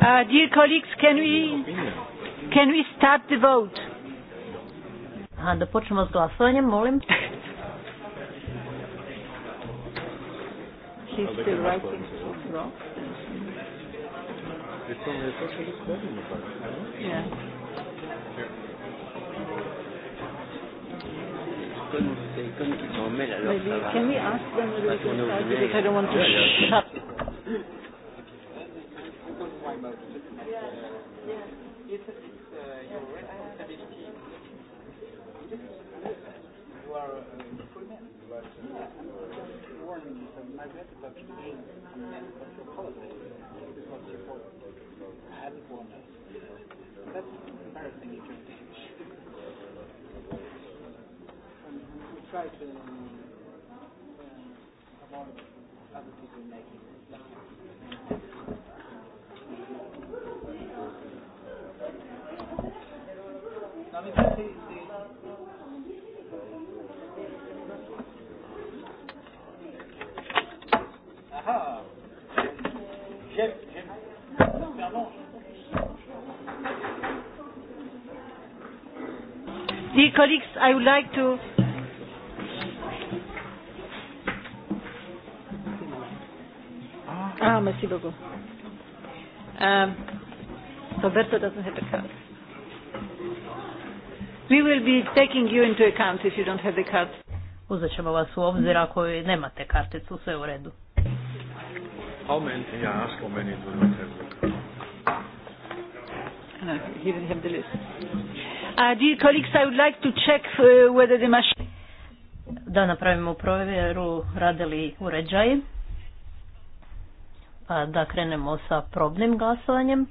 Uh, dear colleagues, can we, can we start the vote? A, da počnemo s glasovanjem, molim. She's still writing. Maybe, can we ask them to because I don't want to shut for Dear colleagues, I would like to. Ah, merci beaucoup. Um, Roberto doesn't have the card. We will be taking you into account if you don't have the card. Uzet ćemo vas u obzir ako nemate karticu, sve u redu. How many, yeah, ask how many do not have the card. No, he didn't have the list. Uh, dear colleagues, I would like to check uh, whether the machine... Da napravimo provjeru rade li uređaji. Pa da krenemo sa probnim glasovanjem.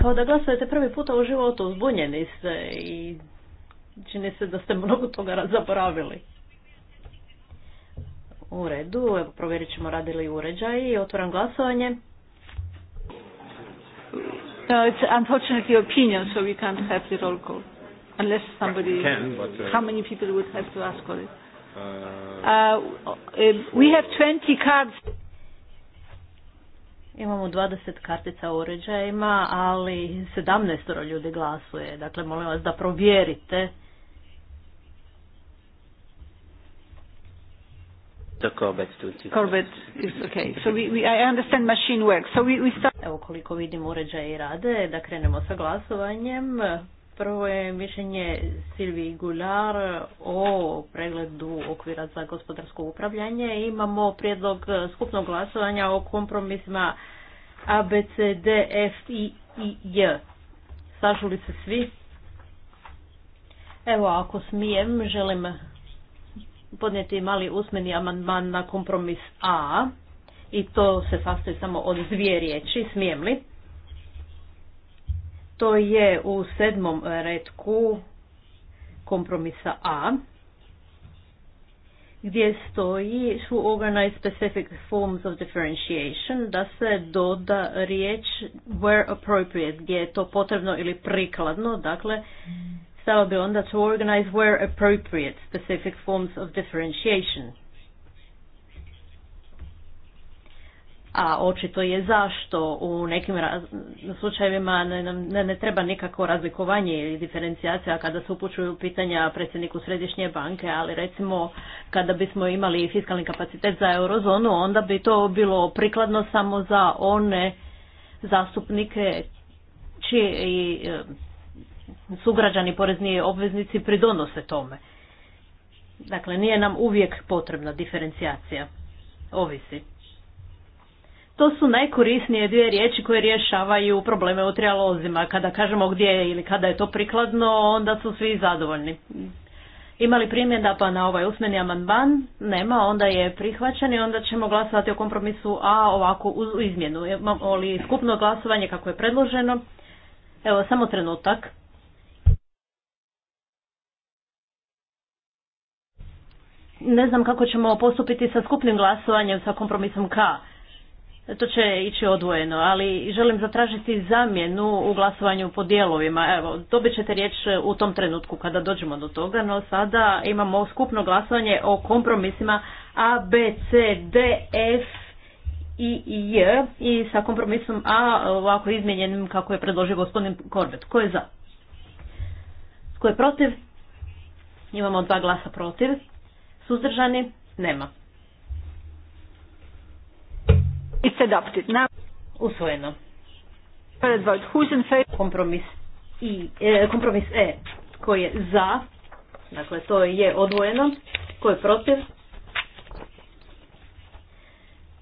Kao da glasujete prvi puta u životu, zbunjeni ste i čini se da ste mnogo toga zaboravili. U redu, evo provjerit ćemo rade li uređaji i otvoram glasovanje. No, it's unfortunately opinion, so we can't have the roll call. Unless somebody... Can, but, uh, how many people would have to ask for it? Uh, uh, uh we have 20 cards. Imamo 20 kartica u uređajima, ali 17 ljudi glasuje. Dakle, molim vas da provjerite The Corbett Corbett okay. So we, we, I understand machine So we, we start... Evo koliko vidim i rade, da krenemo sa glasovanjem. Prvo je mišljenje Silvi Gular o pregledu okvira za gospodarsko upravljanje. Imamo prijedlog skupnog glasovanja o kompromisima A, B, C, D, F, I, I, J. Slažu se svi? Evo, ako smijem, želim podnijeti mali usmeni amandman na kompromis A i to se sastoji samo od dvije riječi, smijem li? To je u sedmom redku kompromisa A gdje stoji su organize specific forms of differentiation da se doda riječ where appropriate gdje je to potrebno ili prikladno dakle bi onda to organize where appropriate specific forms of differentiation. A očito je zašto u nekim slučajevima ne, treba nikako razlikovanje ili diferencijacija kada se upućuju pitanja predsjedniku središnje banke, ali recimo kada bismo imali fiskalni kapacitet za eurozonu, onda bi to bilo prikladno samo za one zastupnike čiji sugrađani porezni obveznici pridonose tome. Dakle, nije nam uvijek potrebna diferencijacija. Ovisi. To su najkorisnije dvije riječi koje rješavaju probleme u trijalozima. Kada kažemo gdje je ili kada je to prikladno, onda su svi zadovoljni. Ima li pa na ovaj usmeni amandman? Nema, onda je prihvaćen i onda ćemo glasovati o kompromisu A ovako uz izmjenu. Imamo li skupno glasovanje kako je predloženo? Evo, samo trenutak. ne znam kako ćemo postupiti sa skupnim glasovanjem sa kompromisom K. To će ići odvojeno, ali želim zatražiti zamjenu u glasovanju po dijelovima. Evo, dobit ćete riječ u tom trenutku kada dođemo do toga, no sada imamo skupno glasovanje o kompromisima A, B, C, D, F i J i sa kompromisom A ovako izmijenjenim kako je predložio gospodin Korbet. Ko je za? Ko je protiv? Imamo dva glasa protiv. Suzdržani? Nema. It's adopted. Now... Usvojeno. Kompromis i e, kompromis E koji je za, dakle to je odvojeno, koji je protiv,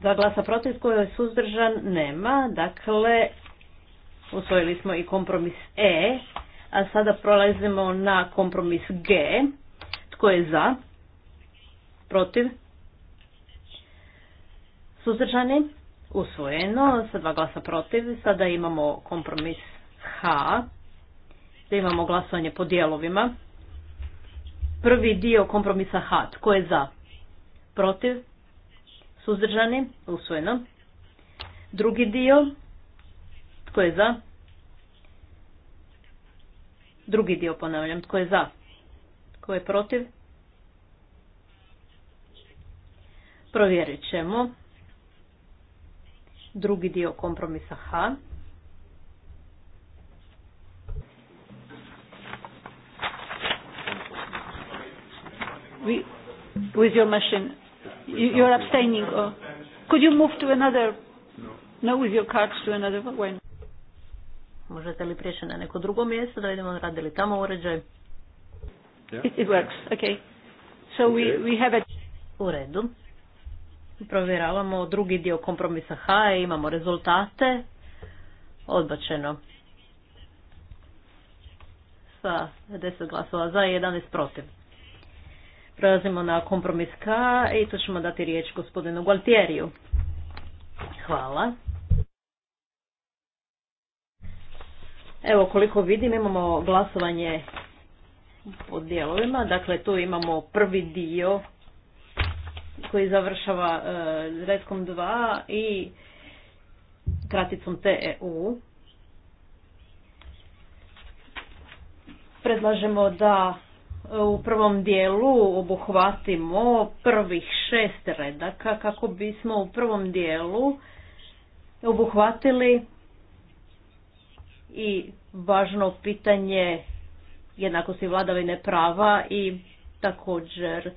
dva glasa protiv, koji je suzdržan, nema, dakle usvojili smo i kompromis E, a sada prolazimo na kompromis G, tko je za, protiv, suzdržani, usvojeno, sa dva glasa protiv. Sada imamo kompromis H, da imamo glasovanje po dijelovima. Prvi dio kompromisa H, tko je za, protiv, suzdržani, usvojeno. Drugi dio, tko je za, drugi dio ponavljam, tko je za, tko je protiv, Provjerit ćemo. Drugi dio kompromisa H. We, with your machine, you abstaining. Or could you move to another? No, with your cards to another one. Možete li prijeći na neko drugo mjesto da vidimo radi li tamo uređaj? Yeah. It, it works. Okay. So we, we have a... U redu provjeravamo drugi dio kompromisa H, imamo rezultate, odbačeno. Sa 10 glasova za i 11 protiv. Prelazimo na kompromis K i to ćemo dati riječ gospodinu Gualtieriju. Hvala. Evo koliko vidim imamo glasovanje po dijelovima, dakle tu imamo prvi dio koji završava e, redkom 2 i kraticom TEU. Predlažemo da e, u prvom dijelu obuhvatimo prvih šest redaka kako bismo u prvom dijelu obuhvatili i važno pitanje jednakosti vladavine prava i također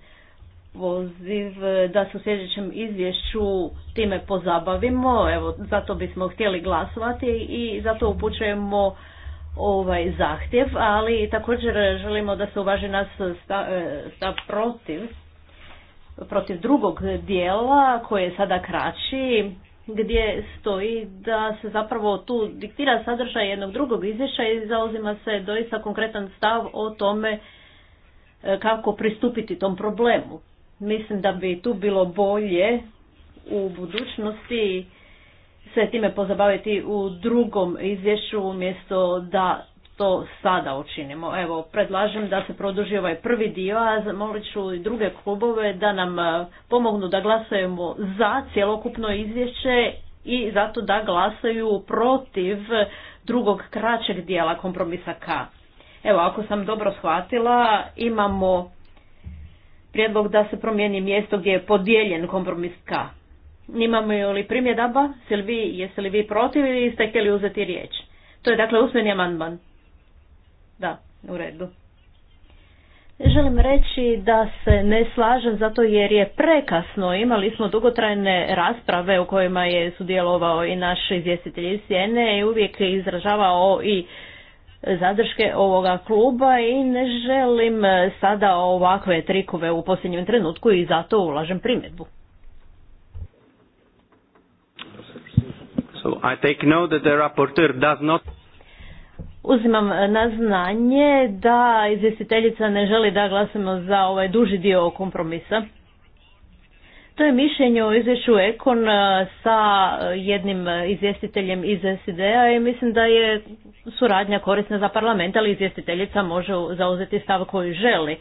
poziv eh, da se u sljedećem izvješću time pozabavimo, evo zato bismo htjeli glasovati i zato upućujemo ovaj zahtjev, ali također želimo da se uvaži nas eh, stav, protiv, protiv drugog dijela koji je sada kraći, gdje stoji da se zapravo tu diktira sadržaj jednog drugog izvješća i zauzima se doista konkretan stav o tome eh, kako pristupiti tom problemu. Mislim da bi tu bilo bolje u budućnosti se time pozabaviti u drugom izvješću umjesto da to sada učinimo. Evo, predlažem da se produži ovaj prvi dio, a zamolit ću i druge klubove da nam e, pomognu da glasujemo za cjelokupno izvješće i zato da glasaju protiv drugog kraćeg dijela kompromisa K. Evo, ako sam dobro shvatila, imamo prijedlog da se promijeni mjesto gdje je podijeljen kompromis K. Nimamo li primjedaba? jeste li vi protiv ili ste htjeli uzeti riječ? To je dakle usmeni amandman. Da, u redu. Želim reći da se ne slažem zato jer je prekasno. Imali smo dugotrajne rasprave u kojima je sudjelovao i naš izvjestitelj iz Sjene i uvijek je izražavao i zadrške ovoga kluba i ne želim e, sada ovakve trikove u posljednjem trenutku i zato ulažem primjedbu. Uzimam na znanje da izvjestiteljica ne želi da glasamo za ovaj duži dio kompromisa. To je mišljenje o izvješću Ekon e, sa e, jednim e, izvjestiteljem iz SID-a i mislim da je suradnja korisna za parlament, ali izvjestiteljica može zauzeti stav koji želi.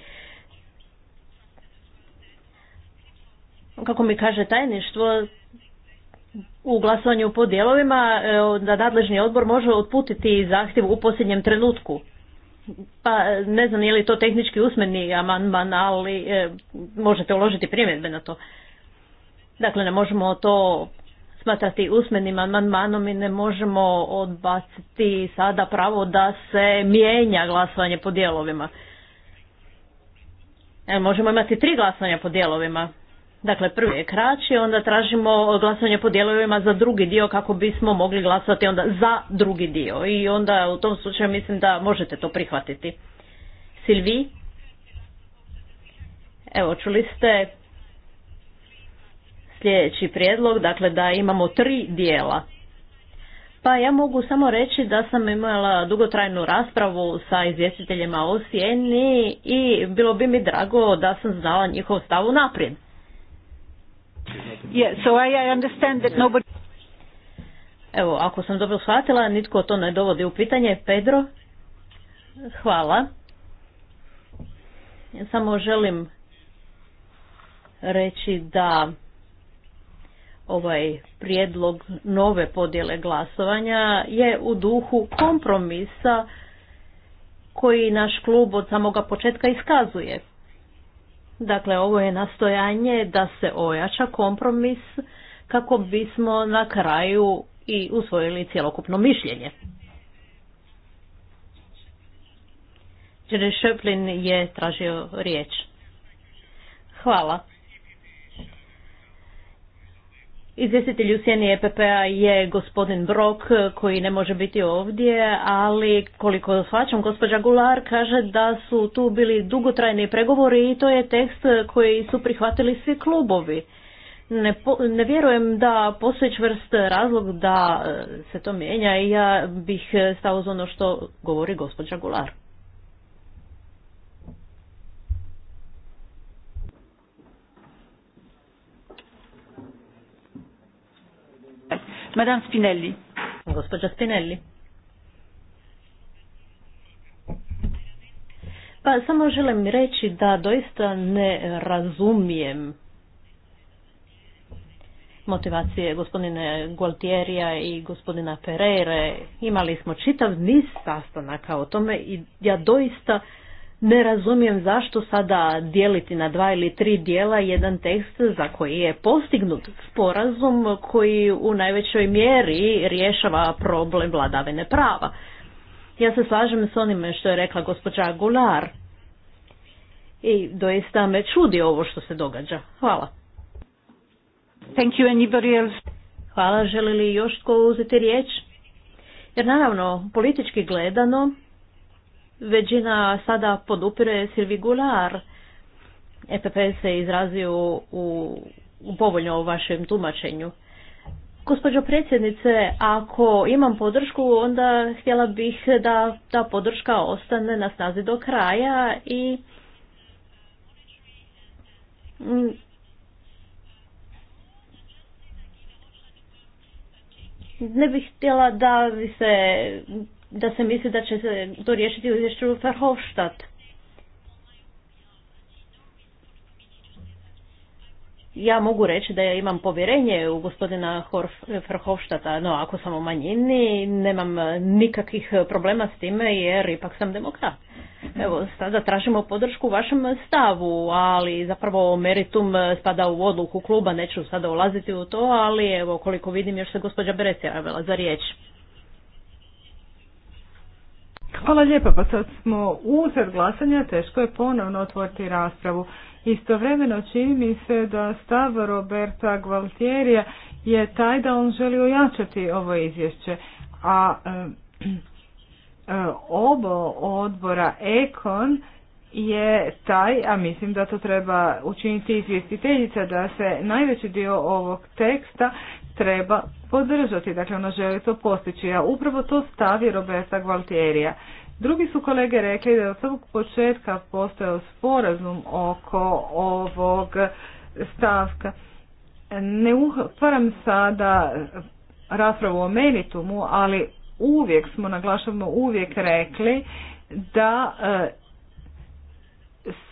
Kako mi kaže tajništvo, u glasovanju po dijelovima da nadležni odbor može otputiti zahtjev u posljednjem trenutku. Pa ne znam je li to tehnički usmeni amandman, ali možete uložiti primjedbe na to. Dakle, ne možemo to smatrati usmenim amandmanom i ne možemo odbaciti sada pravo da se mijenja glasovanje po dijelovima. E, možemo imati tri glasovanja po dijelovima. Dakle, prvi je kraći, onda tražimo glasovanje po dijelovima za drugi dio kako bismo mogli glasovati onda za drugi dio. I onda u tom slučaju mislim da možete to prihvatiti. Silvi? Evo, čuli ste sljedeći prijedlog, dakle da imamo tri dijela. Pa ja mogu samo reći da sam imala dugotrajnu raspravu sa izvjestiteljima o Sijeni i bilo bi mi drago da sam znala njihov stav unaprijed. Yeah, so understand that Evo, ako sam dobro shvatila, nitko to ne dovodi u pitanje. Pedro, hvala. Samo želim reći da ovaj prijedlog nove podjele glasovanja je u duhu kompromisa koji naš klub od samoga početka iskazuje. Dakle, ovo je nastojanje da se ojača kompromis kako bismo na kraju i usvojili cjelokupno mišljenje. Jerry Šeplin je tražio riječ. Hvala. Izvjestitelj u sjeni EPP-a je gospodin Brok koji ne može biti ovdje, ali koliko shvaćam, gospođa Gular kaže da su tu bili dugotrajni pregovori i to je tekst koji su prihvatili svi klubovi. Ne, po, ne vjerujem da postoji čvrst razlog da e, se to mijenja i ja bih stao za ono što govori gospođa Gular. Madame Spinelli. Gospođa Spinelli. Pa samo želim reći da doista ne razumijem motivacije gospodine Gualtierija i gospodina perere Imali smo čitav niz sastanaka o tome i ja doista ne razumijem zašto sada dijeliti na dva ili tri dijela jedan tekst za koji je postignut sporazum koji u najvećoj mjeri rješava problem vladavine prava. Ja se slažem s onime što je rekla gospođa Gular. I doista me čudi ovo što se događa. Hvala. Thank you anybody else. Hvala, želi li još tko uzeti riječ? Jer naravno, politički gledano, većina sada podupire Silvi Gular. EPP se izrazio u, u povoljno o vašem tumačenju. Gospođo predsjednice, ako imam podršku, onda htjela bih da ta podrška ostane na snazi do kraja i mm, ne bih htjela da se da se misli da će se to riješiti u izvješću Verhofstadt. Ja mogu reći da ja imam povjerenje u gospodina Verhofstadta, no ako sam u manjini nemam nikakvih problema s time jer ipak sam demokrat. Evo, sada tražimo podršku vašem stavu, ali zapravo meritum spada u odluku kluba, neću sada ulaziti u to, ali evo koliko vidim još se gospođa Beres javila za riječ. Hvala lijepa, pa sad smo uzor glasanja, teško je ponovno otvoriti raspravu. Istovremeno čini mi se da stav Roberta Gualtierija je taj da on želi ojačati ovo izvješće, a eh, eh, obo odbora Ekon je taj, a mislim da to treba učiniti izvjestiteljica, da se najveći dio ovog teksta treba podržati, dakle ona želi to postići, a upravo to stavi Roberta Gualtierija. Drugi su kolege rekli da je od samog početka postojao sporazum oko ovog stavka. Ne utvaram sada raspravu o meritumu, ali uvijek smo, naglašavamo, uvijek rekli da e,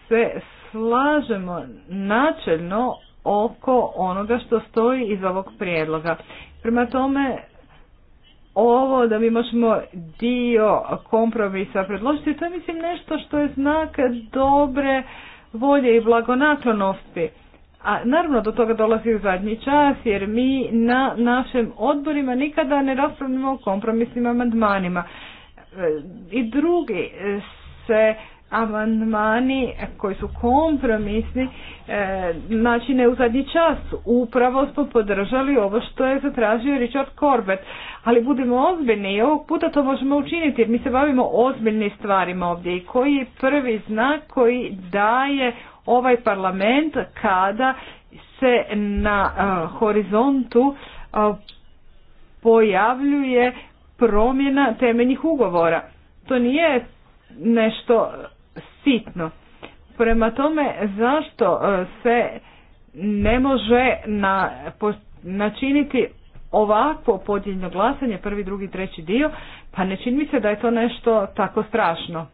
se slažemo načelno oko onoga što stoji iz ovog prijedloga. Prema tome, ovo da mi možemo dio kompromisa predložiti, to je mislim nešto što je znak dobre volje i blagonaklonosti. A naravno do toga dolazi u zadnji čas jer mi na našim odborima nikada ne raspravljamo o kompromisnim amandmanima. E, I drugi se amandmani koji su kompromisni e, znači ne u zadnji čas. Upravo smo podržali ovo što je zatražio Richard Corbett. Ali budimo ozbiljni i ovog puta to možemo učiniti jer mi se bavimo ozbiljnim stvarima ovdje i koji je prvi znak koji daje ovaj parlament kada se na e, horizontu e, pojavljuje promjena temeljnih ugovora. To nije nešto sitno. Prema tome, zašto e, se ne može na, načiniti ovako podjeljno glasanje, prvi, drugi, treći dio, pa ne čini mi se da je to nešto tako strašno.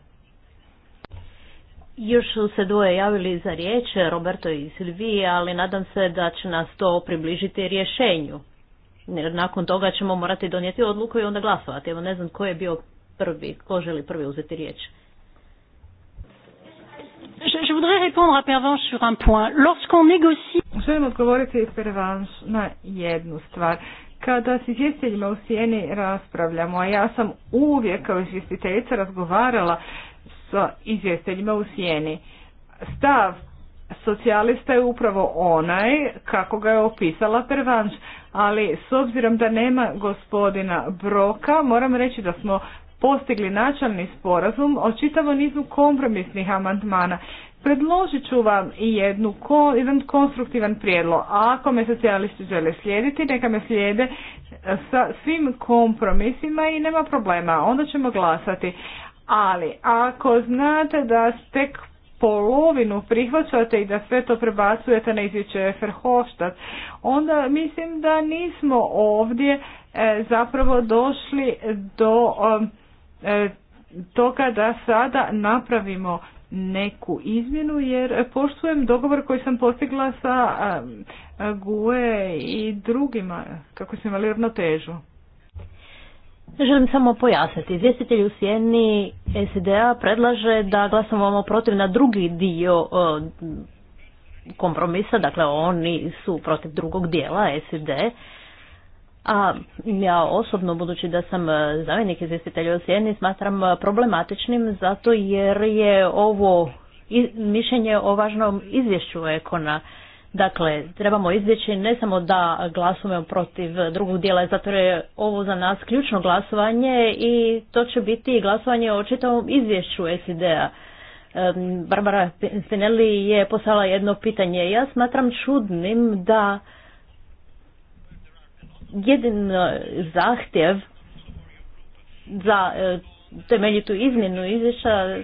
Još su se dvoje javili za riječ, Roberto i Silvije, ali nadam se da će nas to približiti rješenju. Jer nakon toga ćemo morati donijeti odluku i onda glasovati. Evo ne znam ko je bio prvi, ko želi prvi uzeti riječ. Je, je voudrais répondre à sur un point. Lorsqu'on négocie... Želim odgovoriti pervanš na jednu stvar. Kada s izvjestiteljima u sjeni raspravljamo, a ja sam uvijek kao izvjestiteljica razgovarala sa izvjestiteljima u sjeni, stav socijalista je upravo onaj kako ga je opisala Pervanš, ali s obzirom da nema gospodina Broka, moram reći da smo postigli načalni sporazum o čitavom nizu kompromisnih amandmana. Predložit ću vam i jednu, jedan konstruktivan prijedlog. A ako me socijalisti žele slijediti, neka me slijede e, sa svim kompromisima i nema problema. Onda ćemo glasati. Ali ako znate da tek polovinu prihvaćate i da sve to prebacujete na izvješće Ferhofstadt, onda mislim da nismo ovdje e, zapravo došli do... E, E, toga da sada napravimo neku izmjenu jer poštujem dogovor koji sam postigla sa GUE i drugima kako smo imali ravnotežu. Želim samo pojasniti. Izvjestitelj u sjeni SDA predlaže da glasamo protiv na drugi dio e, kompromisa, dakle oni su protiv drugog dijela SD a ja osobno, budući da sam e, zamjenik izvjestitelja u Sjeni, smatram e, problematičnim zato jer je ovo mišljenje o važnom izvješću Ekona. Dakle, trebamo izvjeći ne samo da glasujemo protiv drugog dijela, zato je ovo za nas ključno glasovanje i to će biti glasovanje o čitavom izvješću SID-a. E, Barbara Spinelli je poslala jedno pitanje. Ja smatram čudnim da jedin zahtjev za e, temeljitu izmjenu izvješća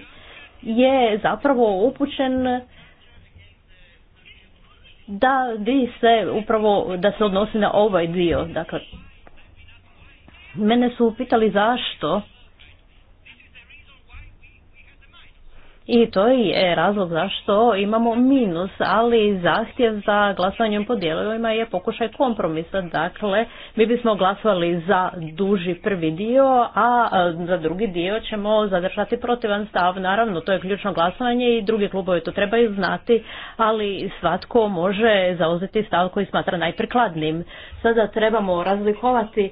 je zapravo upućen da di se upravo da se odnosi na ovaj dio. Dakle, mene su upitali zašto I to je razlog zašto imamo minus, ali zahtjev za glasovanjem po dijelovima je pokušaj kompromisa. Dakle, mi bismo glasovali za duži prvi dio, a za drugi dio ćemo zadržati protivan stav. Naravno, to je ključno glasovanje i drugi klubovi to trebaju znati, ali svatko može zauzeti stav koji smatra najprikladnim. Sada trebamo razlikovati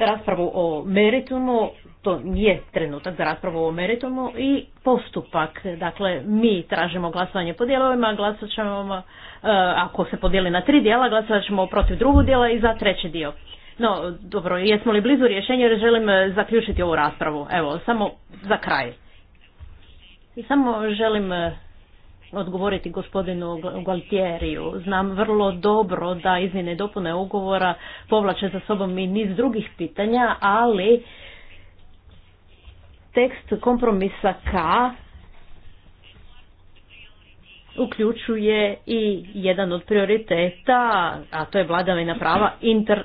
raspravu o meritumu to je trenutak za raspravu o meritumu i postupak. Dakle, mi tražimo glasovanje po dijelovima, glasat ćemo, uh, ako se podijeli na tri dijela, glasovat ćemo protiv drugog dijela i za treći dio. No, dobro, jesmo li blizu rješenja jer želim uh, zaključiti ovu raspravu. Evo, samo za kraj. I samo želim uh, odgovoriti gospodinu Gualtieriju. Znam vrlo dobro da izmjene dopune ugovora povlače za sobom i niz drugih pitanja, ali tekst kompromisa K uključuje i jedan od prioriteta, a to je vladavina prava inter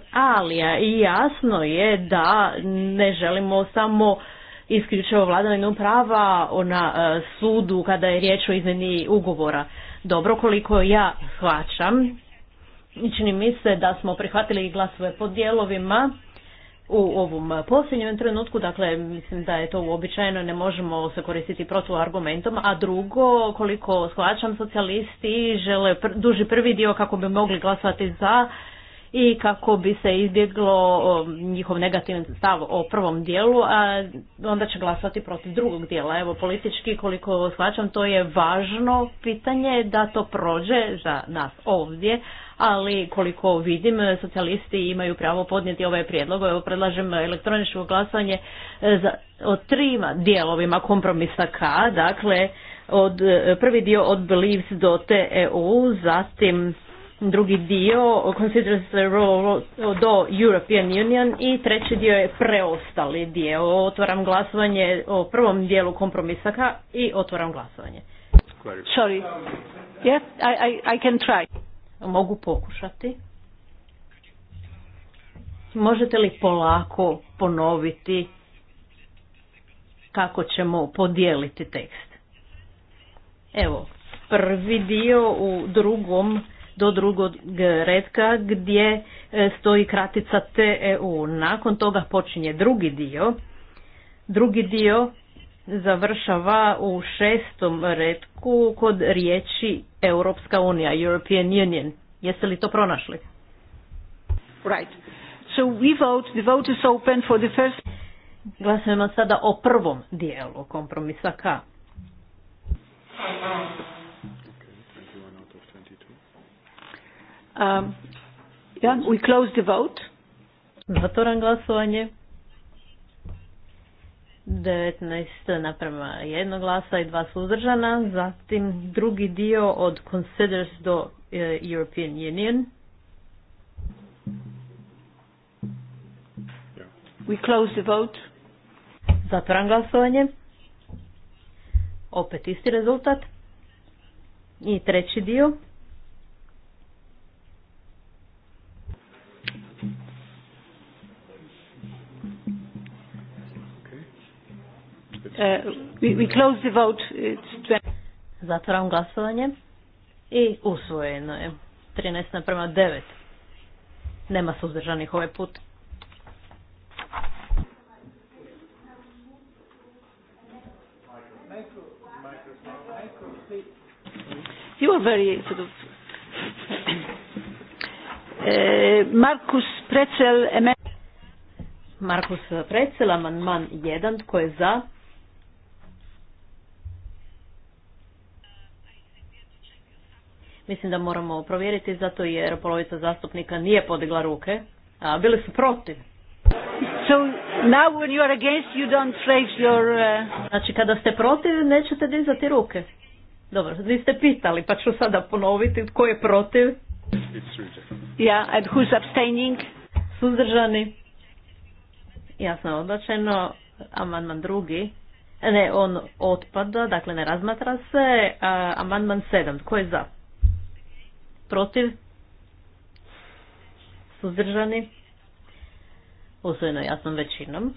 I jasno je da ne želimo samo isključivo vladavinu prava na e, sudu kada je riječ o izmjeni ugovora. Dobro, koliko ja shvaćam, čini mi se da smo prihvatili glasove po dijelovima u ovom posljednjem trenutku, dakle mislim da je to uobičajeno, ne možemo se koristiti argumentom a drugo, koliko shvaćam, socijalisti žele pr duži prvi dio kako bi mogli glasati za i kako bi se izbjeglo njihov negativan stav o prvom dijelu, a onda će glasati protiv drugog dijela. Evo, politički, koliko shvaćam, to je važno pitanje da to prođe za nas ovdje, ali koliko vidim, socijalisti imaju pravo podnijeti ovaj prijedlog. Evo, predlažem elektroničko glasanje e, za, o trima dijelovima kompromisa K, dakle, od, e, prvi dio od Beliefs do TEU, zatim drugi dio considers the role do European Union i treći dio je preostali dio. Otvaram glasovanje o prvom dijelu kompromisaka i otvaram glasovanje. Sorry. Yeah, I, I, I can try. Mogu pokušati. Možete li polako ponoviti kako ćemo podijeliti tekst? Evo, prvi dio u drugom do drugog redka gdje e, stoji kratica TEU. Nakon toga počinje drugi dio. Drugi dio završava u šestom redku kod riječi Europska unija, European Union. Jeste li to pronašli? Right. So we vote, the vote is open for the first... Glasujemo sada o prvom dijelu kompromisa K. Um, yeah, we close the vote. Zatvoram glasovanje. 19 naprema jednog glasa i dva suzdržana. Zatim drugi dio od Considers do eh, European Union. We close the vote. Zatvoram glasovanje. Opet isti rezultat. I treći dio. Uh, we, we close the vote. It's Zatvaram glasovanje i usvojeno je. 13 naprema 9. Nema suzdržanih ovaj put. You are very sort of uh, Markus Precel Markus Precel, amandman 1, tko je za? Mislim da moramo provjeriti zato jer polovica zastupnika nije podigla ruke, a bili su protiv. So now when you are against you don't raise your uh, Znači kada ste protiv nećete dizati ruke. Dobro, vi ste pitali, pa ću sada ponoviti tko je protiv. Yeah, and who's abstaining? Suzdržani. Jasno, odbačeno. Amandman drugi. Ne, on otpada, dakle ne razmatra se. Amandman sedam. Tko je za? protiv, suzdržani, usvojeno jasnom većinom.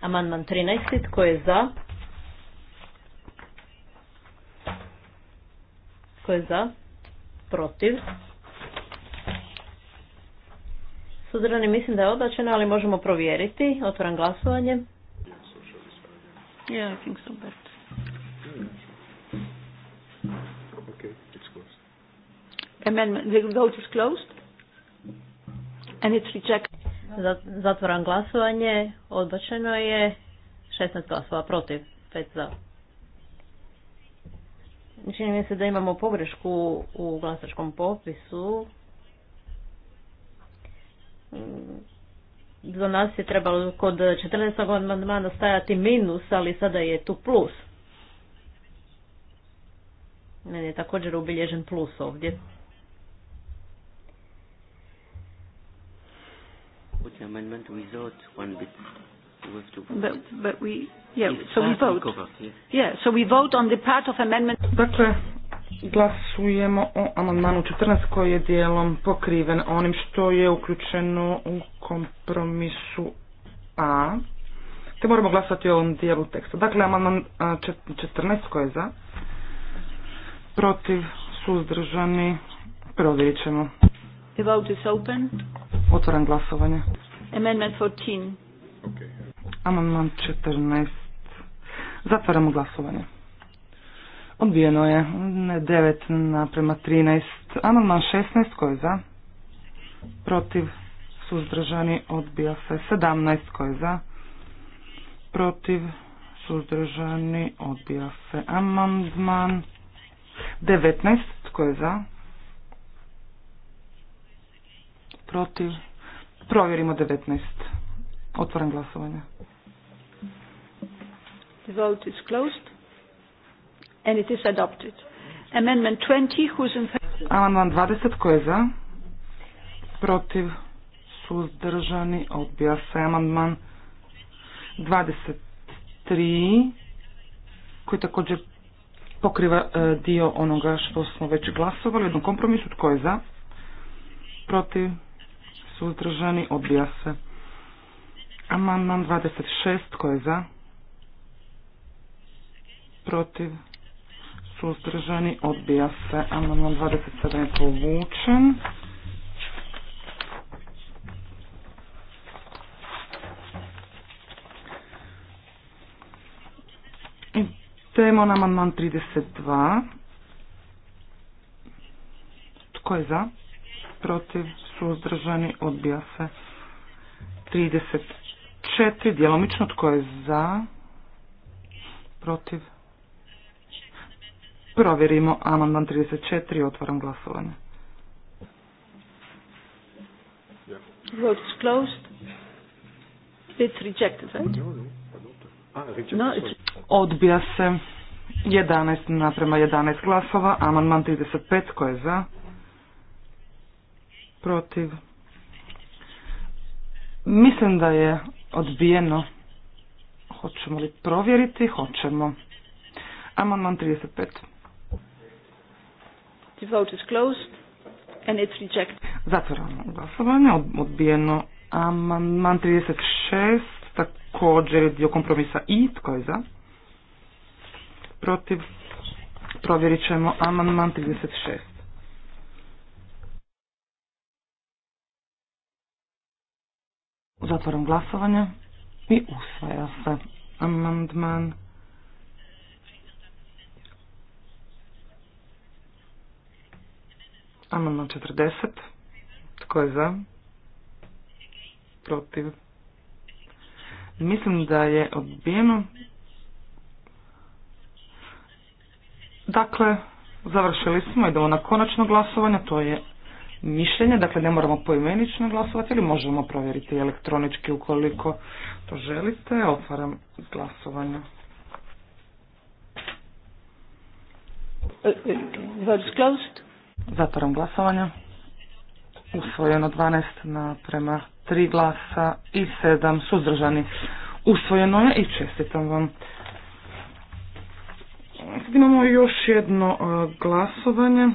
Amandman 13. Tko je za? Tko je za? Protiv? Suzdržani mislim da je odbačeno, ali možemo provjeriti. Otvaram glasovanje. Yeah, I think so, Amendment. The vote is closed. And it's rejected. glasovanje. Odbačeno je 16 glasova protiv, 5 za. Čini mi se da imamo pogrešku u glasačkom popisu. Mm, za nas je trebalo kod 14. amandmana stajati minus, ali sada je tu plus. Meni je također ubilježen plus ovdje. put the amendment without one bit. We have to vote. But, but we, yeah, yes, so we vote. Cover, Yeah, so we vote on the part of amendment. Dakle, glasujemo o amandmanu 14 koji je dijelom pokriven onim što je uključeno u kompromisu A. Te moramo glasati o ovom dijelu teksta. Dakle, amandman 14 koji je za, protiv, suzdržani, provjerit ćemo. The vote is open. Otvoram glasovanje. Amendment 14. Okay. Amendment 14. Zatvaramo glasovanje. Odbijeno je 9 naprema 13. Amendment 16. Ko je za? Protiv. Suzdržani. Odbija se 17. Ko je za? Protiv. Suzdržani. Odbija se amendment 19. Ko je za? protiv, provjerimo 19. Otvoren glasovanje. The vote is closed and it is adopted. Amendment 20, who's in favor? Amandman 20, ko je za? Protiv, suzdržani, odbija se amandman 23, koji također pokriva e, dio onoga što smo već glasovali, jednom kompromisu, tko je za, protiv, suzdržani, odbija se. Amandman 26, tko je za? Protiv, suzdržani, odbija se. Amandman 27 je povučen. Idemo na amandman 32. Tko je za? Protiv? suzdržani, odbija se. 34, djelomično, tko je za, protiv. Provjerimo amandman 34, otvaram glasovanje. Vote is closed. It's rejected, right? Pa odbija se 11 naprema 11 glasova, amandman 35, tko je za? protiv. Mislim da je odbijeno. Hoćemo li provjeriti? Hoćemo. Amandman 35. The vote is closed and it's rejected. Zatvoramo glasovanje. Odbijeno. Amandman 36. Također je dio kompromisa i. Tko je za? Protiv. Provjerit ćemo amandman 36. zatvorom glasovanja i usvaja se amandman. Amandman 40. Tko je za? Protiv. Mislim da je odbijeno. Dakle, završili smo, idemo na konačno glasovanje, to je Mišljenje, dakle ne moramo poimenično glasovati ili možemo provjeriti elektronički ukoliko to želite. Otvaram glasovanje. Uh, uh, Zatvaram glasovanje. Usvojeno 12 na prema 3 glasa i 7 suzdržani. Usvojeno je i čestitam vam. Sad imamo još jedno uh, glasovanje.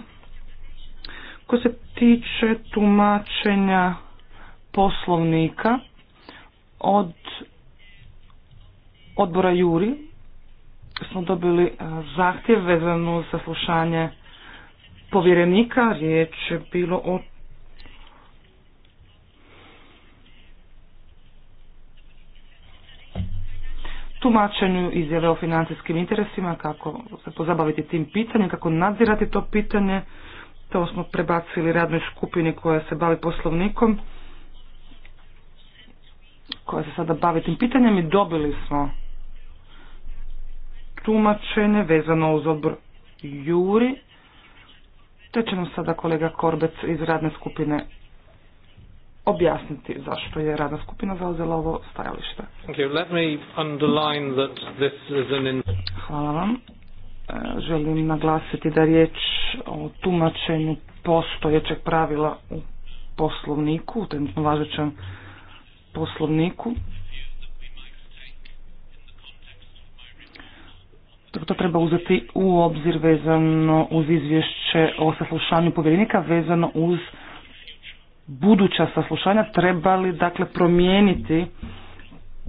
Što se tiče tumačenja poslovnika od odbora Juri smo dobili e, zahtjev vezano za slušanje povjerenika. Riječ je bilo o tumačenju izjave o financijskim interesima, kako se pozabaviti tim pitanjem, kako nadzirati to pitanje, to smo prebacili radnoj skupini koja se bavi poslovnikom, koja se sada bavi tim pitanjem i dobili smo tumačenje vezano uz odbor Juri. Te će nam sada kolega Korbec iz radne skupine objasniti zašto je radna skupina zauzela ovo stajalište. Hvala vam želim naglasiti da riječ o tumačenju postojećeg pravila u poslovniku, u trenutno važećem poslovniku. to treba uzeti u obzir vezano uz izvješće o saslušanju povjerenika, vezano uz buduća saslušanja. Treba li dakle promijeniti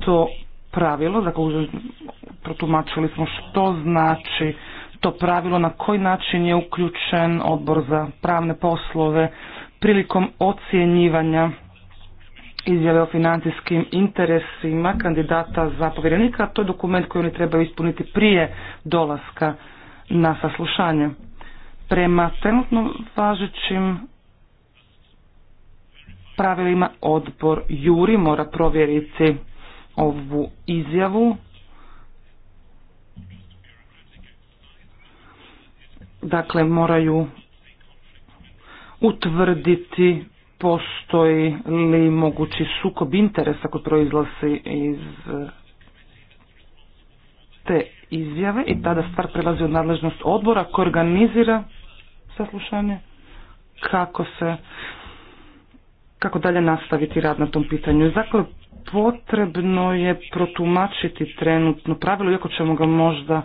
to pravilo, dakle protumačili smo što znači to pravilo, na koji način je uključen odbor za pravne poslove prilikom ocjenjivanja izjave o financijskim interesima kandidata za povjerenika. To je dokument koji oni trebaju ispuniti prije dolaska na saslušanje. Prema trenutno važećim pravilima odbor Juri mora provjeriti ovu izjavu. Dakle, moraju utvrditi postoji li mogući sukob interesa koji proizlazi iz te izjave i tada stvar prelazi u nadležnost odbora koji organizira saslušanje kako se kako dalje nastaviti rad na tom pitanju. Dakle, potrebno je protumačiti trenutno pravilo, iako ćemo ga možda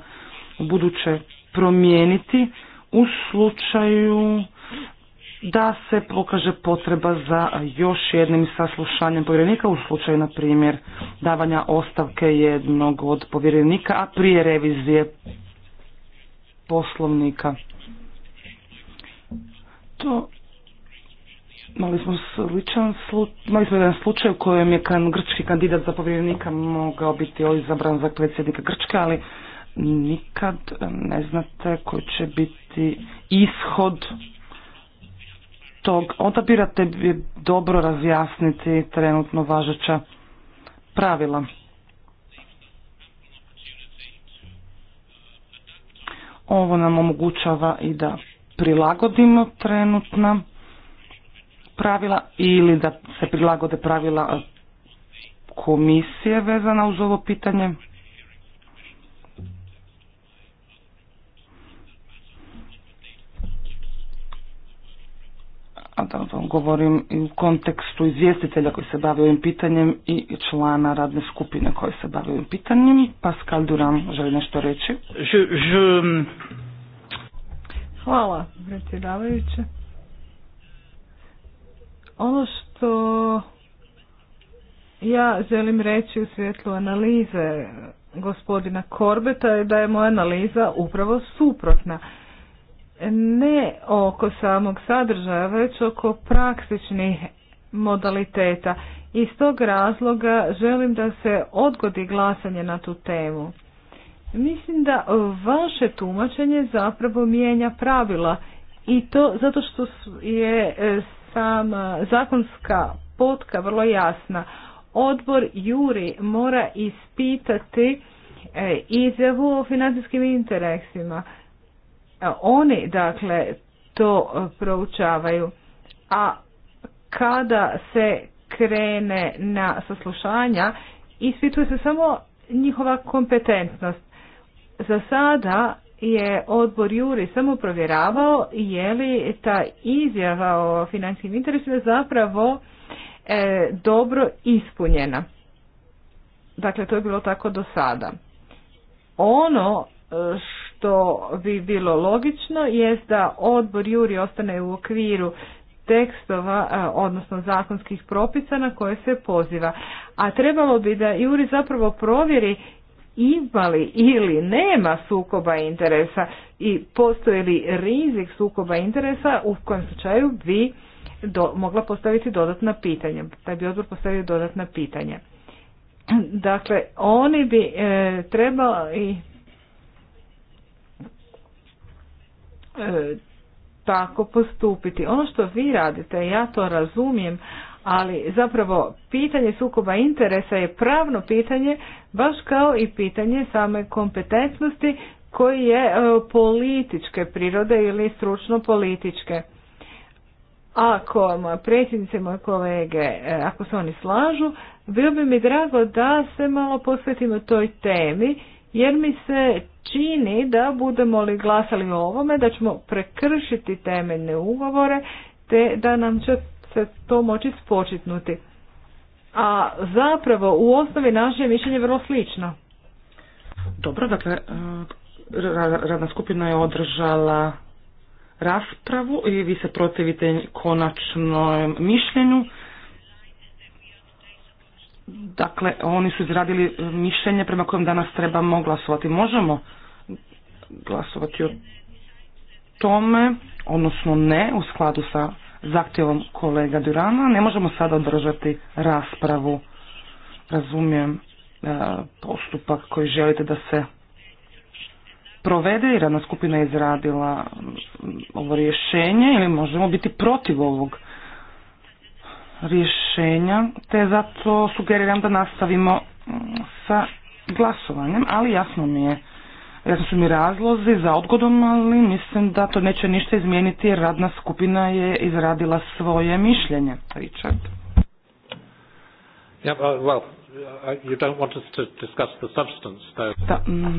u buduće promijeniti u slučaju da se pokaže potreba za još jednim saslušanjem povjerenika u slučaju, na primjer, davanja ostavke jednog od povjerenika, a prije revizije poslovnika. To Mali smo sličan imali smo jedan slučaj u kojem je kan, grčki kandidat za povjerenika mogao biti izabran za predsjednika Grčke, ali nikad ne znate koji će biti ishod tog odabira, te bi dobro razjasniti trenutno važeća pravila. Ovo nam omogućava i da prilagodimo trenutna pravila ili da se prilagode pravila komisije vezana uz ovo pitanje. a da vam govorim i u kontekstu izvjestitelja koji se bavi ovim pitanjem i člana radne skupine koji se bavi ovim pitanjem. Pascal Duran želi nešto reći. Hvala, predsjedavajuće. Ono što ja želim reći u svjetlu analize gospodina Korbeta je da je moja analiza upravo suprotna. Ne oko samog sadržaja, već oko praktičnih modaliteta. Iz tog razloga želim da se odgodi glasanje na tu temu. Mislim da vaše tumačenje zapravo mijenja pravila i to zato što je E, zakonska potka vrlo jasna. Odbor Juri mora ispitati e, izjavu o financijskim interesima. E, oni, dakle, to proučavaju. A kada se krene na saslušanja, ispituje se samo njihova kompetentnost. Za sada je odbor Juri samo provjeravao je li ta izjava o financijskim interesima zapravo e, dobro ispunjena. Dakle, to je bilo tako do sada. Ono e, što bi bilo logično je da odbor Juri ostane u okviru tekstova, e, odnosno zakonskih propisa na koje se poziva. A trebalo bi da Juri zapravo provjeri imali ili nema sukoba interesa i postoji li rizik sukoba interesa u kojem slučaju bi do, mogla postaviti dodatna pitanja, taj bi odbor postavio dodatna pitanja. Dakle, oni bi e, trebali e, tako postupiti. Ono što vi radite, ja to razumijem, ali zapravo pitanje sukoba interesa je pravno pitanje baš kao i pitanje same kompetentnosti koji je e, političke prirode ili stručno političke. Ako predsjednice, moje kolege, e, ako se oni slažu, bilo bi mi drago da se malo posvetimo toj temi, jer mi se čini da budemo li glasali o ovome, da ćemo prekršiti temeljne ugovore, te da nam će se to moći spočitnuti. A zapravo u osnovi naše mišljenje je vrlo slično. Dobro, dakle, e, radna skupina je održala raspravu i vi se protivite konačnom mišljenju. Dakle, oni su izradili mišljenje prema kojem danas trebamo glasovati. Možemo glasovati o tome, odnosno ne, u skladu sa zahtjevom kolega Durana. Ne možemo sada održati raspravu. Razumijem e, postupak koji želite da se provede i radna skupina je izradila ovo rješenje ili možemo biti protiv ovog rješenja, te zato sugeriram da nastavimo mm, sa glasovanjem, ali jasno mi je Jasno su mi razlozi za odgodom, ali mislim da to neće ništa izmijeniti jer radna skupina je izradila svoje mišljenje. Richard.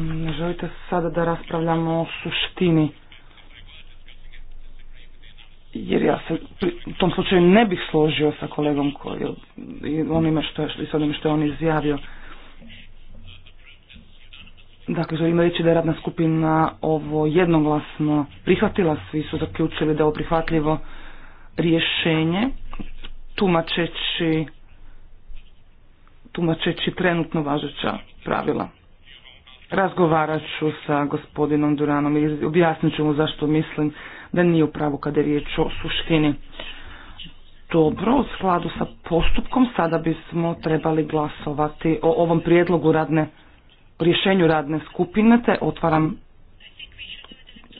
ne želite sada da raspravljamo o suštini. Jer ja se u tom slučaju ne bih složio sa kolegom koji, što je, s onim što je on izjavio. Dakle, želim reći da je radna skupina ovo jednoglasno prihvatila, svi su zaključili da je ovo prihvatljivo rješenje, tumačeći, tumačeći trenutno važeća pravila. Razgovarat ću sa gospodinom Duranom i objasnit ću mu zašto mislim da nije u pravu kada je riječ o suštini. Dobro, u skladu sa postupkom sada bismo trebali glasovati o ovom prijedlogu radne rješenju radne skupine, te otvaram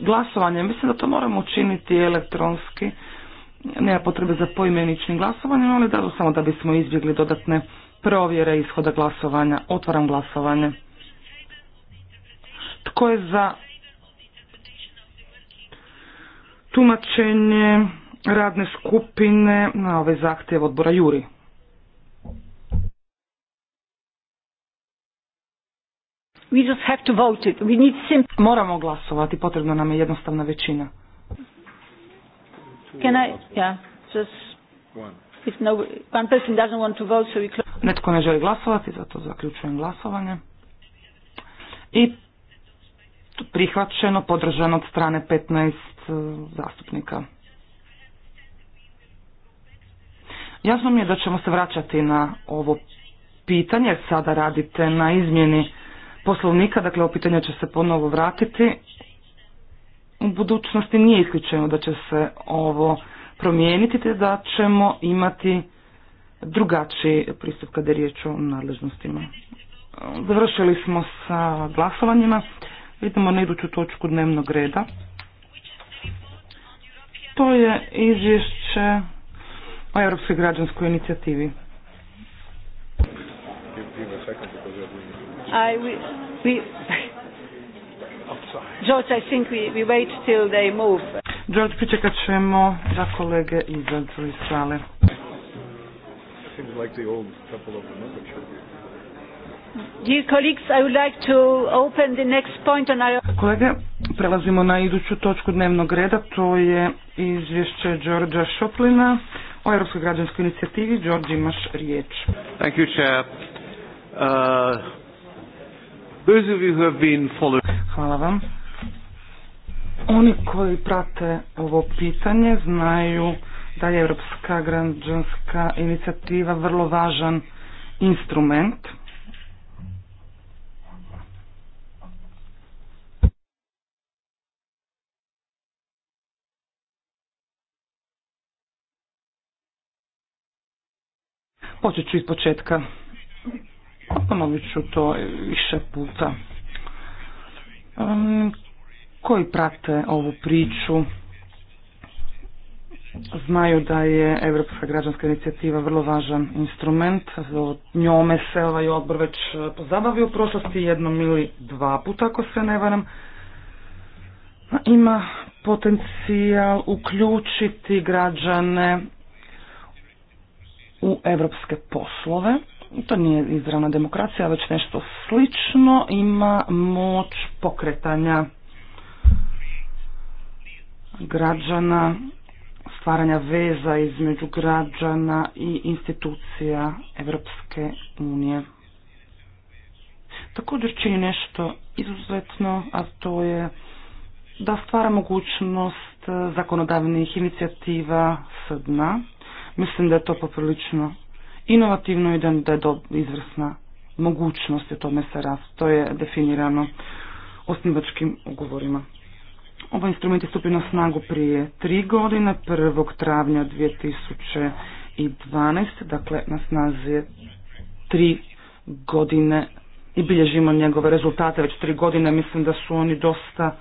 glasovanje. Mislim da to moramo učiniti elektronski. Nema potrebe za poimeničnim glasovanjem, ali da, samo da bismo izbjegli dodatne provjere ishoda glasovanja. Otvaram glasovanje. Tko je za tumačenje radne skupine na ovaj zahtjev odbora Juri? We just have to vote it. We need Moramo glasovati, potrebna nam je jednostavna većina. Can I, yeah, just if no, doesn't want to vote, so we close. Netko ne želi glasovati, zato zaključujem glasovanje. I prihvaćeno, podržano od strane 15 eh, zastupnika. Jasno mi je da ćemo se vraćati na ovo pitanje, jer sada radite na izmjeni poslovnika, dakle o pitanju će se ponovo vratiti. U budućnosti nije isključeno da će se ovo promijeniti te da ćemo imati drugačiji pristup kada je riječ o nadležnostima. Završili smo sa glasovanjima. Idemo na iduću točku dnevnog reda. To je izvješće o Europskoj građanskoj inicijativi. I we, we George, I think we, we wait till they move. George, pričekat ćemo da kolege izađu iz sale. Seems like the old couple of Dear colleagues, I would like to open the next point on our... Kolege, prelazimo na iduću točku dnevnog reda, to je izvješće Đorđa Šoplina o Europskoj građanskoj inicijativi. Đorđe, imaš riječ. Thank you, Chair. Uh, Those been Hvala vam. Oni koji prate ovo pitanje znaju da je Europska građanska inicijativa vrlo važan instrument Počet ću iz početka. Ponovit ću to više puta. Um, koji prate ovu priču znaju da je Europska građanska inicijativa vrlo važan instrument. Njome se ovaj odbor već e, pozabavio u prošlosti jednom ili dva puta, ako se ne varam. Ima potencijal uključiti građane u evropske poslove to nije izravna demokracija, već nešto slično, ima moć pokretanja građana, stvaranja veza između građana i institucija Evropske unije. Također čini nešto izuzetno, a to je da stvara mogućnost zakonodavnih inicijativa s dna. Mislim da je to poprilično inovativno i da, je do, izvrsna mogućnost, o tome se raz, to je definirano osnivačkim ugovorima. Ovaj instrument je stupio na snagu prije tri godine, 1. travnja 2012. Dakle, na snazi je tri godine i bilježimo njegove rezultate već tri godine. Mislim da su oni dosta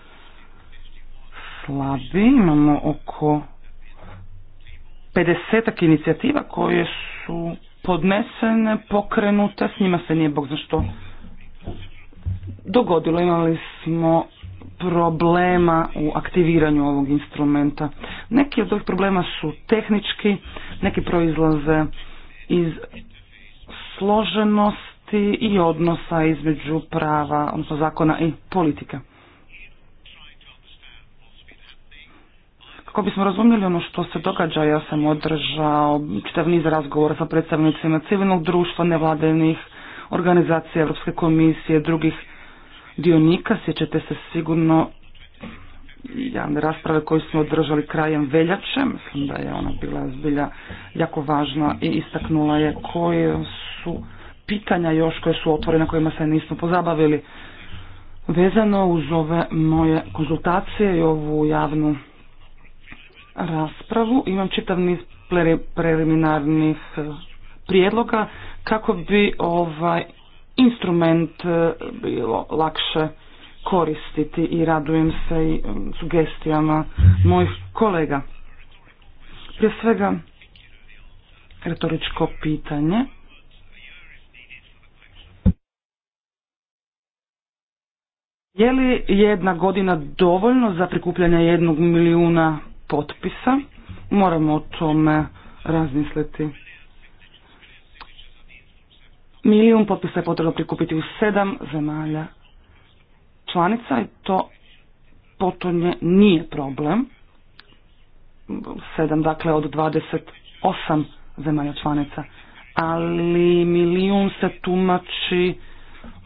slabi. Imamo oko 50 inicijativa koje su podnesene, pokrenute, s njima se nije bog za što dogodilo. Imali smo problema u aktiviranju ovog instrumenta. Neki od ovih problema su tehnički, neki proizlaze iz složenosti i odnosa između prava, odnosno zakona i politika. Kako bismo razumjeli ono što se događa, ja sam održao čitav niz razgovora sa predstavnicima civilnog društva, nevladenih organizacija, Europske komisije, drugih dionika. Sjećate se sigurno javne rasprave koje smo održali krajem veljače. Mislim da je ona bila zbilja jako važna i istaknula je koje su pitanja još koje su otvorene kojima se nismo pozabavili. Vezano uz ove moje konzultacije i ovu javnu raspravu. Imam čitav niz preliminarnih e, prijedloga kako bi ovaj instrument e, bilo lakše koristiti i radujem se i e, sugestijama mojih kolega. Prije svega, retoričko pitanje. Je li jedna godina dovoljno za prikupljanje jednog milijuna potpisa. Moramo o tome razmisliti. Milijun potpisa je potrebno prikupiti u sedam zemalja članica i to potonje nije problem. Sedam, dakle, od 28 zemalja članica. Ali milijun se tumači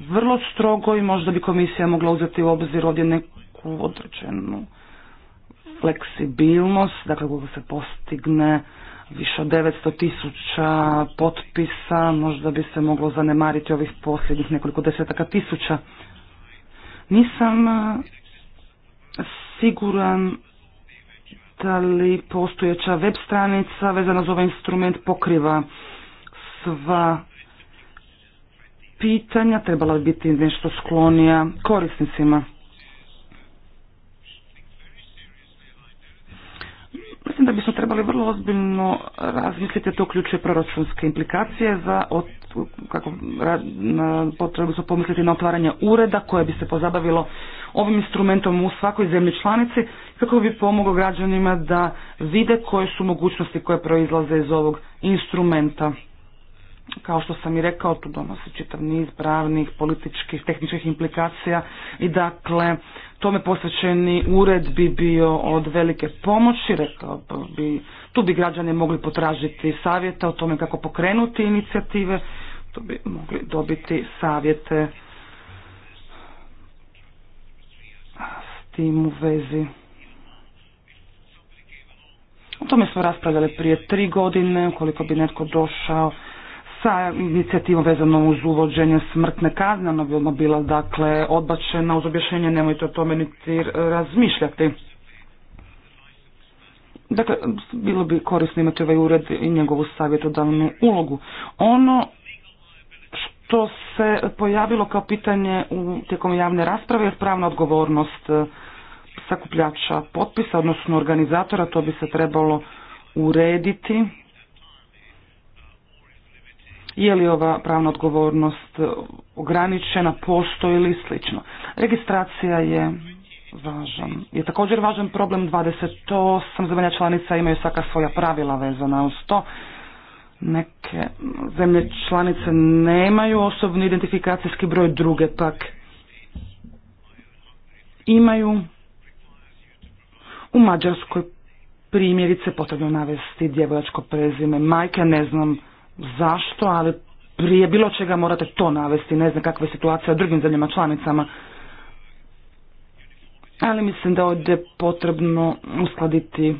vrlo strogo i možda bi komisija mogla uzeti u obzir ovdje neku određenu fleksibilnost, dakle kako se postigne više od 900 tisuća potpisa, možda bi se moglo zanemariti ovih posljednjih nekoliko desetaka tisuća. Nisam e, siguran da li postojeća web stranica vezana za ovaj instrument pokriva sva pitanja, trebala bi biti nešto sklonija korisnicima. Mislim da bismo trebali vrlo ozbiljno razmisliti, to uključuje proračunske implikacije za od, kako potrebu su pomisliti na otvaranje ureda koje bi se pozabavilo ovim instrumentom u svakoj zemlji članici kako bi pomoglo građanima da vide koje su mogućnosti koje proizlaze iz ovog instrumenta. Kao što sam i rekao, tu donosi čitav niz pravnih, političkih, tehničkih implikacija i dakle tome posvećeni ured bi bio od velike pomoći, bi, tu bi građani mogli potražiti savjeta o tome kako pokrenuti inicijative, tu bi mogli dobiti savjete s tim u vezi. O tome smo raspravljali prije tri godine, ukoliko bi netko došao sa inicijativom vezano uz uvođenje smrtne kazne, ona bi ono bila dakle odbačena uz objašnjenje, nemojte o tome niti razmišljati. Dakle, bilo bi korisno imati ovaj ured i njegovu savjetodavnu ulogu. Ono što se pojavilo kao pitanje u tijekom javne rasprave je pravna odgovornost e, sakupljača potpisa, odnosno organizatora, to bi se trebalo urediti je li ova pravna odgovornost ograničena, postoji ili slično. Registracija je važan. Je također važan problem 28 Zemlja članica imaju svaka svoja pravila vezana uz to. Neke zemlje članice nemaju osobni identifikacijski broj, druge pak imaju. U Mađarskoj primjerice potrebno navesti djevojačko prezime majke, ne znam zašto, ali prije bilo čega morate to navesti, ne znam kakva je situacija u drugim zemljama članicama. Ali mislim da ovdje je potrebno uskladiti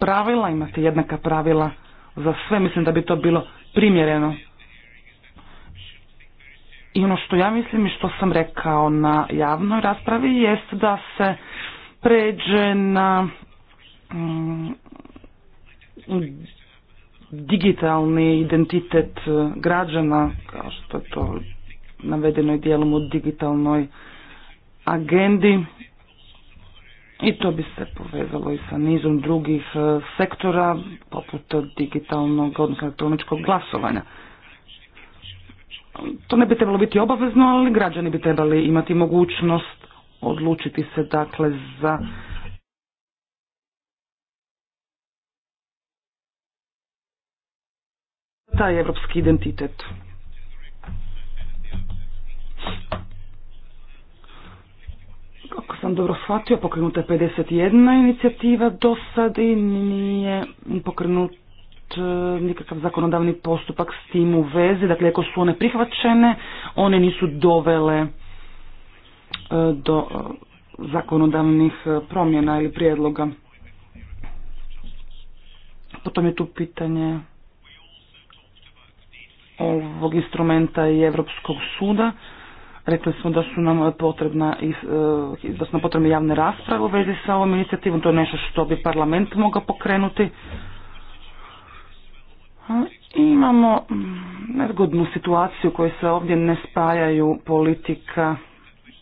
pravila, imati jednaka pravila za sve, mislim da bi to bilo primjereno. I ono što ja mislim i što sam rekao na javnoj raspravi jest da se pređe na mm, digitalni identitet e, građana, kao što je to navedeno i dijelom u digitalnoj agendi. I to bi se povezalo i sa nizom drugih e, sektora, poput digitalnog, odnosno elektroničkog glasovanja. To ne bi trebalo biti obavezno, ali građani bi trebali imati mogućnost odlučiti se dakle za taj evropski identitet. Kako sam dobro shvatio, pokrenuta je 51 inicijativa do sad i nije pokrenut e, nikakav zakonodavni postupak s tim u vezi. Dakle, ako su one prihvaćene, one nisu dovele e, do e, zakonodavnih promjena ili prijedloga. Potom je tu pitanje ovog instrumenta i Europskog suda. Rekli smo da su nam potrebna e, da su nam potrebne javne rasprave u vezi sa ovom inicijativom. To je nešto što bi parlament mogao pokrenuti. Imamo mm, nezgodnu situaciju u kojoj se ovdje ne spajaju politika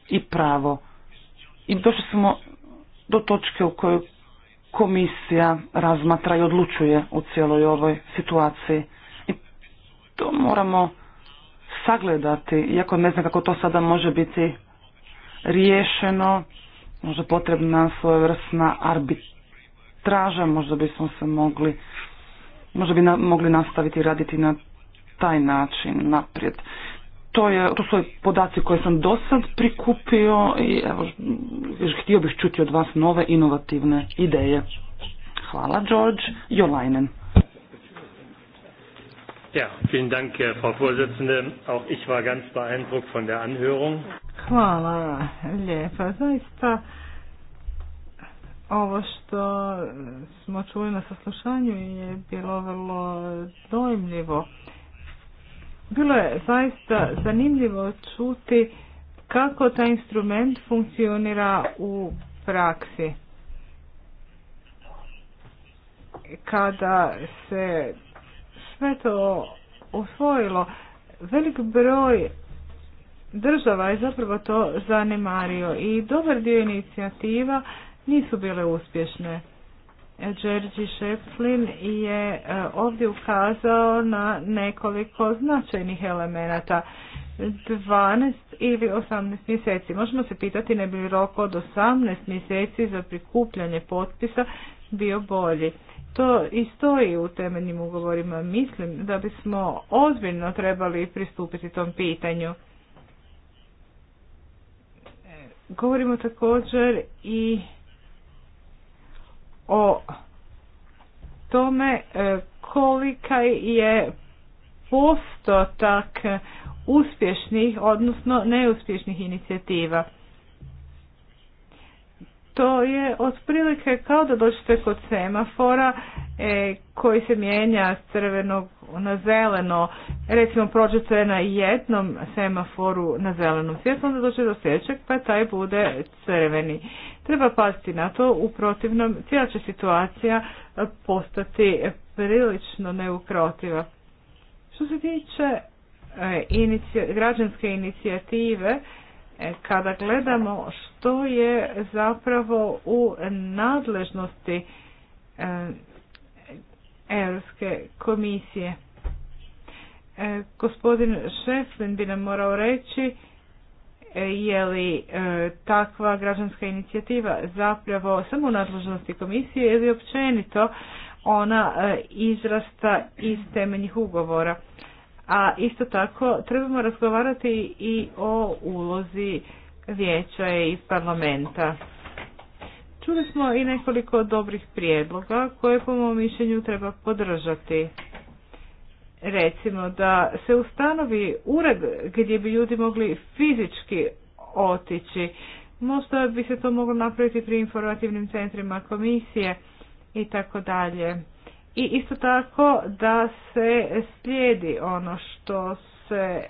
i pravo. I došli smo do točke u kojoj komisija razmatra i odlučuje u cijeloj ovoj situaciji to moramo sagledati, iako ne znam kako to sada može biti riješeno, možda potrebna svojevrsna arbitraža, možda bismo se mogli, možda bi na, mogli nastaviti raditi na taj način naprijed. To, je, to su podaci koje sam do sad prikupio i evo, htio bih čuti od vas nove inovativne ideje. Hvala George Jolajnen. Äh, Hvala lijepa. Zaista ovo što smo čuli na saslušanju je bilo vrlo dojmljivo. Bilo je zaista zanimljivo čuti kako taj instrument funkcionira u praksi. Kada se sve to usvojilo. Velik broj država je zapravo to zanemario i dobar dio inicijativa nisu bile uspješne. E, Đerđi Šeflin je e, ovdje ukazao na nekoliko značajnih elemenata. 12 ili 18 mjeseci. Možemo se pitati ne bi rok od 18 mjeseci za prikupljanje potpisa bio bolji. To i stoji u temeljnim ugovorima. Mislim da bismo ozbiljno trebali pristupiti tom pitanju. Govorimo također i o tome e, kolika je postotak uspješnih, odnosno neuspješnih inicijativa to je otprilike kao da dođete kod semafora e, koji se mijenja s crvenog na zeleno. Recimo prođete na jednom semaforu na zelenom svjetlu, onda dođe do sljedećeg pa taj bude crveni. Treba paziti na to, u protivnom cijela će situacija postati prilično neukrotiva. Što se tiče e, građanske inicijative, E, kada gledamo što je zapravo u nadležnosti e, Europske komisije. E, gospodin Šeflin bi nam morao reći je li takva građanska inicijativa zapravo samo u nadležnosti komisije ili općenito ona izrasta iz temeljnih ugovora a isto tako trebamo razgovarati i o ulozi vijeća i parlamenta. Čuli smo i nekoliko dobrih prijedloga koje po mom mišljenju treba podržati. Recimo da se ustanovi ured gdje bi ljudi mogli fizički otići. Možda bi se to moglo napraviti pri informativnim centrima komisije i tako dalje i isto tako da se slijedi ono što se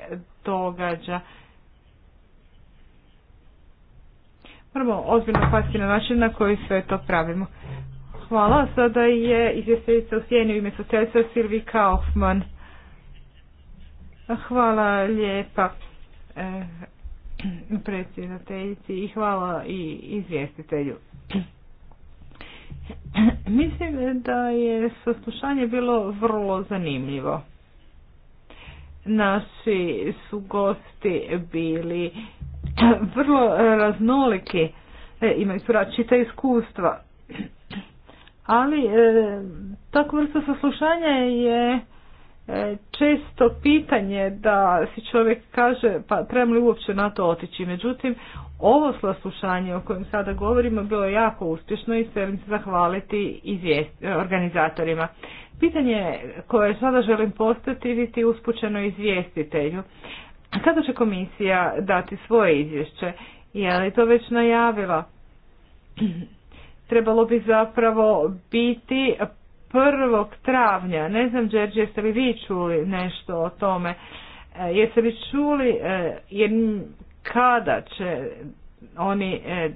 događa. prvo ozbiljno paziti na način na koji sve to pravimo. Hvala. Sada je izvjestiteljica u sjeni u ime socijalica Silvi Kaufman. Hvala lijepa eh, predsjedateljici i hvala i izvjestitelju. Mislim da je saslušanje bilo vrlo zanimljivo. Naši su gosti bili vrlo raznoliki, e, imaju su iskustva, ali e, takva vrsta saslušanja je često pitanje da si čovjek kaže pa trebam li uopće na to otići. Međutim, ovo saslušanje o kojem sada govorimo bilo je jako uspješno i želim se zahvaliti izvijest, organizatorima. Pitanje koje sada želim postaviti uspućeno izvjestitelju. Kada će komisija dati svoje izvješće? Je li to već najavila? Trebalo bi zapravo biti 1. travnja. Ne znam, Đerđe, jeste li vi čuli nešto o tome? E, jeste li čuli e, kada će oni e,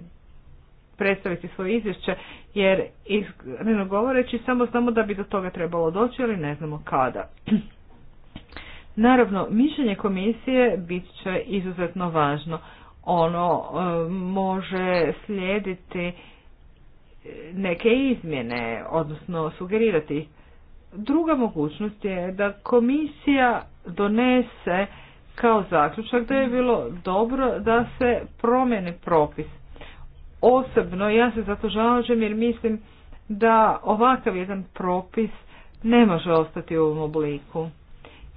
predstaviti svoje izvješće? Jer, iskreno govoreći, samo znamo da bi do toga trebalo doći, ali ne znamo kada. Naravno, mišljenje komisije bit će izuzetno važno. Ono može slijediti neke izmjene, odnosno sugerirati. Druga mogućnost je da komisija donese kao zaključak da je bilo dobro da se promijeni propis. Osobno ja se zato žalažem jer mislim da ovakav jedan propis ne može ostati u ovom obliku.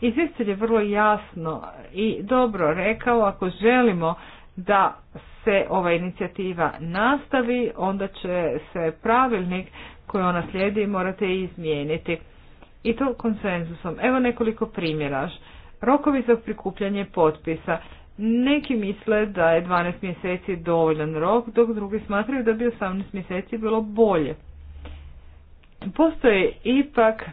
Izvjestitelj je vrlo jasno i dobro rekao ako želimo da se ova inicijativa nastavi, onda će se pravilnik koji ona slijedi morate izmijeniti. I to konsenzusom. Evo nekoliko primjera. Rokovi za prikupljanje potpisa. Neki misle da je 12 mjeseci dovoljan rok, dok drugi smatraju da bi 18 mjeseci bilo bolje. Postoje ipak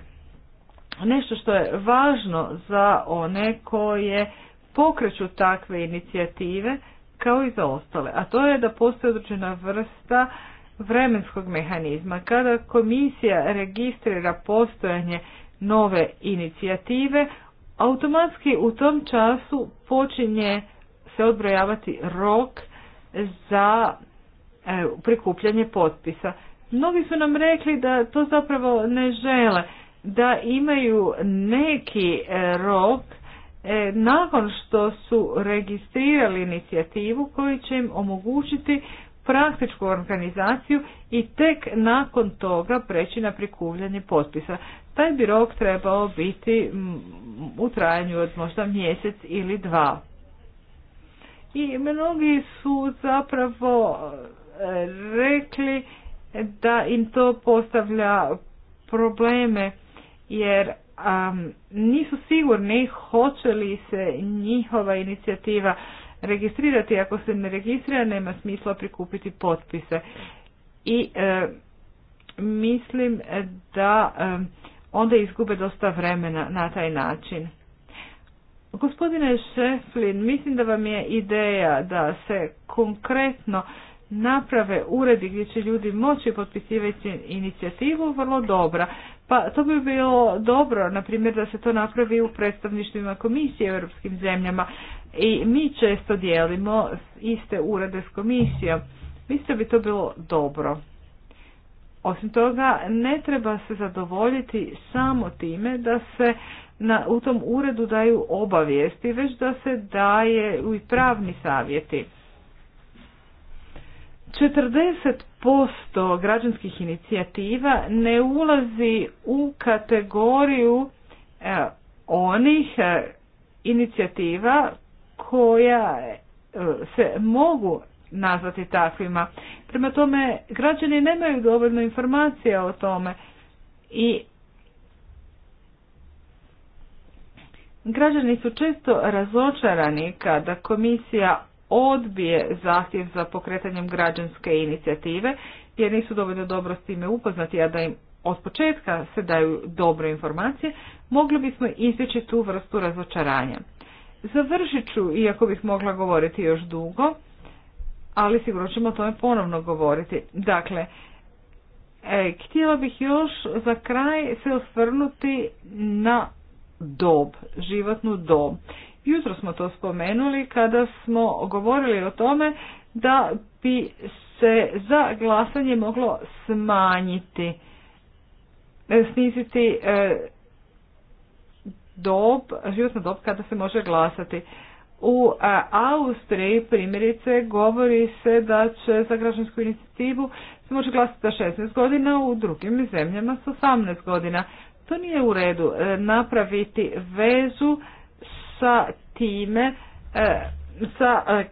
nešto što je važno za one koje pokreću takve inicijative, kao i za ostale, a to je da postoje određena vrsta vremenskog mehanizma. Kada komisija registrira postojanje nove inicijative, automatski u tom času počinje se odbrojavati rok za e, prikupljanje potpisa. Mnogi su nam rekli da to zapravo ne žele, da imaju neki e, rok e, nakon što su registrirali inicijativu koji će im omogućiti praktičku organizaciju i tek nakon toga preći na prikuvljanje potpisa. Taj bi rok trebao biti u trajanju od možda mjesec ili dva. I mnogi su zapravo e, rekli da im to postavlja probleme jer um, nisu sigurni hoće li se njihova inicijativa registrirati. Ako se ne registrira, nema smisla prikupiti potpise. I e, mislim da e, onda izgube dosta vremena na taj način. Gospodine Šeflin, mislim da vam je ideja da se konkretno naprave uredi gdje će ljudi moći potpisivati inicijativu vrlo dobra. Pa to bi bilo dobro, na primjer, da se to napravi u predstavništvima komisije u europskim zemljama. I mi često dijelimo iste urede s komisijom. da bi to bilo dobro. Osim toga, ne treba se zadovoljiti samo time da se na, u tom uredu daju obavijesti, već da se daje i pravni savjeti. 40% građanskih inicijativa ne ulazi u kategoriju e, onih e, inicijativa koja e, se mogu nazvati takvima. Prema tome, građani nemaju dovoljno informacija o tome i građani su često razočarani kada komisija odbije zahtjev za pokretanjem građanske inicijative jer nisu dovoljno dobro s time upoznati, a da im od početka se daju dobre informacije, mogli bismo izbjeći tu vrstu razočaranja. Završit ću, iako bih mogla govoriti još dugo, ali sigurno ćemo o tome ponovno govoriti. Dakle, e, htjela bih još za kraj se osvrnuti na dob, životnu dob. Jutro smo to spomenuli kada smo govorili o tome da bi se za glasanje moglo smanjiti, e, sniziti e, dob, životna dob kada se može glasati. U e, Austriji primjerice govori se da će za građansku inicijativu se može glasati za 16 godina, u drugim zemljama sa 18 godina. To nije u redu napraviti vezu sa time, e, sa e,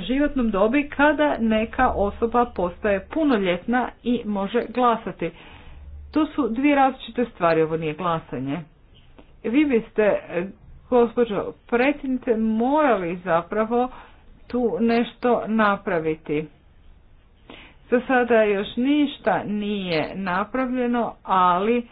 životnom dobi kada neka osoba postaje punoljetna i može glasati. To su dvije različite stvari, ovo nije glasanje. Vi biste, e, gospođo predsjednice, morali zapravo tu nešto napraviti. Za sada još ništa nije napravljeno, ali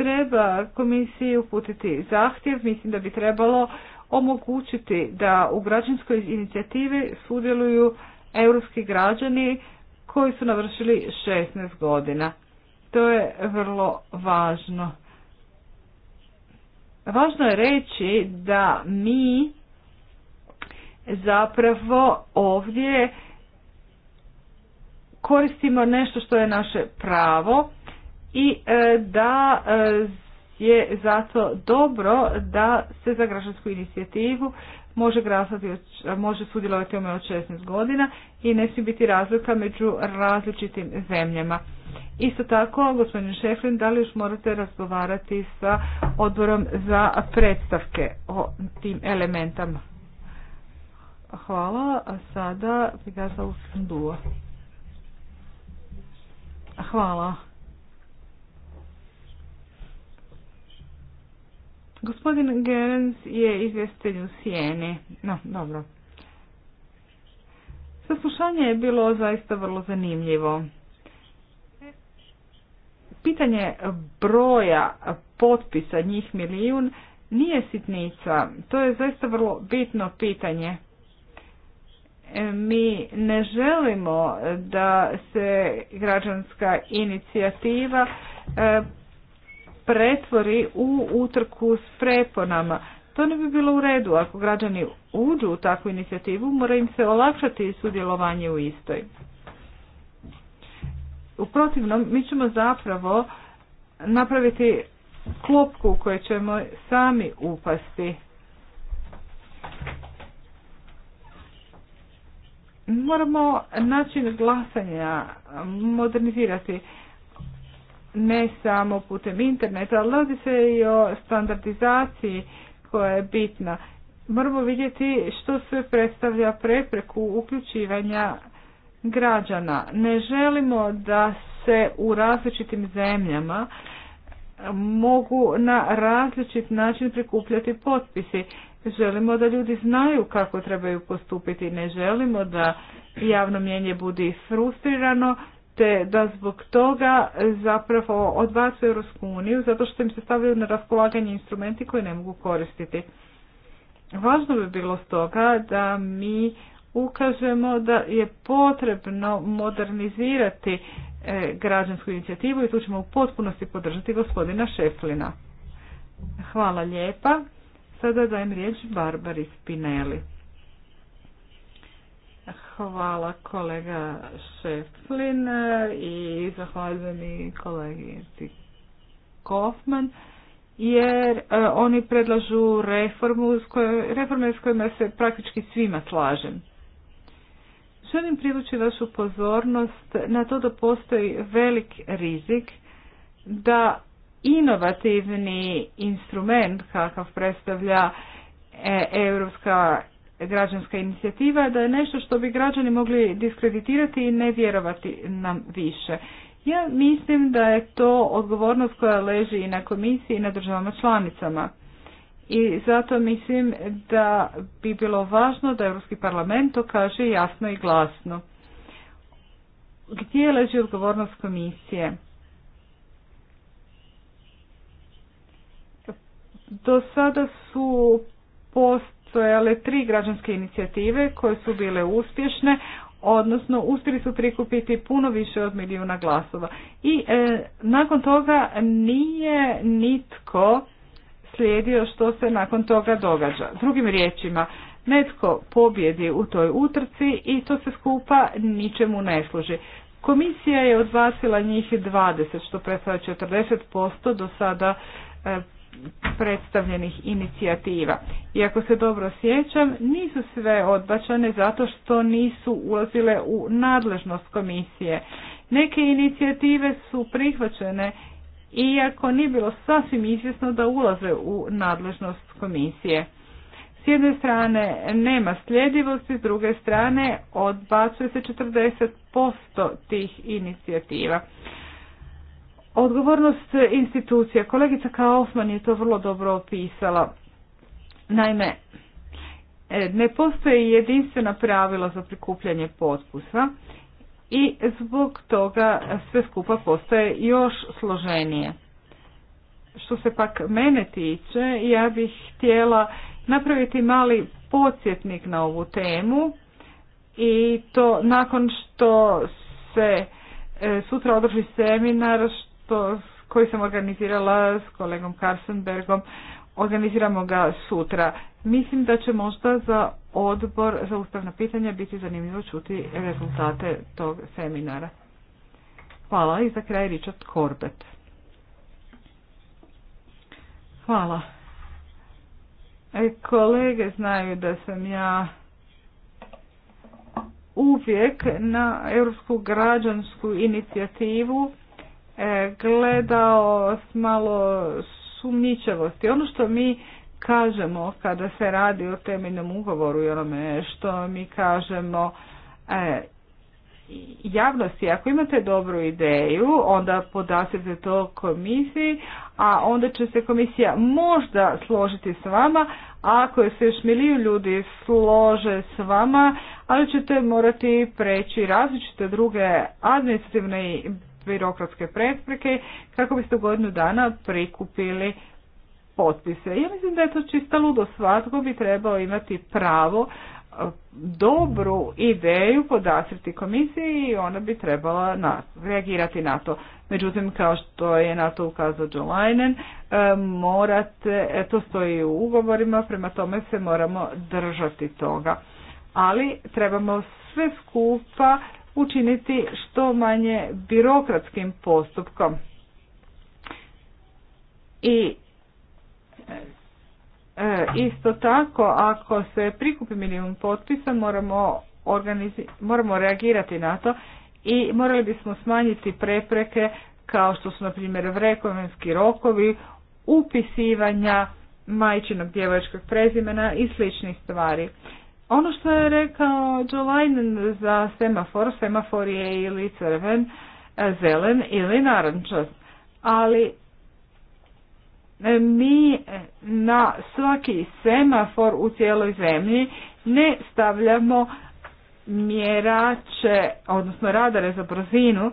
treba komisiji uputiti zahtjev, mislim da bi trebalo omogućiti da u građanskoj inicijativi sudjeluju europski građani koji su navršili 16 godina. To je vrlo važno. Važno je reći da mi zapravo ovdje koristimo nešto što je naše pravo, i e, da e, je zato dobro da se za građansku inicijativu može glasati, može sudjelovati ome od 16 godina i ne smije biti razlika među različitim zemljama. Isto tako, gospodin Šeflin, da li još morate razgovarati sa odborom za predstavke o tim elementama? Hvala, a sada Pegasa Duo. Hvala. Gospodin Gerens je izvjestitelj u Sijeni. No, dobro. Saslušanje je bilo zaista vrlo zanimljivo. Pitanje broja potpisa, njih milijun, nije sitnica. To je zaista vrlo bitno pitanje. E, mi ne želimo da se građanska inicijativa e, pretvori u utrku s preponama. To ne bi bilo u redu. Ako građani uđu u takvu inicijativu, mora im se olakšati sudjelovanje u istoj. U protivnom, mi ćemo zapravo napraviti klopku u kojoj ćemo sami upasti. Moramo način glasanja modernizirati ne samo putem interneta, ali radi se i o standardizaciji koja je bitna. Moramo vidjeti što sve predstavlja prepreku uključivanja građana. Ne želimo da se u različitim zemljama mogu na različit način prikupljati potpisi. Želimo da ljudi znaju kako trebaju postupiti. Ne želimo da javno mjenje bude frustrirano da zbog toga zapravo odbacuju Europsku uniju zato što im se stavljaju na raspolaganje instrumenti koje ne mogu koristiti. Važno bi bilo stoga da mi ukažemo da je potrebno modernizirati e, građansku inicijativu i tu ćemo u potpunosti podržati gospodina Šeflina. Hvala lijepa. Sada dajem riječ Barbari Spinelli. Hvala kolega Šeflin e, i zahvaljujem i kolegi Kofman, jer e, oni predlažu reformu s reforme s kojima se praktički svima slažem. Želim privući vašu pozornost na to da postoji velik rizik da inovativni instrument kakav predstavlja e, Europska građanska inicijativa, da je nešto što bi građani mogli diskreditirati i ne vjerovati nam više. Ja mislim da je to odgovornost koja leži i na komisiji i na državama članicama. I zato mislim da bi bilo važno da Europski parlament to kaže jasno i glasno. Gdje leži odgovornost komisije? Do sada su post postojale tri građanske inicijative koje su bile uspješne, odnosno uspjeli su prikupiti puno više od milijuna glasova. I e, nakon toga nije nitko slijedio što se nakon toga događa. Drugim riječima, netko pobjedi u toj utrci i to se skupa ničemu ne služi. Komisija je odbacila njih 20, što predstavlja 40% do sada e, predstavljenih inicijativa. Iako se dobro sjećam, nisu sve odbačane zato što nisu ulazile u nadležnost komisije. Neke inicijative su prihvaćene iako nije bilo sasvim izvjesno da ulaze u nadležnost komisije. S jedne strane nema sljedivosti, s druge strane odbacuje se 40% tih inicijativa. Odgovornost institucija. Kolegica Kaufman je to vrlo dobro opisala. Naime, e, ne postoje jedinstvena pravila za prikupljanje potpusa i zbog toga sve skupa postaje još složenije. Što se pak mene tiče, ja bih htjela napraviti mali podsjetnik na ovu temu i to nakon što se e, sutra održi seminar koji sam organizirala s kolegom Karsenbergom. Organiziramo ga sutra. Mislim da će možda za odbor za ustavna pitanja biti zanimljivo čuti rezultate tog seminara. Hvala i za kraj Richard Corbett. Hvala. E, kolege znaju da sam ja uvijek na Europsku građansku inicijativu E, gledao s malo sumnjičavosti. Ono što mi kažemo kada se radi o temeljnom ugovoru i onome što mi kažemo e, javnosti, ako imate dobru ideju, onda podasite to komisiji, a onda će se komisija možda složiti s vama, a ako se još milijun ljudi slože s vama, ali ćete morati preći različite druge administrativne birokratske prepreke kako biste u godinu dana prikupili potpise. Ja mislim da je to čista ludo. Svatko bi trebao imati pravo e, dobru ideju podastriti komisiji i ona bi trebala reagirati na to. Međutim, kao što je na to ukazao Joe Leinen, e, morate, e, to stoji u ugovorima, prema tome se moramo držati toga. Ali trebamo sve skupa učiniti što manje birokratskim postupkom. I e, isto tako, ako se prikupi milijun potpisa, moramo, moramo reagirati na to i morali bismo smanjiti prepreke kao što su, na primjer, vrekovenski rokovi, upisivanja majčinog djevojačkog prezimena i sličnih stvari. Ono što je rekao Joe Linen za semafor, semafor je ili crven, e, zelen ili narančast. Ali e, mi e, na svaki semafor u cijeloj zemlji ne stavljamo mjerače, odnosno radare za brzinu,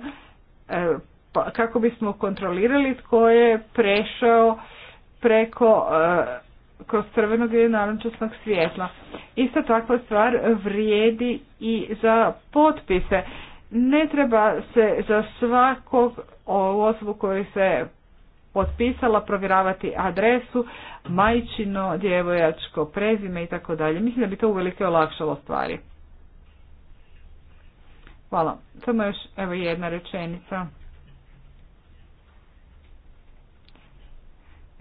pa, kako bismo kontrolirali tko je prešao preko kroz crvenog ili narančasnog svjetla. Isto takva stvar vrijedi i za potpise. Ne treba se za svakog osobu koju se potpisala provjeravati adresu, majčino, djevojačko prezime i tako dalje. Mislim da bi to uvelike olakšalo stvari. Hvala. Samo još evo jedna rečenica.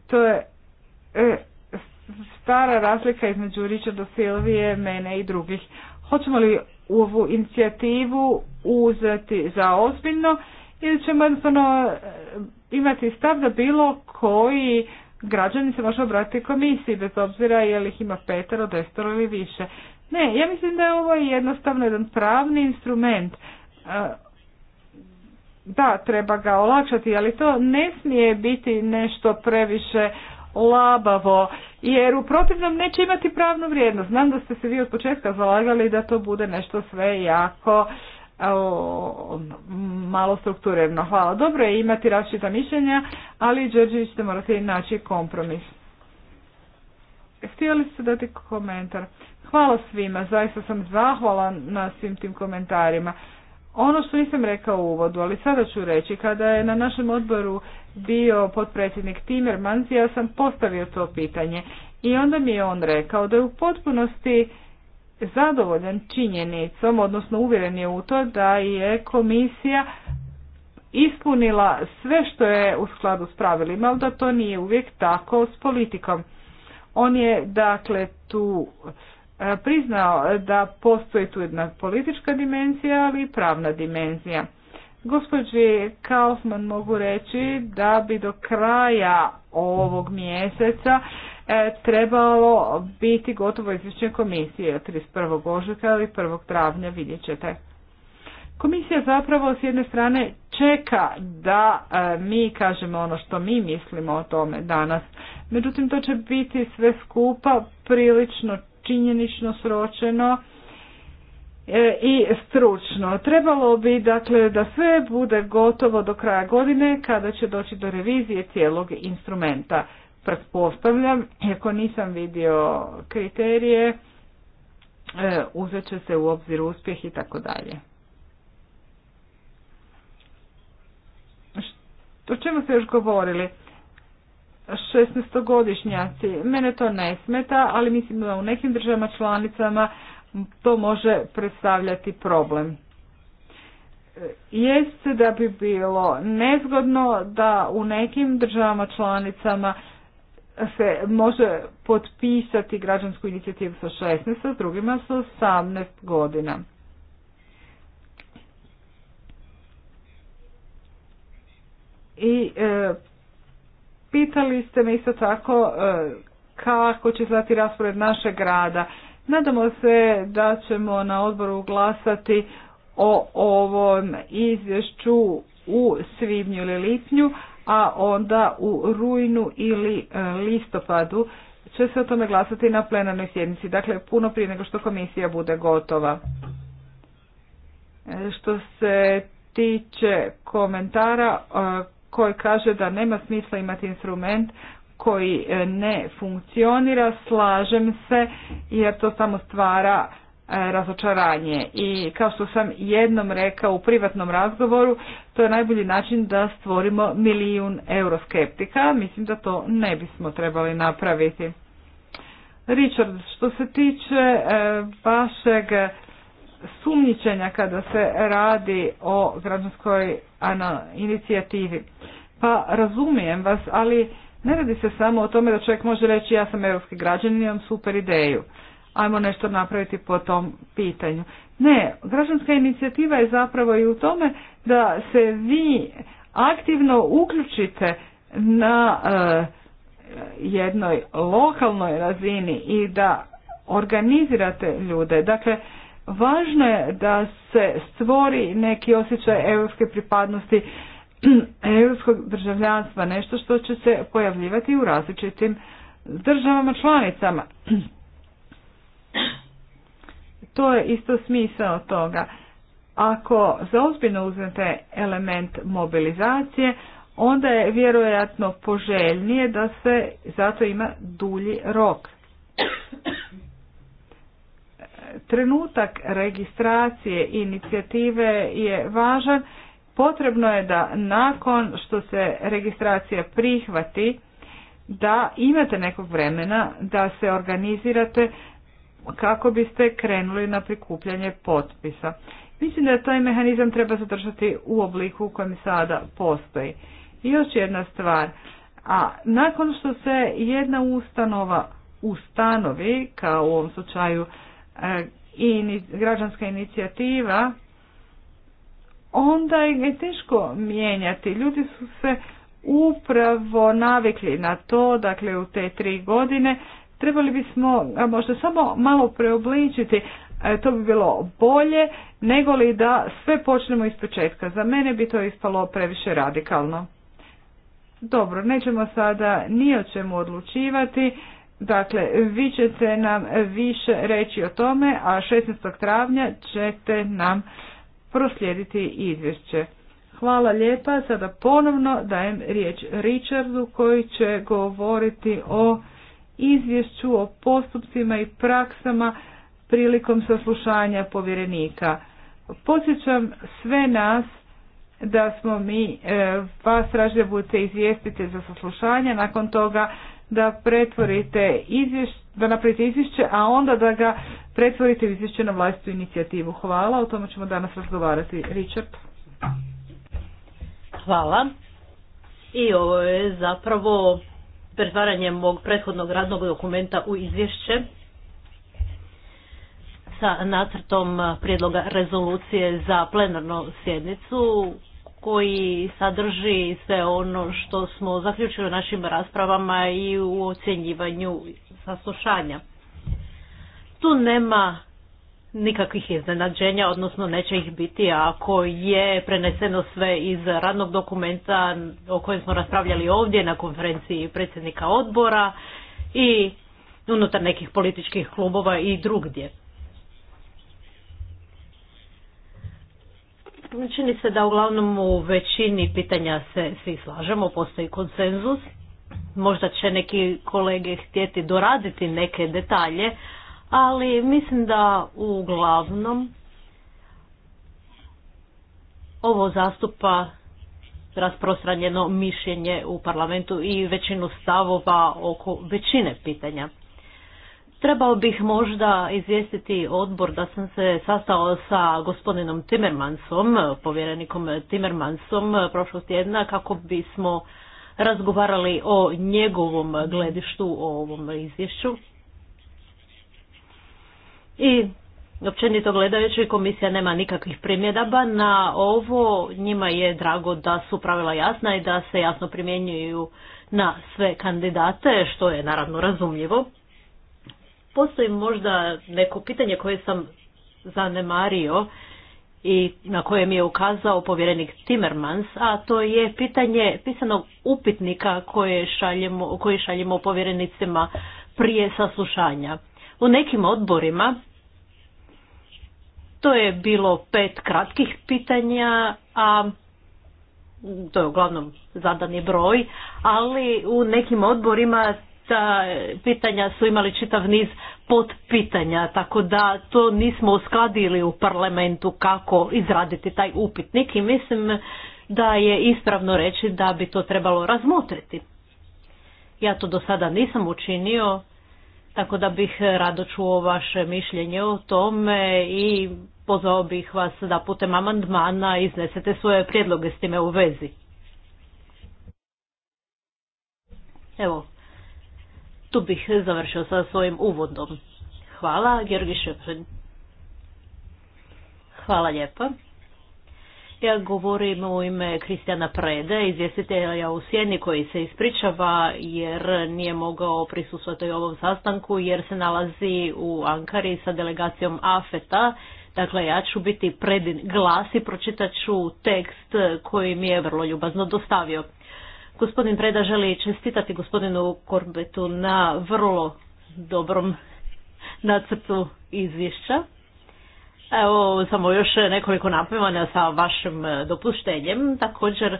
To je e, stara razlika između Richarda Silvije, mene i drugih. Hoćemo li ovu inicijativu uzeti za ozbiljno ili ćemo jednostavno eh, imati stav da bilo koji građani se može obratiti komisiji bez obzira je li ih ima petero, desetero ili više. Ne, ja mislim da je ovo jednostavno jedan pravni instrument. Eh, da, treba ga olakšati, ali to ne smije biti nešto previše labavo, jer u protivnom neće imati pravnu vrijednost. Znam da ste se vi od početka zalagali da to bude nešto sve jako o, malo strukturirano. Hvala. Dobro je imati različita mišljenja, ali Đorđević ste morate naći kompromis. Htjeli ste dati komentar? Hvala svima, zaista sam zahvalan na svim tim komentarima. Ono što nisam rekao u uvodu, ali sada ću reći, kada je na našem odboru bio potpredsjednik Timmermans, ja sam postavio to pitanje i onda mi je on rekao da je u potpunosti zadovoljan činjenicom, odnosno uvjeren je u to da je komisija ispunila sve što je u skladu s pravilima, ali da to nije uvijek tako s politikom. On je dakle tu E, priznao da postoji tu jedna politička dimenzija, ali i pravna dimenzija. Gospođi Kaufman mogu reći da bi do kraja ovog mjeseca e, trebalo biti gotovo izvješće komisije 31. ožujka ili 1. travnja vidjet ćete. Komisija zapravo s jedne strane čeka da e, mi kažemo ono što mi mislimo o tome danas. Međutim, to će biti sve skupa prilično činjenično sročeno e, i stručno. Trebalo bi dakle da sve bude gotovo do kraja godine kada će doći do revizije cijelog instrumenta. Pretpostavljam, iako nisam vidio kriterije, e, uzet će se u obzir uspjeh i tako dalje. O čemu ste još govorili? 16-godišnjaci. Mene to ne smeta, ali mislim da u nekim državama članicama to može predstavljati problem. Jeste da bi bilo nezgodno da u nekim državama članicama se može potpisati građansku inicijativu sa 16, a drugima sa 18 godina. I e, Pitali ste me isto tako e, kako će zati raspored našeg grada. Nadamo se da ćemo na odboru glasati o ovom izvješću u svibnju ili lipnju, a onda u rujnu ili e, listopadu će se o tome glasati na plenarnoj sjednici, dakle puno prije nego što komisija bude gotova. E, što se tiče komentara koji kaže da nema smisla imati instrument koji e, ne funkcionira, slažem se jer to samo stvara e, razočaranje. I kao što sam jednom rekao u privatnom razgovoru, to je najbolji način da stvorimo milijun euroskeptika. Mislim da to ne bismo trebali napraviti. Richard, što se tiče e, vašeg sumnjičenja kada se radi o građanskoj inicijativi. Pa razumijem vas, ali ne radi se samo o tome da čovjek može reći ja sam europski građanin, imam super ideju. Ajmo nešto napraviti po tom pitanju. Ne, građanska inicijativa je zapravo i u tome da se vi aktivno uključite na eh, jednoj lokalnoj razini i da organizirate ljude. Dakle, Važno je da se stvori neki osjećaj europske pripadnosti, europskog državljanstva, nešto što će se pojavljivati u različitim državama članicama. To je isto smisao toga. Ako zaozbiljno uzmete element mobilizacije, onda je vjerojatno poželjnije da se zato ima dulji rok. trenutak registracije inicijative je važan. Potrebno je da nakon što se registracija prihvati, da imate nekog vremena da se organizirate kako biste krenuli na prikupljanje potpisa. Mislim da taj mehanizam treba zadržati u obliku u kojem sada postoji. još jedna stvar, a nakon što se jedna ustanova ustanovi, kao u ovom slučaju E, i građanska inicijativa, onda je teško mijenjati. Ljudi su se upravo navikli na to, dakle u te tri godine, trebali bismo možda samo malo preobličiti, e, to bi bilo bolje nego li da sve počnemo iz početka. Za mene bi to ispalo previše radikalno. Dobro, nećemo sada ni o čemu odlučivati. Dakle, vi ćete nam više reći o tome, a 16. travnja ćete nam proslijediti izvješće. Hvala lijepa, sada ponovno dajem riječ Richardu koji će govoriti o izvješću, o postupcima i praksama prilikom saslušanja povjerenika. Podsjećam sve nas da smo mi e, vas tražili budete izvijestite za saslušanje, nakon toga da pretvorite izvješće, da napravite izvješće, a onda da ga pretvorite u izvješće na vlastitu inicijativu. Hvala, o tome ćemo danas razgovarati. Richard. Hvala. I ovo je zapravo pretvaranje mog prethodnog radnog dokumenta u izvješće sa nacrtom prijedloga rezolucije za plenarnu sjednicu koji sadrži sve ono što smo zaključili u našim raspravama i u ocjenjivanju saslušanja. Tu nema nikakvih iznenađenja, odnosno neće ih biti ako je preneseno sve iz radnog dokumenta o kojem smo raspravljali ovdje na konferenciji predsjednika odbora i unutar nekih političkih klubova i drugdje. Čini se da uglavnom u većini pitanja se svi slažemo, postoji konsenzus. Možda će neki kolege htjeti doraditi neke detalje, ali mislim da uglavnom ovo zastupa rasprostranjeno mišljenje u parlamentu i većinu stavova oko većine pitanja. Trebao bih možda izvijestiti odbor da sam se sastao sa gospodinom Timmermansom, povjerenikom Timmermansom prošlog tjedna kako bismo razgovarali o njegovom gledištu o ovom izvješću. I općenito gledajući komisija nema nikakvih primjedaba na ovo. Njima je drago da su pravila jasna i da se jasno primjenjuju na sve kandidate, što je naravno razumljivo postoji možda neko pitanje koje sam zanemario i na koje mi je ukazao povjerenik Timmermans, a to je pitanje pisanog upitnika koje šaljemo, koji šaljemo povjerenicima prije saslušanja. U nekim odborima to je bilo pet kratkih pitanja, a to je uglavnom zadani broj, ali u nekim odborima ta e, pitanja su imali čitav niz potpitanja, tako da to nismo uskladili u parlamentu kako izraditi taj upitnik i mislim da je ispravno reći da bi to trebalo razmotriti. Ja to do sada nisam učinio, tako da bih rado čuo vaše mišljenje o tome i pozvao bih vas da putem amandmana iznesete svoje prijedloge s time u vezi. Evo, tu bih završio sa svojim uvodom. Hvala, Georgi Šepin. Hvala lijepa. Ja govorim u ime Kristjana Prede, izvjestitelja u Sjeni koji se ispričava jer nije mogao prisustvati ovom sastanku jer se nalazi u Ankari sa delegacijom AFETA. Dakle, ja ću biti predin glas i pročitat ću tekst koji mi je vrlo ljubazno dostavio. Gospodin Preda želi čestitati gospodinu Korbetu na vrlo dobrom nacrtu izvješća. Evo, samo još nekoliko napivanja sa vašim dopuštenjem. Također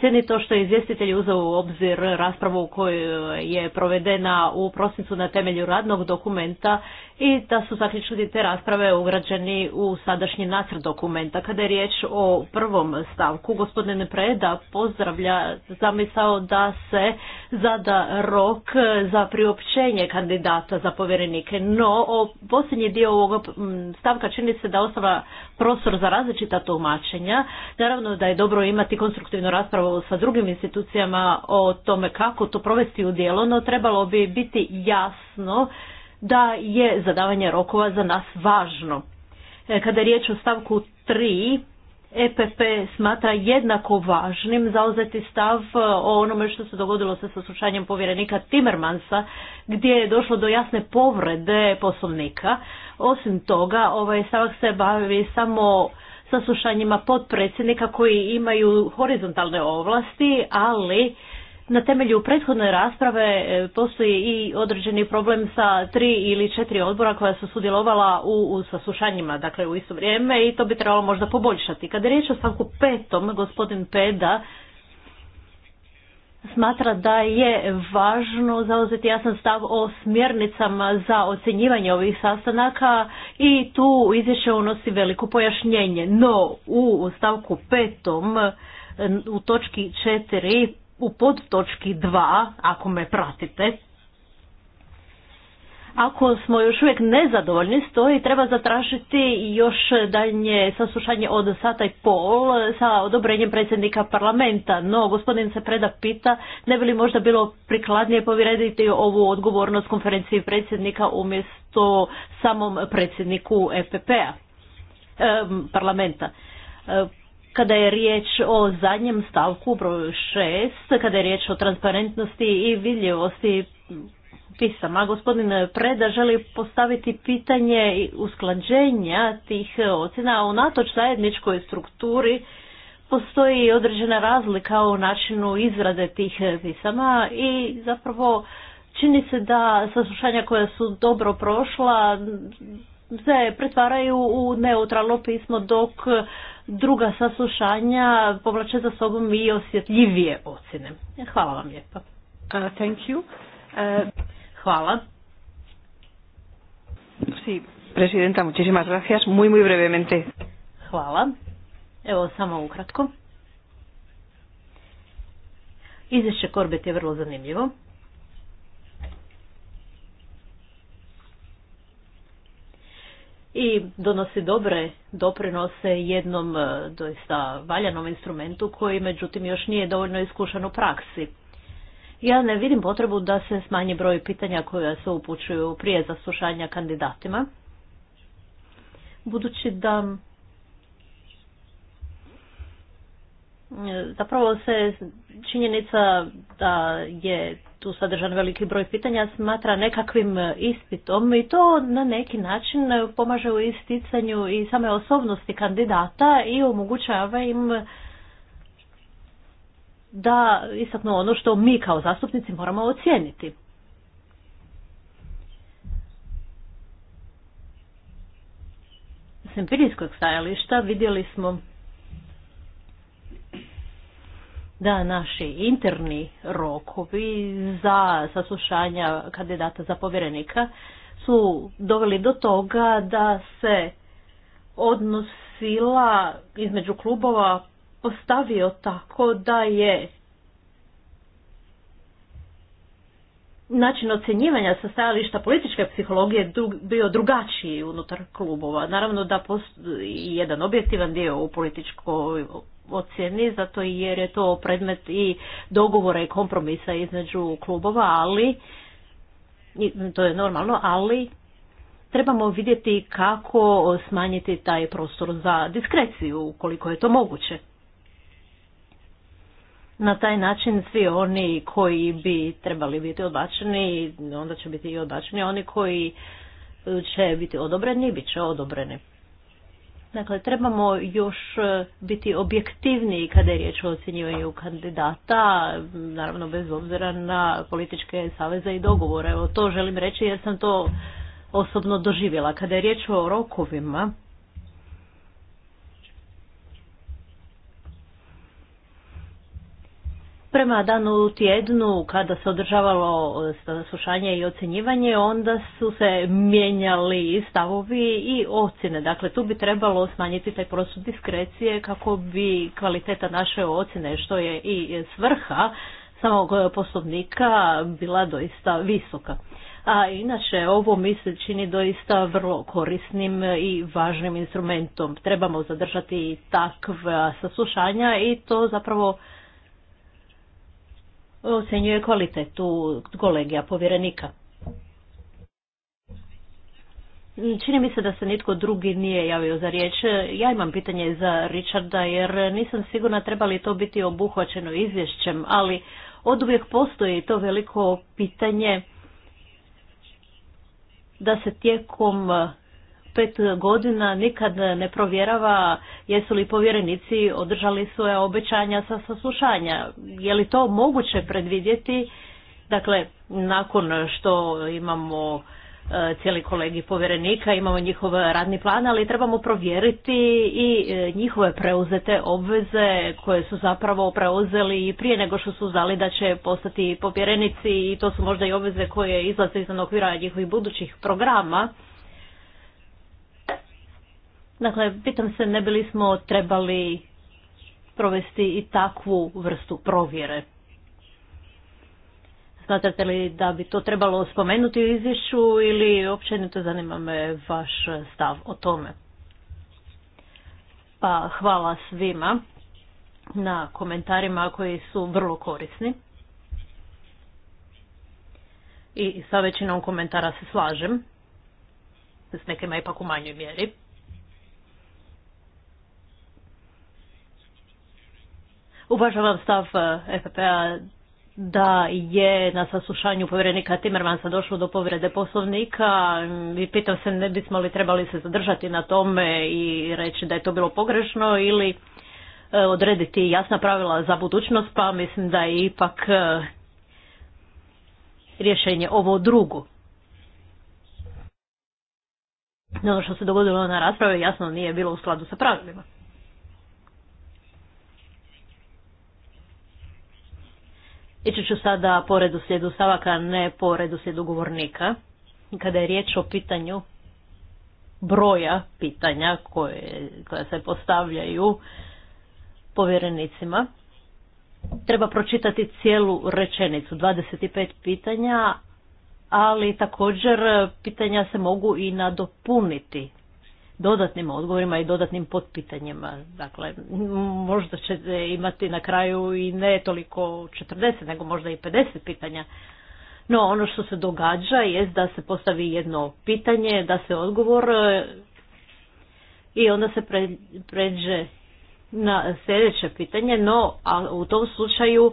cijeni to što je izvjestitelj uzeo u obzir raspravu koju je provedena u prosincu na temelju radnog dokumenta i da su zaključili te rasprave ugrađeni u sadašnji nacrt dokumenta. Kada je riječ o prvom stavku, gospodine Preda pozdravlja zamisao da se zada rok za priopćenje kandidata za povjerenike, no o posljednji dio ovog stavka čini se da ostava prostor za različita tumačenja. Naravno da je dobro imati konstruktivnu raspravu sa drugim institucijama o tome kako to provesti u djelo, no trebalo bi biti jasno da je zadavanje rokova za nas važno. E, kada je riječ o stavku 3, EPP smatra jednako važnim zauzeti stav o onome što se dogodilo sa saslušanjem povjerenika Timmermansa, gdje je došlo do jasne povrede poslovnika. Osim toga, ovaj stavak se bavi samo saslušanjima potpredsjednika koji imaju horizontalne ovlasti, ali na temelju prethodne rasprave e, postoji i određeni problem sa tri ili četiri odbora koja su sudjelovala u, u saslušanjima, dakle u isto vrijeme i to bi trebalo možda poboljšati. Kada je riječ o stavku petom, gospodin Peda smatra da je važno zauzeti jasan stav o smjernicama za ocjenjivanje ovih sastanaka i tu izvješće unosi veliko pojašnjenje. No, u stavku petom, u točki četiri, u podtočki dva, ako me pratite, ako smo još uvijek nezadovoljni i treba zatražiti još daljnje saslušanje od sata i pol sa odobrenjem predsjednika parlamenta. No, gospodin se preda pita, ne bi li možda bilo prikladnije povjerediti ovu odgovornost konferenciji predsjednika umjesto samom predsjedniku FPP, a p-a, parlamenta. E, kada je riječ o zadnjem stavku, broju šest, kada je riječ o transparentnosti i vidljivosti pisama. Gospodin Preda želi postaviti pitanje usklađenja tih ocjena. Unatoč zajedničkoj strukturi postoji određena razlika u načinu izrade tih pisama i zapravo čini se da saslušanja koja su dobro prošla se pretvaraju u neutralno pismo dok druga saslušanja povlače za sobom i osjetljivije ocjene. Hvala vam lijepa. Uh, thank you. Uh... Hvala. Sí, presidenta, muchísimas gracias. Muy, muy brevemente. Hvala. Evo, samo ukratko. Izvješće Korbet je vrlo zanimljivo. i donosi dobre doprinose jednom e, doista valjanom instrumentu koji međutim još nije dovoljno iskušan u praksi. Ja ne vidim potrebu da se smanji broj pitanja koja se upućuju prije zaslušanja kandidatima, budući da e, zapravo se činjenica da je tu sadržan veliki broj pitanja smatra nekakvim ispitom i to na neki način pomaže u isticanju i same osobnosti kandidata i omogućava im da istaknu ono što mi kao zastupnici moramo ocijeniti. S empirijskog stajališta vidjeli smo da naši interni rokovi za saslušanja kandidata za povjerenika su doveli do toga da se odnosila između klubova Ostavio tako da je način ocjenjivanja sa stajališta političke psihologije bio drugačiji unutar klubova. Naravno da postoji jedan objektivan dio u političkoj ocjeni, zato jer je to predmet i dogovora i kompromisa između klubova, ali to je normalno, ali trebamo vidjeti kako smanjiti taj prostor za diskreciju, koliko je to moguće na taj način svi oni koji bi trebali biti odbačeni, onda će biti i odbačeni, oni koji će biti odobreni, bit će odobreni. Dakle, trebamo još e, biti objektivniji kada je riječ o ocjenjivanju kandidata, naravno bez obzira na političke saveze i dogovore. Evo to želim reći jer sam to osobno doživjela. Kada je riječ o rokovima, prema danu tjednu kada se održavalo e, slušanje i ocjenjivanje, onda su se mijenjali stavovi i ocjene. Dakle, tu bi trebalo smanjiti taj prosud diskrecije kako bi kvaliteta naše ocjene, što je i svrha samog poslovnika, bila doista visoka. A inače, ovo mi se čini doista vrlo korisnim i važnim instrumentom. Trebamo zadržati takva saslušanja i to zapravo ocjenjuje kvalitetu kolegija povjerenika. Čini mi se da se nitko drugi nije javio za riječ. Ja imam pitanje za Richarda jer nisam sigurna treba li to biti obuhvaćeno izvješćem, ali od uvijek postoji to veliko pitanje da se tijekom pet godina nikad ne provjerava jesu li povjerenici održali svoje obećanja sa saslušanja. Je li to moguće predvidjeti? Dakle, nakon što imamo e, cijeli kolegi povjerenika, imamo njihov radni plan, ali trebamo provjeriti i e, njihove preuzete obveze koje su zapravo preuzeli prije nego što su znali da će postati povjerenici i to su možda i obveze koje izlaze iz okvira njihovih budućih programa. Dakle, pitam se ne bili smo trebali provesti i takvu vrstu provjere. Smatrate li da bi to trebalo spomenuti u izvješću ili općenito zanima me vaš stav o tome? Pa hvala svima na komentarima koji su vrlo korisni. I sa većinom komentara se slažem. S nekima ipak u manjoj mjeri. Uvažavam stav e, fpa a da je na saslušanju povjerenika Timmermansa došlo do povrede poslovnika i pitam se ne bismo li trebali se zadržati na tome i reći da je to bilo pogrešno ili e, odrediti jasna pravila za budućnost pa mislim da je ipak e, rješenje ovo drugo. Ono što se dogodilo na raspravi jasno nije bilo u skladu sa pravilima. Ići ću sada po redu slijedu stavaka, ne po redu govornika. Kada je riječ o pitanju broja pitanja koje, koja se postavljaju povjerenicima, treba pročitati cijelu rečenicu, 25 pitanja, ali također pitanja se mogu i nadopuniti dodatnim odgovorima i dodatnim potpitanjima. Dakle, možda ćete imati na kraju i ne toliko 40, nego možda i 50 pitanja. No, ono što se događa je da se postavi jedno pitanje, da se odgovor e, i onda se pređe na sljedeće pitanje, no a u tom slučaju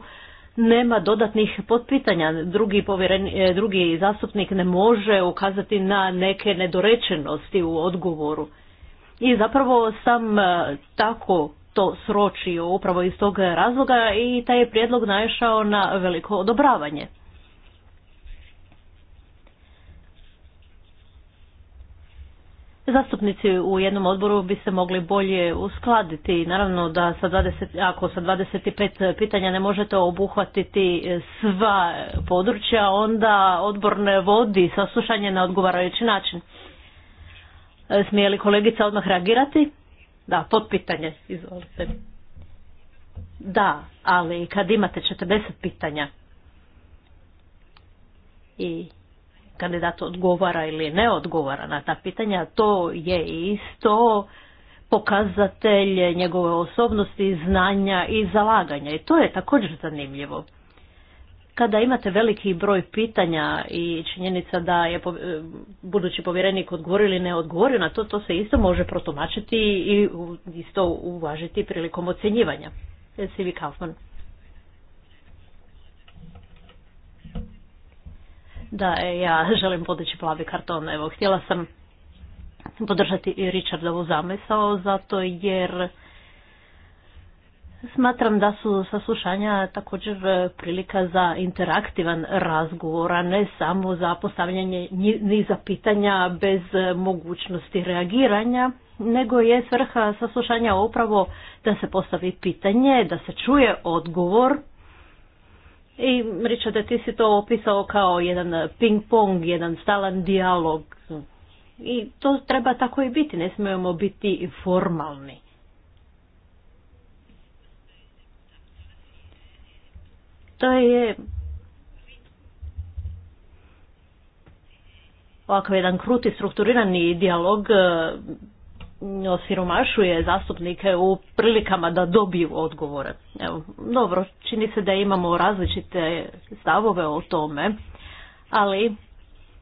nema dodatnih potpitanja. Drugi, e, drugi zastupnik ne može ukazati na neke nedorečenosti u odgovoru. I zapravo sam e, tako to sročio upravo iz tog razloga i taj je prijedlog naišao na veliko odobravanje. zastupnici u jednom odboru bi se mogli bolje uskladiti. Naravno da sa 20, ako sa 25 pitanja ne možete obuhvatiti sva područja, onda odbor ne vodi saslušanje na odgovarajući način. E, smije li kolegica odmah reagirati? Da, pitanje, izvolite. Da, ali kad imate 40 pitanja i kandidat odgovara ili ne odgovara na ta pitanja, to je isto pokazatelj njegove osobnosti, znanja i zalaganja i to je također zanimljivo. Kada imate veliki broj pitanja i činjenica da je e, budući povjerenik odgovorio ili ne odgovorio na to, to se isto može protumačiti i isto uvažiti prilikom ocjenjivanja. Sivi Kaufman. Da, e, ja želim podići plavi karton. Evo, htjela sam podržati i Richardovu zamisao, zato jer smatram da su saslušanja također e, prilika za interaktivan razgovor, a ne samo za postavljanje niza pitanja bez e, mogućnosti reagiranja, nego je svrha saslušanja upravo da se postavi pitanje, da se čuje odgovor, i da ti si to opisao kao jedan ping-pong, jedan stalan dijalog. I to treba tako i biti, ne smijemo biti formalni. To je ovako jedan kruti, strukturirani dijalog osiromašuje zastupnike u prilikama da dobiju odgovore. Evo, dobro, čini se da imamo različite stavove o tome, ali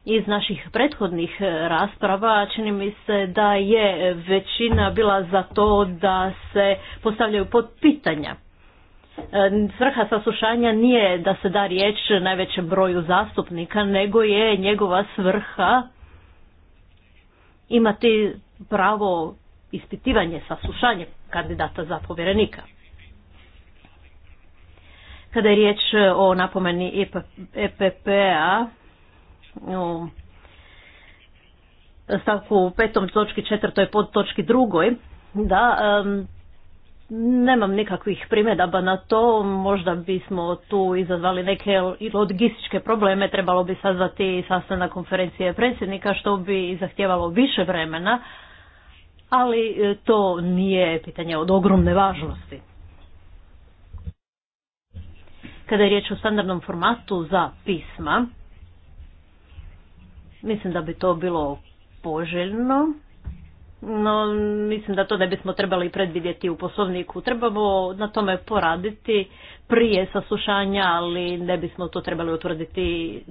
iz naših prethodnih rasprava čini mi se da je većina bila za to da se postavljaju pod pitanja. E, svrha saslušanja nije da se da riječ najvećem broju zastupnika, nego je njegova svrha imati pravo ispitivanje, saslušanje kandidata za povjerenika. Kada je riječ e, o napomeni EPP-a, e u stavku petom točki četvrtoj pod točki drugoj, da Nemam nikakvih primjedaba na to, možda bismo tu izazvali neke logističke probleme, trebalo bi sazvati sastanak konferencije predsjednika što bi zahtijevalo više vremena, ali e, to nije pitanje od ogromne važnosti. Kada je riječ o standardnom formatu za pisma, mislim da bi to bilo poželjno no mislim da to ne bismo trebali predvidjeti u poslovniku. Trebamo na tome poraditi prije saslušanja, ali ne bismo to trebali utvrditi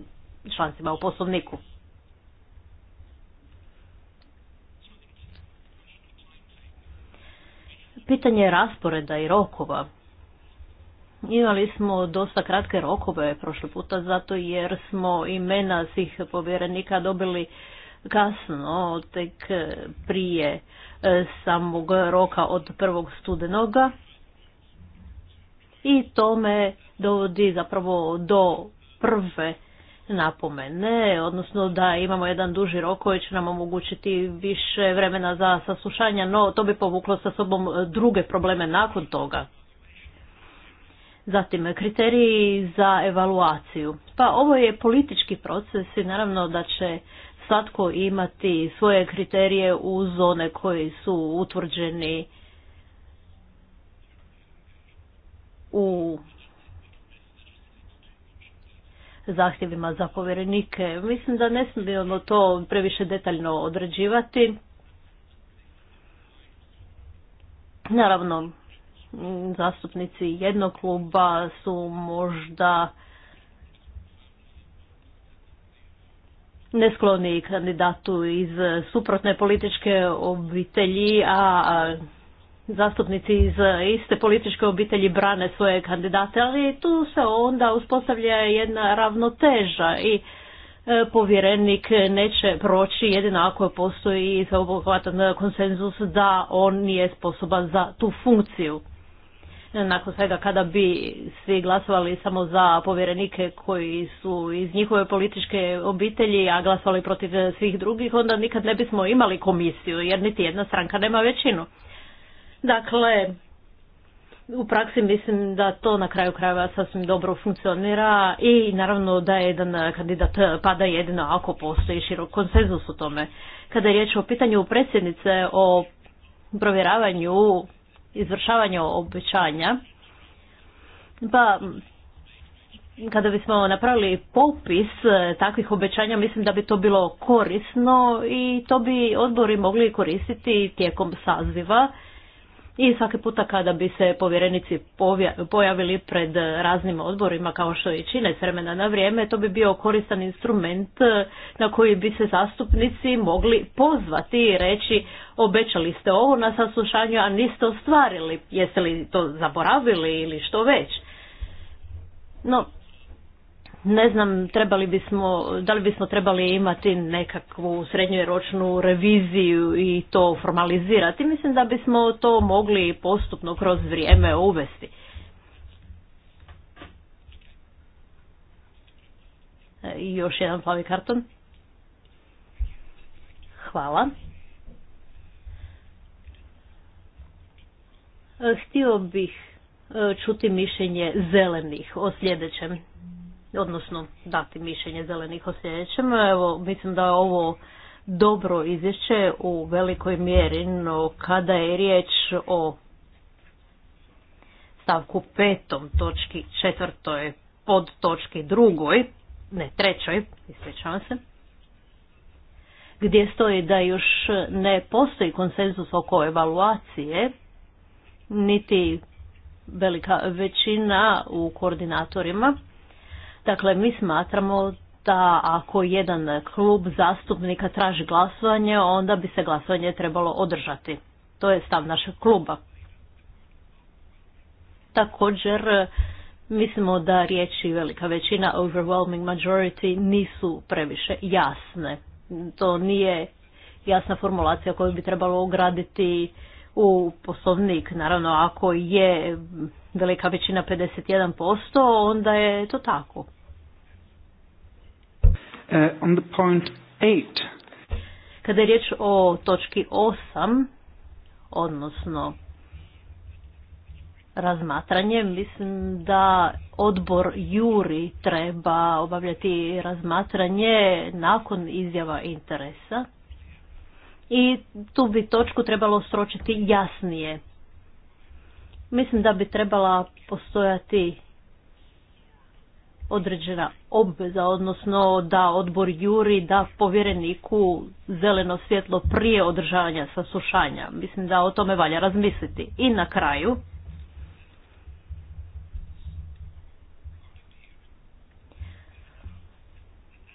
člancima u poslovniku. Pitanje rasporeda i rokova. Imali smo dosta kratke rokove prošli puta zato jer smo imena svih povjerenika dobili kasno, tek e, prije e, samog roka od prvog studenoga i to me dovodi zapravo do prve napomene, odnosno da imamo jedan duži rok koji će nam omogućiti više vremena za saslušanje, no to bi povuklo sa sobom druge probleme nakon toga. Zatim, kriteriji za evaluaciju. Pa ovo je politički proces i naravno da će svatko imati svoje kriterije u zone koji su utvrđeni u zahtjevima za povjerenike. Mislim da ne smijemo to previše detaljno određivati. Naravno, zastupnici jednog kluba su možda neskloni kandidatu iz suprotne političke obitelji, a zastupnici iz iste političke obitelji brane svoje kandidate, ali tu se onda uspostavlja jedna ravnoteža i e, povjerenik neće proći jedino ako postoji sveobuhvatan konsenzus da on nije sposoban za tu funkciju nakon svega kada bi svi glasovali samo za povjerenike koji su iz njihove političke obitelji, a glasovali protiv svih drugih, onda nikad ne bismo imali komisiju, jer niti jedna stranka nema većinu. Dakle, u praksi mislim da to na kraju krajeva sasvim dobro funkcionira i naravno da jedan kandidat pada jedino ako postoji širok konsenzus u tome. Kada je riječ o pitanju predsjednice o provjeravanju Izvršavanje obećanja. Pa kada bismo napravili popis e, takvih obećanja, mislim da bi to bilo korisno i to bi odbori mogli koristiti tijekom saziva i svaki puta kada bi se povjerenici pojavili pred raznim odborima kao što i čine s vremena na vrijeme, to bi bio koristan instrument e, na koji bi se zastupnici mogli pozvati i reći obećali ste ovo na saslušanju, a niste ostvarili, jeste li to zaboravili ili što već. No, ne znam, trebali bismo, da li bismo trebali imati nekakvu srednjoročnu reviziju i to formalizirati. Mislim da bismo to mogli postupno kroz vrijeme uvesti. E, još jedan plavi karton. Hvala. E, htio bih e, čuti mišljenje zelenih o sljedećem odnosno dati mišljenje zelenih o sljedećem. Evo, mislim da je ovo dobro izvješće u velikoj mjeri, no kada je riječ o stavku petom točki četvrtoj pod točki drugoj, ne trećoj, ispričavam se, gdje stoji da još ne postoji konsenzus oko evaluacije, niti velika većina u koordinatorima, Dakle, mi smatramo da ako jedan klub zastupnika traži glasovanje, onda bi se glasovanje trebalo održati. To je stav našeg kluba. Također, mislimo da riječi velika većina, overwhelming majority, nisu previše jasne. To nije jasna formulacija koju bi trebalo ugraditi u poslovnik. Naravno, ako je velika većina 51%, onda je to tako. Uh, on the point eight. Kada je riječ o točki 8, odnosno razmatranje, mislim da odbor Juri treba obavljati razmatranje nakon izjava interesa i tu bi točku trebalo sročiti jasnije. Mislim da bi trebala postojati određena obveza, odnosno da odbor juri da povjereniku zeleno svjetlo prije održavanja saslušanja. Mislim da o tome valja razmisliti. I na kraju,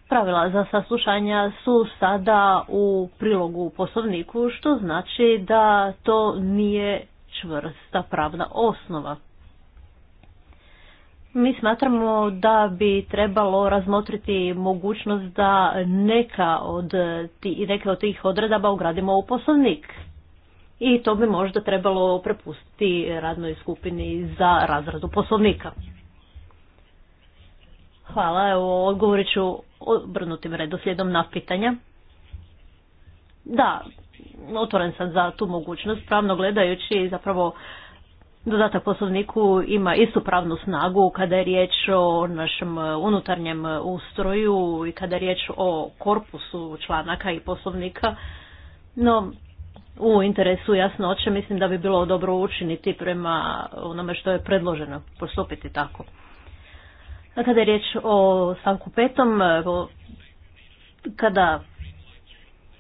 Pravila za saslušanja su sada u prilogu u poslovniku, što znači da to nije čvrsta pravna osnova. Mi smatramo da bi trebalo razmotriti mogućnost da neka od, ti, neke od tih odredaba ugradimo u poslovnik. I to bi možda trebalo prepustiti radnoj skupini za razradu poslovnika. Hvala, evo odgovorit ću obrnutim redoslijedom na pitanja. Da, otvoren sam za tu mogućnost, pravno gledajući zapravo dodatak poslovniku ima istu pravnu snagu kada je riječ o našem unutarnjem ustroju i kada je riječ o korpusu članaka i poslovnika. No, u interesu jasnoće mislim da bi bilo dobro učiniti prema onome što je predloženo, postupiti tako. kada je riječ o stavku petom, kada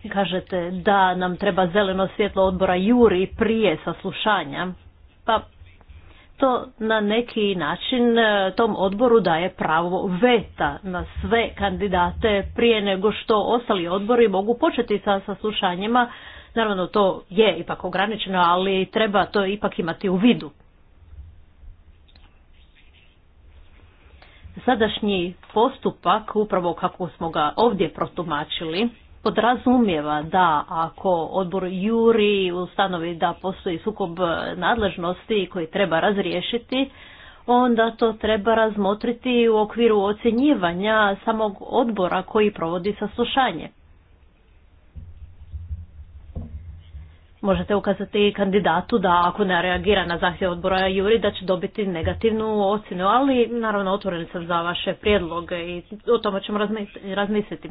Kažete da nam treba zeleno svjetlo odbora Juri prije saslušanja. Pa to na neki način e, tom odboru daje pravo veta na sve kandidate prije nego što ostali odbori mogu početi sa saslušanjima. Naravno to je ipak ograničeno, ali treba to ipak imati u vidu. Sadašnji postupak, upravo kako smo ga ovdje protumačili, podrazumijeva da ako odbor juri ustanovi da postoji sukob e, nadležnosti koji treba razriješiti, onda to treba razmotriti u okviru ocjenjivanja samog odbora koji provodi saslušanje. možete ukazati kandidatu da ako ne reagira na zahtjev odbora Juri da će dobiti negativnu ocjenu, ali naravno otvoren sam za vaše prijedloge i o tome ćemo razmisliti.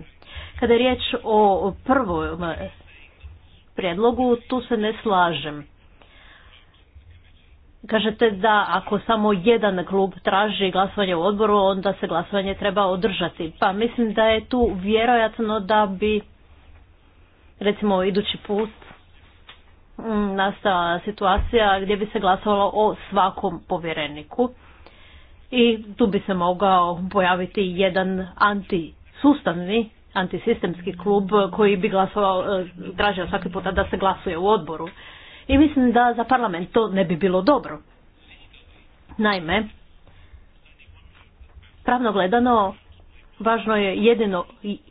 Kada je riječ o prvom e, prijedlogu, tu se ne slažem. Kažete da ako samo jedan klub traži glasovanje u odboru, onda se glasovanje treba održati. Pa mislim da je tu vjerojatno da bi recimo idući put Mm, nastala situacija gdje bi se glasovalo o svakom povjereniku i tu bi se mogao pojaviti jedan antisustavni, antisistemski klub koji bi glasovao, e, tražio svaki puta da se glasuje u odboru. I mislim da za parlament to ne bi bilo dobro. Naime, pravno gledano, Važno je jedino,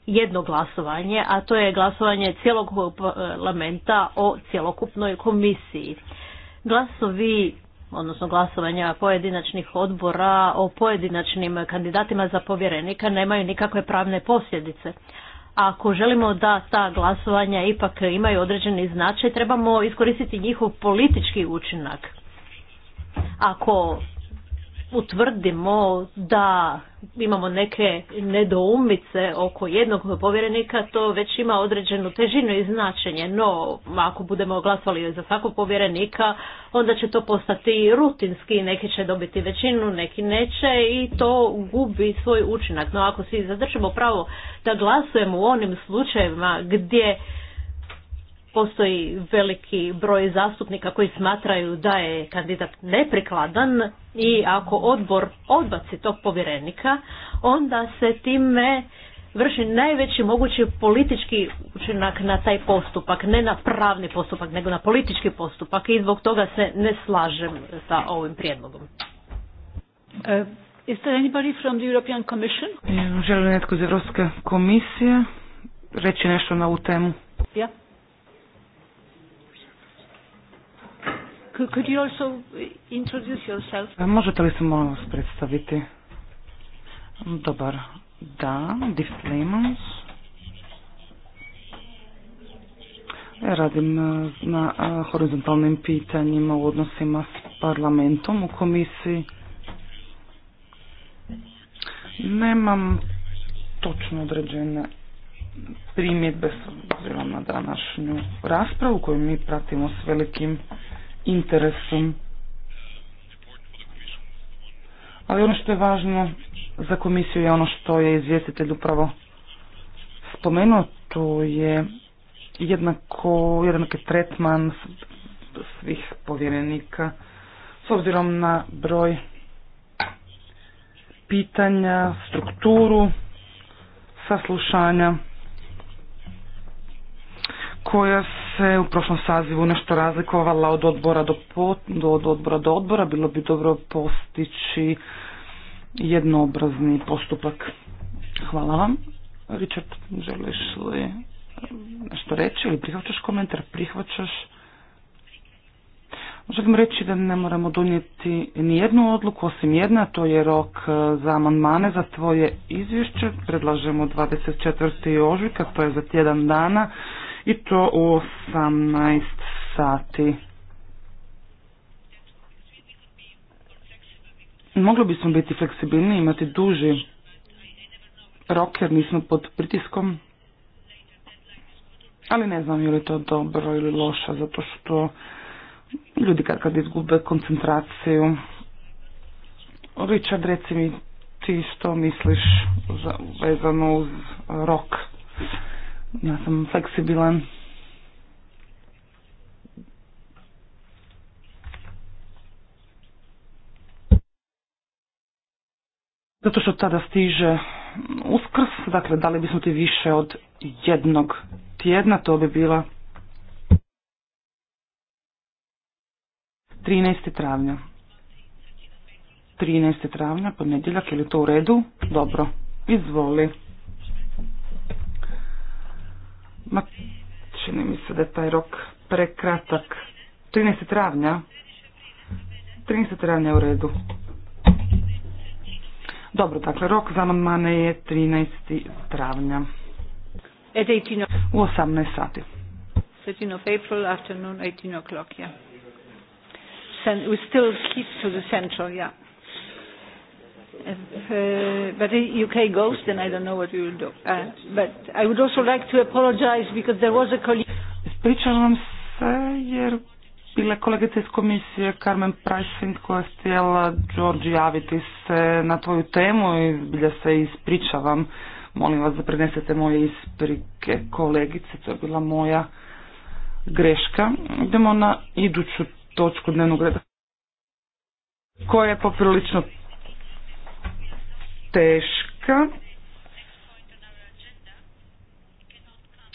jedno glasovanje, a to je glasovanje cijelog parlamenta o cjelokupnoj komisiji. Glasovi, odnosno glasovanja pojedinačnih odbora o pojedinačnim kandidatima za povjerenika nemaju nikakve pravne posljedice. Ako želimo da ta glasovanja ipak imaju određeni značaj, trebamo iskoristiti njihov politički učinak. Ako utvrdimo da imamo neke nedoumice oko jednog povjerenika, to već ima određenu težinu i značenje, no ako budemo glasovali za svakog povjerenika, onda će to postati rutinski, neki će dobiti većinu, neki neće i to gubi svoj učinak. No ako si zadržimo pravo da glasujemo u onim slučajevima gdje postoji veliki broj zastupnika koji smatraju da je kandidat neprikladan i ako odbor odbaci tog povjerenika, onda se time vrši najveći mogući politički učinak na taj postupak, ne na pravni postupak, nego na politički postupak i zbog toga se ne slažem sa ovim prijedlogom. Uh, is there anybody from the European Commission? Želi netko iz Europske komisije reći nešto na ovu temu? Ja. Could, you also introduce yourself? E, možete li se molim vas predstaviti? Dobar dan, Div Lemons. radim e, na e, horizontalnim pitanjima u odnosima s parlamentom u komisiji. Nemam točno određene primjedbe s obzirom na današnju raspravu koju mi pratimo s velikim interesom. Ali ono što je važno za komisiju je ono što je izvjestitelj upravo spomenuo, to je jednako, jednaki tretman svih povjerenika s obzirom na broj pitanja, strukturu, saslušanja koja se u prošlom sazivu nešto razlikovala od odbora do, do, od odbora do odbora. Bilo bi dobro postići jednoobrazni postupak. Hvala vam. Richard, želiš li nešto reći ili prihvaćaš komentar? Prihvaćaš? Želim reći da ne moramo donijeti ni jednu odluku osim jedna, to je rok e, za amandmane za tvoje izvješće. Predlažemo 24. ožujka, to je za tjedan dana i to u 18 sati. Mogli bismo biti fleksibilni, imati duži rok jer nismo pod pritiskom, ali ne znam je li to dobro ili loše, zato što ljudi kad kad izgube koncentraciju. Richard, reci mi ti što misliš vezano uz rok. Ja sam fleksibilan. Zato što tada stiže uskrs, dakle dali bismo ti više od jednog tjedna, to bi bila 13. travnja. 13. travnja, ponedjeljak, je li to u redu? Dobro, izvoli. Ma, čini mi se da je taj rok prekratak. 13. travnja. 13. travnja u redu. Dobro, dakle, rok za amandmane je 13. travnja. U 18 sati. 13 of April afternoon, 18 o'clock, yeah. We still keep to the central, yeah the UK goes, then I don't know what we will do. Uh, but I would also like to apologize because there was a colleague. Ispričavam se jer bila kolegica iz komisije Carmen Pricing koja je htjela George javiti se na tvoju temu i bilja se ispričavam. Molim vas da prenesete moje isprike kolegice, to je bila moja greška. Idemo na iduću točku dnevnog reda koja je poprilično teška.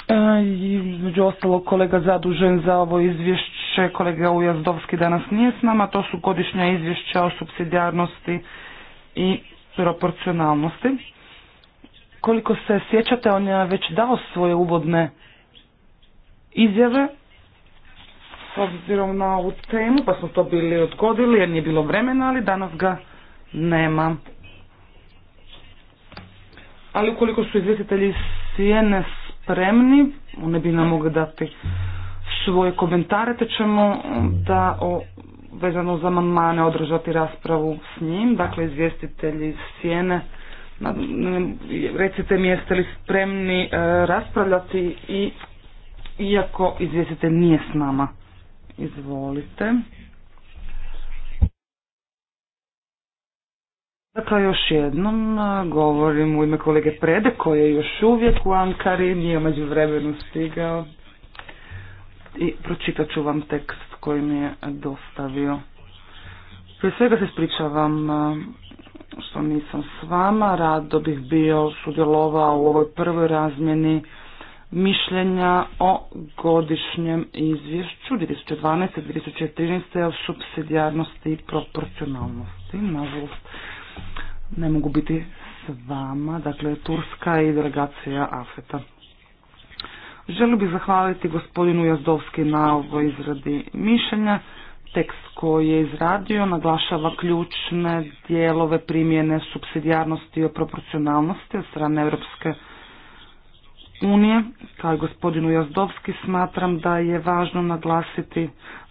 E, Među ostalog kolega zadužen za ovo izvješće, kolega Ujazdovski danas nije s nama, to su godišnja izvješća o subsidijarnosti i proporcionalnosti. Koliko se sjećate, on je već dao svoje uvodne izjave s obzirom na ovu temu, pa smo to bili odgodili jer nije bilo vremena, ali danas ga nema ali ukoliko su izvjestitelji sjene spremni, one bi nam mogli dati svoje komentare, te ćemo da o, vezano za amandmane održati raspravu s njim, dakle izvjestitelji sjene, recite mi jeste li spremni e, raspravljati i iako izvjestitelj nije s nama. Izvolite. Dakle, još jednom govorim u ime kolege Prede, koji je još uvijek u Ankari, nije među vremenu stigao. I pročitat ću vam tekst koji mi je dostavio. Prije svega se ispričavam što nisam s vama, rado bih bio sudjelovao u ovoj prvoj razmjeni mišljenja o godišnjem izvješću 2012. 2013. o subsidijarnosti i proporcionalnosti. Nažalost, ne mogu biti s vama, dakle Turska i delegacija Afeta. Želio bih zahvaliti gospodinu Jazdovski na ovoj izradi mišljenja. Tekst koji je izradio naglašava ključne dijelove primjene subsidijarnosti i proporcionalnosti od strane Europske unije. Kao i gospodinu Jazdovski smatram da je važno naglasiti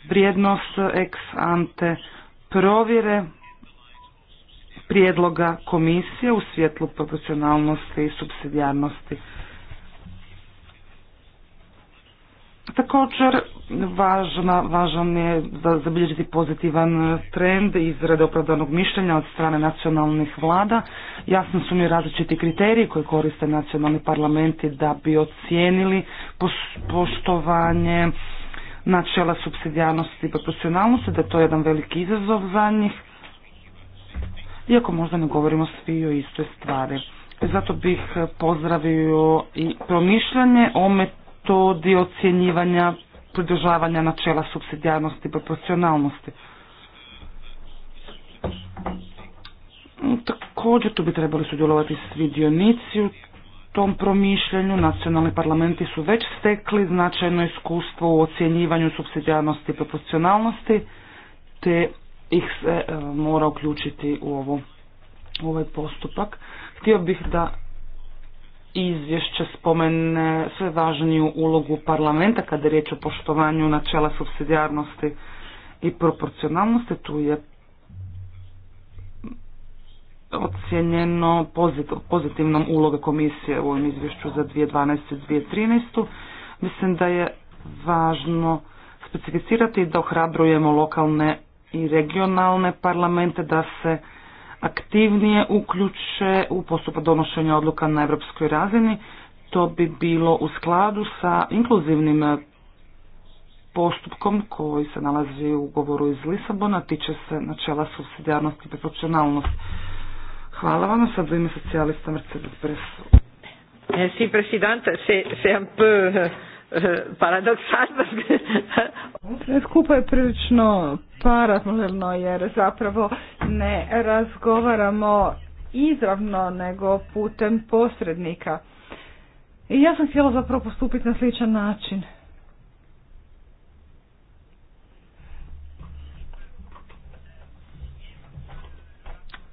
vrijednost ex ante provjere prijedloga komisije u svjetlu proporcionalnosti i subsidijarnosti. Također, važna, važan je da zabilježiti pozitivan trend izrade opravdanog mišljenja od strane nacionalnih vlada. Jasno su mi različiti kriteriji koje koriste nacionalni parlamenti da bi ocijenili poštovanje načela subsidijarnosti i proporcionalnosti, da je to jedan veliki izazov za njih iako možda ne govorimo svi o istoj stvari. Zato bih pozdravio i promišljanje o metodi ocjenjivanja pridržavanja načela subsidijarnosti i proporcionalnosti. Također tu bi trebali sudjelovati svi dionici u tom promišljanju. Nacionalni parlamenti su već stekli značajno iskustvo u ocjenjivanju subsidijarnosti i proporcionalnosti te ih se e, mora uključiti u, ovo, ovaj postupak. Htio bih da izvješće spomene sve važniju ulogu parlamenta kada je riječ o poštovanju načela subsidijarnosti i proporcionalnosti. Tu je ocjenjeno pozitivnom uloge komisije u ovom izvješću za 2012. i 2013. Mislim da je važno specificirati da ohrabrujemo lokalne i regionalne parlamente da se aktivnije uključe u postupak donošenja odluka na europskoj razini. To bi bilo u skladu sa inkluzivnim postupkom koji se nalazi u ugovoru iz Lisabona, tiče se načela subsidijarnosti i proporcionalnosti. Hvala vam, sad u socijalista Mercedes Bresu. Merci, C'est un peu paradoksalno. Sve skupo je prilično paralelno jer zapravo ne razgovaramo izravno nego putem posrednika. I ja sam htjela zapravo postupiti na sličan način.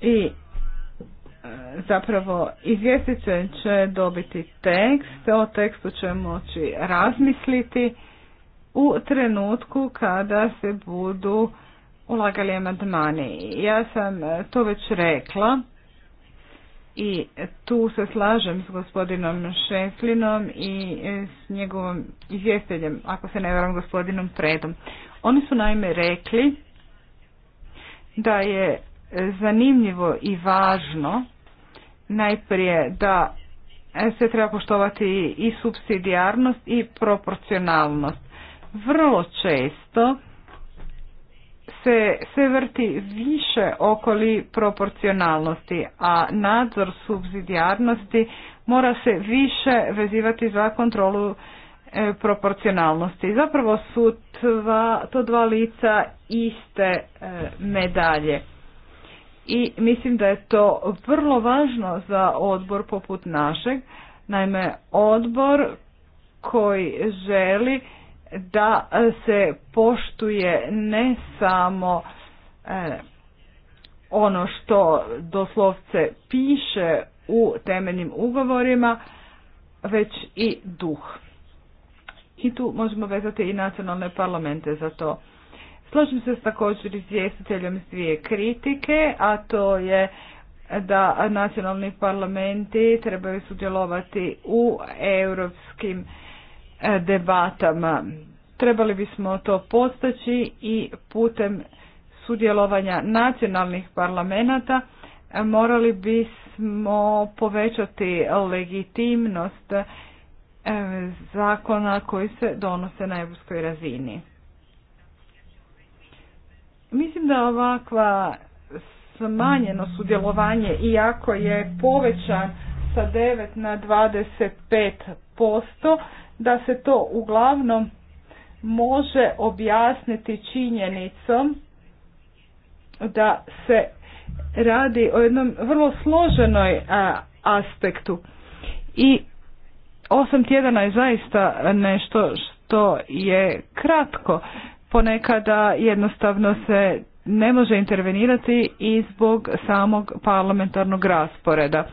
I zapravo izvjestitelj će dobiti tekst, o tekstu će moći razmisliti u trenutku kada se budu ulagali amandmani. Ja sam e, to već rekla i tu se slažem s gospodinom Šeslinom i e, s njegovom izvjestiteljem, ako se ne varam gospodinom Predom. Oni su naime rekli da je e, zanimljivo i važno najprije da se treba poštovati i subsidijarnost i proporcionalnost. Vrlo često se, se vrti više okoli proporcionalnosti, a nadzor subsidijarnosti mora se više vezivati za kontrolu e, proporcionalnosti. Zapravo su to dva lica iste e, medalje i mislim da je to vrlo važno za odbor poput našeg. Naime, odbor koji želi da se poštuje ne samo e, ono što doslovce piše u temeljnim ugovorima, već i duh. I tu možemo vezati i nacionalne parlamente za to. Slažem se s također izvjestiteljem s dvije kritike, a to je da nacionalni parlamenti trebaju sudjelovati u europskim e, debatama. Trebali bismo to postaći i putem sudjelovanja nacionalnih parlamenta e, morali bismo povećati legitimnost e, zakona koji se donose na europskoj razini. Mislim da ovakva smanjeno sudjelovanje, iako je povećan sa 9 na 25%, da se to uglavnom može objasniti činjenicom da se radi o jednom vrlo složenoj aspektu. I osam tjedana je zaista nešto što je kratko ponekada jednostavno se ne može intervenirati i zbog samog parlamentarnog rasporeda.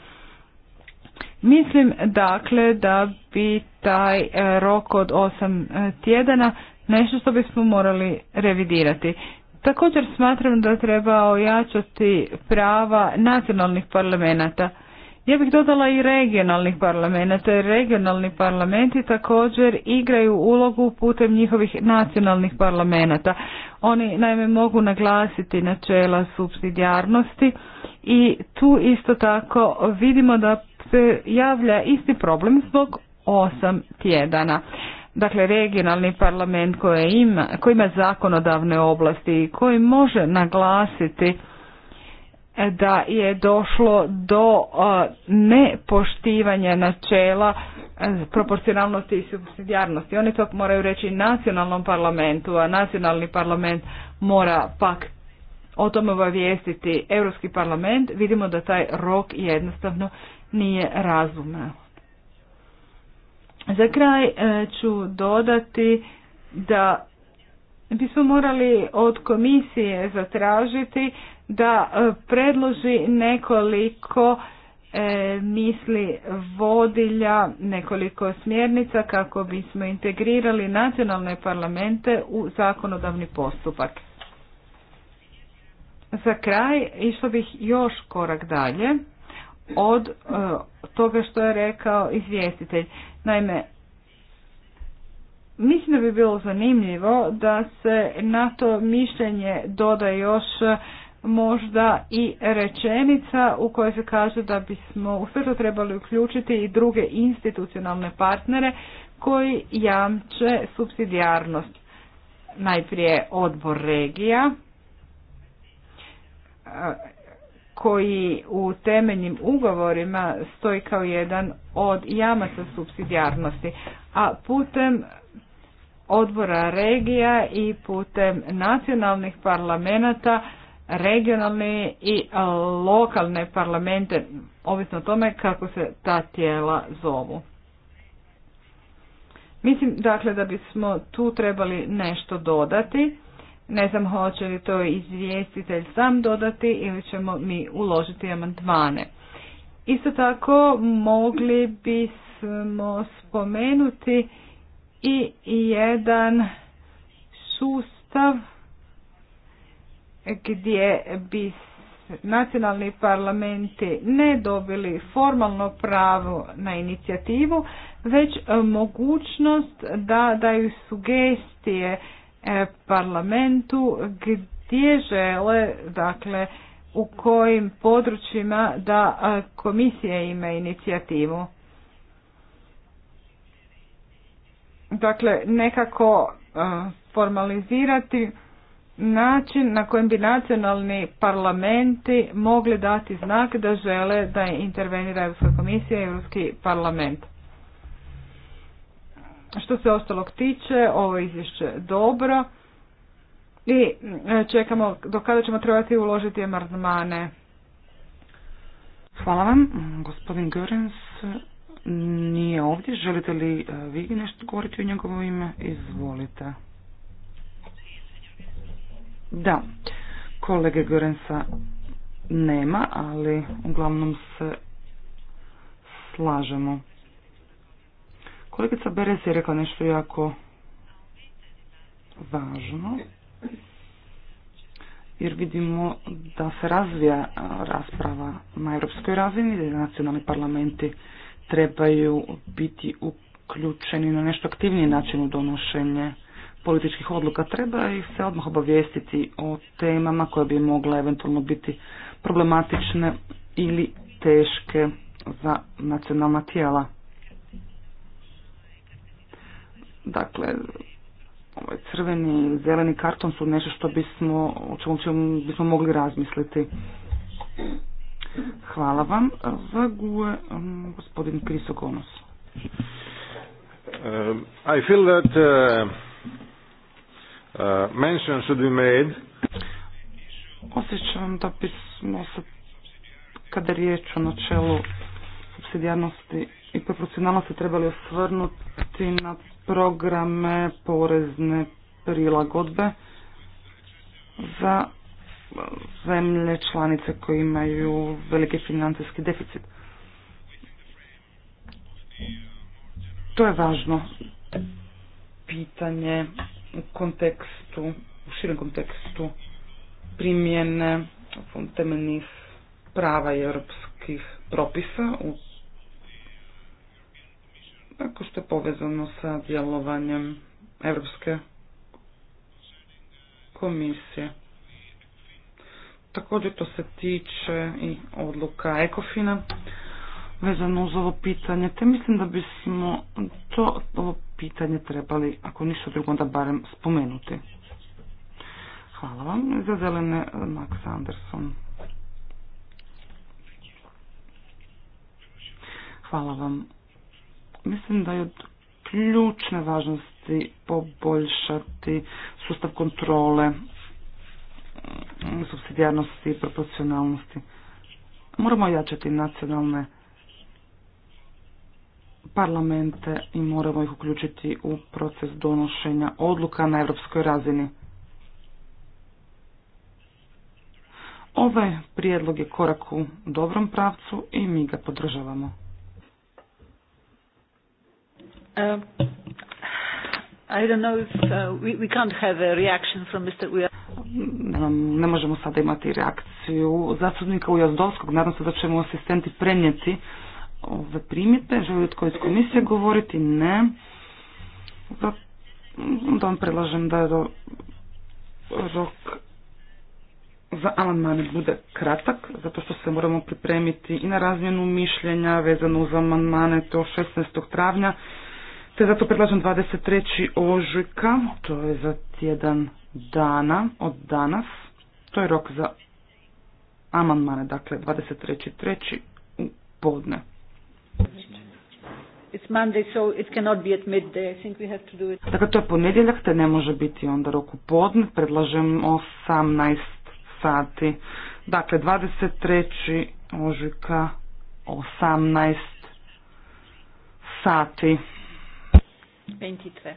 Mislim dakle da bi taj e, rok od 8 e, tjedana nešto što bismo morali revidirati. Također smatram da treba ojačati prava nacionalnih parlamenta. Ja bih dodala i regionalnih parlamenta regionalni parlamenti također igraju ulogu putem njihovih nacionalnih parlamenta. Oni naime mogu naglasiti načela subsidijarnosti i tu isto tako vidimo da se javlja isti problem zbog osam tjedana. Dakle, regionalni parlament koji ima, koji ima zakonodavne oblasti i koji može naglasiti da je došlo do uh, nepoštivanja načela uh, proporcionalnosti i subsidijarnosti. Oni to moraju reći nacionalnom parlamentu, a nacionalni parlament mora pak o tome obavijestiti Europski parlament. Vidimo da taj rok jednostavno nije razuman. Za kraj uh, ću dodati da bismo morali od komisije zatražiti da e, predloži nekoliko e, misli vodilja, nekoliko smjernica kako bismo integrirali nacionalne parlamente u zakonodavni postupak. Za kraj išla bih još korak dalje od e, toga što je rekao izvjestitelj. Naime, mislim da bi bilo zanimljivo da se na to mišljenje doda još možda i rečenica u kojoj se kaže da bismo u sve to trebali uključiti i druge institucionalne partnere koji jamče subsidijarnost. Najprije odbor regija eh, koji u temeljnim ugovorima stoji kao jedan od jamaca subsidijarnosti, a putem odbora regija i putem nacionalnih parlamenta regionalne i lokalne parlamente, ovisno o tome kako se ta tijela zovu. Mislim dakle da bismo tu trebali nešto dodati. Ne znam hoće li to izvjestitelj sam dodati ili ćemo mi uložiti amandmane. Isto tako mogli bismo spomenuti i jedan sustav gdje bi nacionalni parlamenti ne dobili formalno pravo na inicijativu, već e, mogućnost da daju sugestije e, parlamentu gdje žele, dakle, u kojim područjima da e, komisija ima inicijativu. Dakle, nekako formalizirati način na kojem bi nacionalni parlamenti mogli dati znak da žele da intervenira Europska komisija i Europski parlament. Što se ostalog tiče, ovo izvješće dobro i e, čekamo do kada ćemo trebati uložiti amandmane. Hvala vam. Gospodin Görens nije ovdje. Želite li e, vi nešto govoriti u njegovo ime? Izvolite. Da, kolege Gorensa nema, ali uglavnom se slažemo. Kolegica Beres je rekla nešto jako važno, jer vidimo da se razvija rasprava na europskoj razini, da nacionalni parlamenti trebaju biti uključeni na nešto aktivniji način u donošenje političkih odluka. Treba ih se odmah obavijestiti o temama koje bi mogle eventualno biti problematične ili teške za nacionalna tijela. Dakle, ovaj crveni i zeleni karton su nešto što bismo, o čemu, bismo mogli razmisliti. Hvala vam. Za um, gospodin Kriso Gonos. Um, I feel that uh, Uh, mention should be made. Osjećam da pismo kada je riječ o načelu subsidijarnosti i proporcionalnosti, trebali osvrnuti na programe porezne prilagodbe za zemlje članice koji imaju veliki financijski deficit. To je važno pitanje u kontekstu, u širem kontekstu primjene temeljnih prava i europskih propisa u ako što je povezano sa djelovanjem Europske komisije. Također to se tiče i odluka Ekofina vezano uz ovo pitanje, te mislim da bismo to ovo pitanje trebali, ako ništa drugo, onda barem spomenuti. Hvala vam. Za zelene eh, Max Anderson. Hvala vam. Mislim da je od ključne važnosti poboljšati sustav kontrole mm, subsidijarnosti i proporcionalnosti. Moramo jačati nacionalne parlamente i moramo ih uključiti u proces donošenja odluka na europskoj razini. Ovaj prijedlog je korak u dobrom pravcu i mi ga podržavamo. Ne, možemo sada imati reakciju zastupnika Ujazdovskog. Nadam se da ćemo asistenti prenijeti ove primite, Želi li tko iz komisije govoriti? Ne. Da vam predlažem da je do, rok za amandmane bude kratak, zato što se moramo pripremiti i na razmjenu mišljenja vezano uz amandmane to 16. travnja, te zato predlažem 23. ožujka, to je za tjedan dana od danas, to je rok za amandmane, dakle 23.3. u podne. It's Monday, so it cannot be at midday. I think we have to do it. Dakle, to je ponedjeljak, te ne može biti onda roku podne. Predlažem 18 sati. Dakle, 23. ožujka 18 sati. 23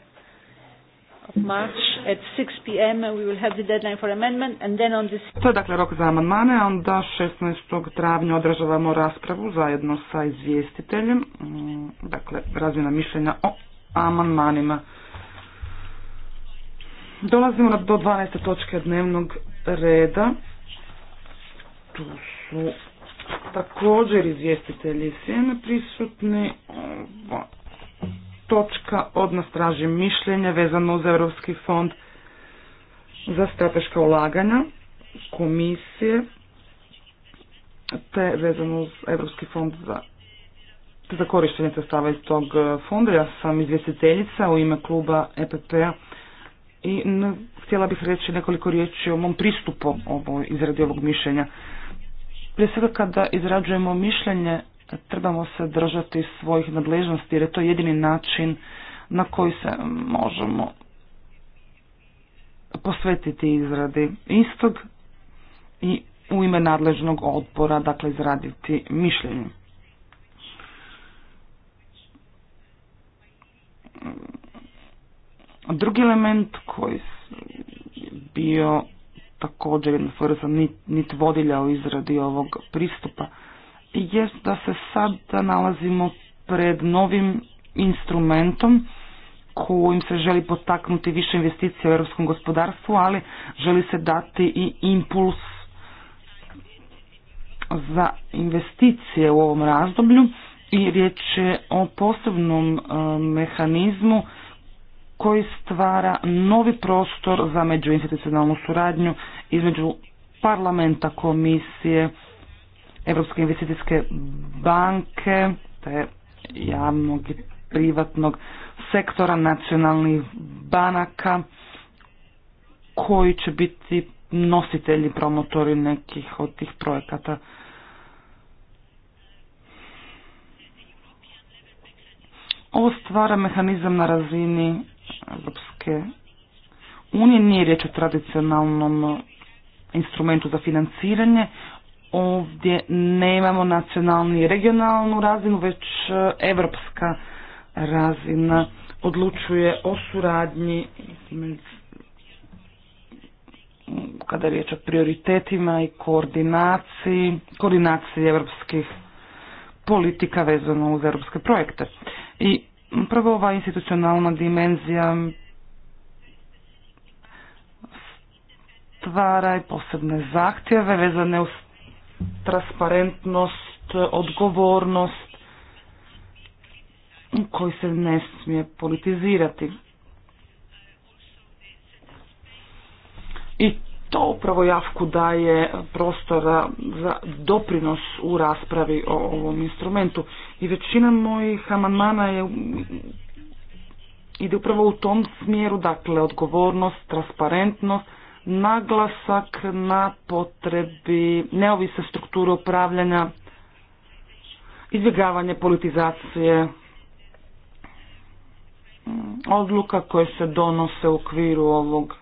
of March at 6 p.m. we will have the deadline for amendment and then on this... To je dakle rok za amandmane, a onda 16. travnja odražavamo raspravu zajedno sa izvjestiteljem, mm, dakle razvijena mišljenja o amandmanima. Dolazimo do 12. točke dnevnog reda. Tu su također izvjestitelji sjeme prisutni. Ovo točka od nas traži mišljenje vezano uz Europski fond za strateška ulaganja komisije te vezano uz Europski fond za za korištenje sredstava iz tog e, fonda. Ja sam izvjestiteljica u ime kluba EPP-a i htjela bih reći nekoliko riječi o mom pristupu ovoj izradi ovog mišljenja. Prije svega kada izrađujemo mišljenje Trebamo se držati svojih nadležnosti jer je to jedini način na koji se možemo posvetiti izradi istog i u ime nadležnog odbora, dakle izraditi mišljenje. Drugi element koji je bio također jedna nit, nit vodilja u izradi ovog pristupa je da se sada nalazimo pred novim instrumentom kojim se želi potaknuti više investicija u europskom gospodarstvu, ali želi se dati i impuls za investicije u ovom razdoblju i riječ je o posebnom e, mehanizmu koji stvara novi prostor za međuinstitucionalnu suradnju između parlamenta, komisije, Europske investicijske banke, te javnog i privatnog sektora nacionalnih banaka koji će biti nositelji, promotori nekih od tih projekata. Ovo stvara mehanizam na razini Europske unije. Nije riječ o tradicionalnom instrumentu za financiranje, ovdje nemamo nacionalnu i regionalnu razinu, već e, evropska razina odlučuje o suradnji kada je riječ o prioritetima i koordinaciji, koordinaciji evropskih politika vezano uz europske projekte. I prvo ova institucionalna dimenzija stvara i posebne zahtjeve vezane uz transparentnost, odgovornost koji se ne smije politizirati. I to upravo javku daje prostora za doprinos u raspravi o ovom instrumentu. I većina mojih amandmana je ide upravo u tom smjeru, dakle odgovornost, transparentnost, naglasak na potrebi neovisne strukture upravljanja, izbjegavanje politizacije, mm, odluka koje se donose u okviru ovog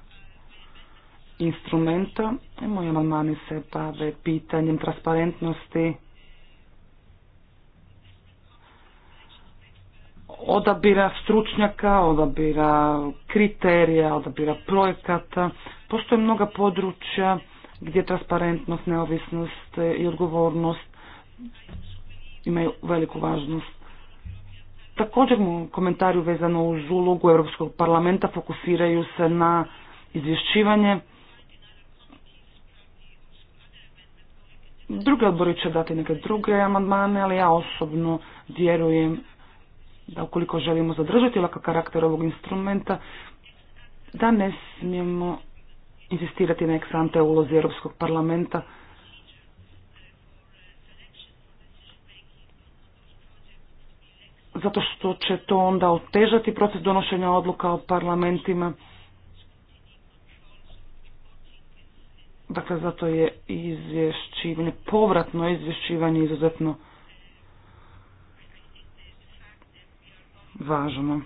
instrumenta. Moji amandmani se bave pitanjem transparentnosti, odabira stručnjaka, odabira kriterija, odabira projekata. Postoje mnoga područja gdje transparentnost, neovisnost i odgovornost imaju veliku važnost. Također mu komentari vezano uz ulogu Europskog parlamenta fokusiraju se na izvješćivanje. Drugi odbori će dati neke druge amandmane, ali ja osobno vjerujem da ukoliko želimo zadržati ovakav karakter ovog instrumenta, da ne smijemo insistirati na eksante ulozi Europskog parlamenta, zato što će to onda otežati proces donošenja odluka o parlamentima. Dakle, zato je izvješćivanje, povratno izvješćivanje izuzetno važno.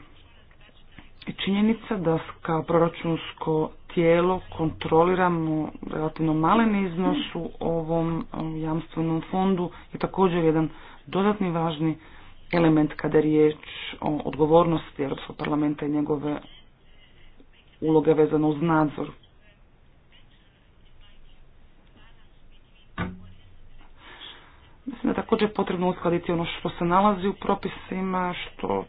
I činjenica da kao proračunsko tijelo kontroliramo relativno malen iznos u ovom jamstvenom fondu je također jedan dodatni važni element kada je riječ o odgovornosti Europskog parlamenta i njegove uloge vezano uz nadzor. Mislim da je također potrebno uskladiti ono što se nalazi u propisima, što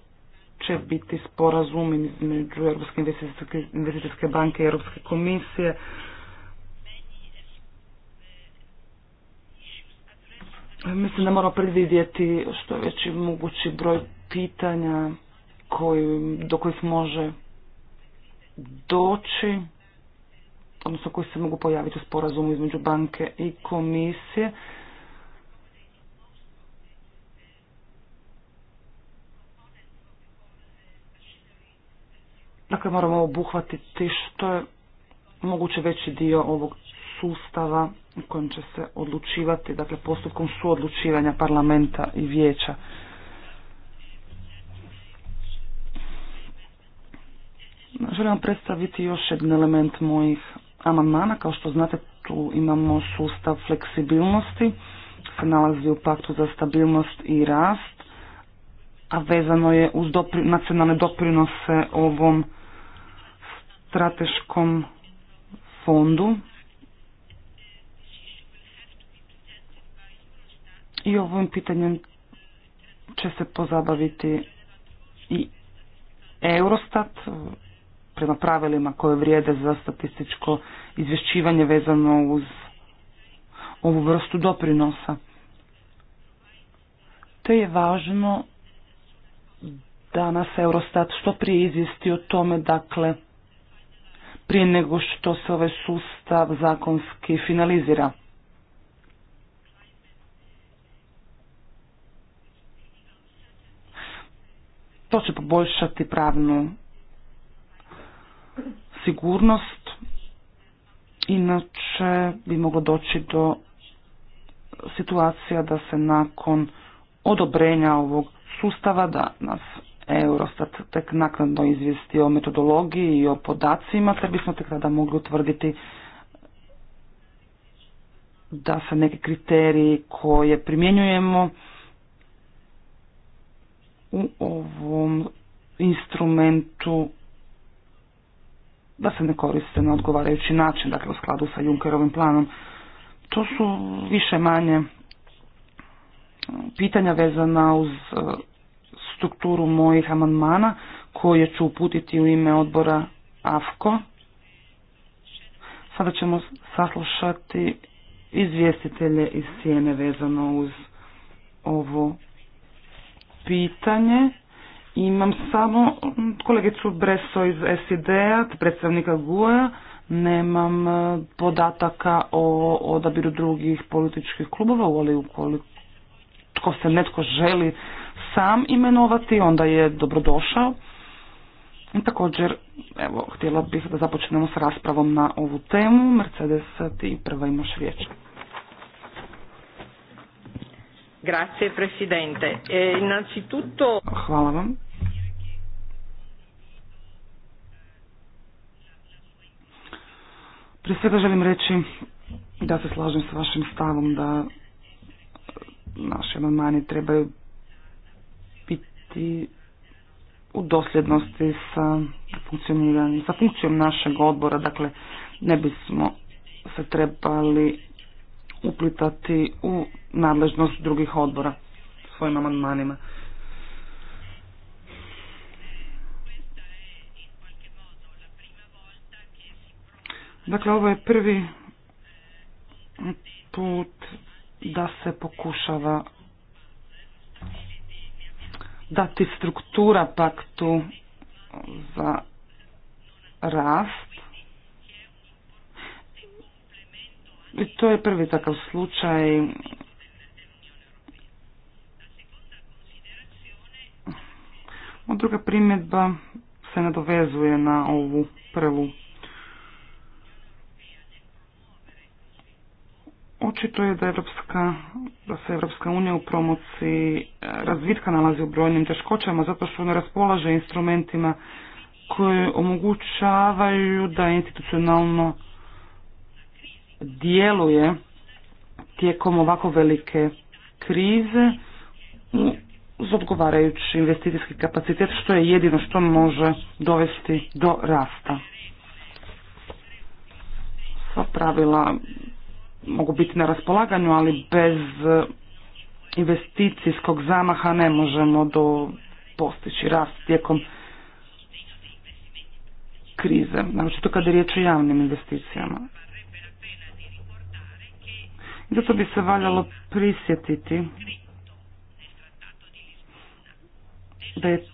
će biti sporazum između Europske investicijske banke i Europske komisije. Mislim da moramo predvidjeti što je veći mogući broj pitanja koji, do kojih može doći, odnosno koji se mogu pojaviti u sporazumu između banke i komisije. Dakle, moramo obuhvatiti što je moguće veći dio ovog sustava u kojem će se odlučivati, dakle postupkom suodlučivanja parlamenta i vijeća. Želim vam predstaviti još jedan element mojih amandmana. Kao što znate, tu imamo sustav fleksibilnosti, se nalazi u paktu za stabilnost i rast, a vezano je uz nacionalne doprinose ovom strateškom fondu. I ovom pitanjem će se pozabaviti i Eurostat prema pravilima koje vrijede za statističko izvješćivanje vezano uz ovu vrstu doprinosa. Te je važno da nas Eurostat što prije izvijesti o tome, dakle, prije nego što se ovaj sustav zakonski finalizira. To će poboljšati pravnu sigurnost, inače bi moglo doći do situacija da se nakon odobrenja ovog sustava da nas Eurostat tek naknadno izvijesti o metodologiji i o podacima, te bismo tek tada mogli utvrditi da se neki kriteriji koje primjenjujemo u ovom instrumentu da se ne koriste na odgovarajući način, dakle u skladu sa Junkerovim planom. To su više manje pitanja vezana uz strukturu mojih amandmana koje ću uputiti u ime odbora AFKO. Sada ćemo saslušati izvjestitelje iz sjene vezano uz ovo pitanje. Imam samo kolegicu Breso iz SID-a, predstavnika gua a nemam e, podataka o odabiru drugih političkih klubova, ali ukoliko se netko želi sam imenovati, onda je dobrodošao. I također, evo, htjela bih da započnemo s raspravom na ovu temu. Mercedes, ti prva imaš riječ. Grazie Presidente. E, innanzitutto... Hvala vam. Prije svega želim reći da se slažem sa vašim stavom da naši amandmani trebaju biti u dosljednosti sa funkcioniranjem, sa funkcijom našeg odbora, dakle ne bismo se trebali uplitati u nadležnost drugih odbora svojim amandmanima. Dakle, ovo je prvi put da se pokušava dati struktura paktu za rast. I to je prvi takav slučaj Druga primjedba se nadovezuje na ovu prvu Očito je da, Evropska, da se Evropska unija u promociji e, razvitka nalazi u brojnim teškoćama zato što ne raspolaže instrumentima koji omogućavaju da institucionalno djeluje tijekom ovako velike krize uz odgovarajući investicijski kapacitet što je jedino što može dovesti do rasta. Sva pravila mogu biti na raspolaganju, ali bez eh, investicijskog zamaha ne možemo do postići rast tijekom krize, to kada je riječ o javnim investicijama. I zato bi se valjalo prisjetiti da je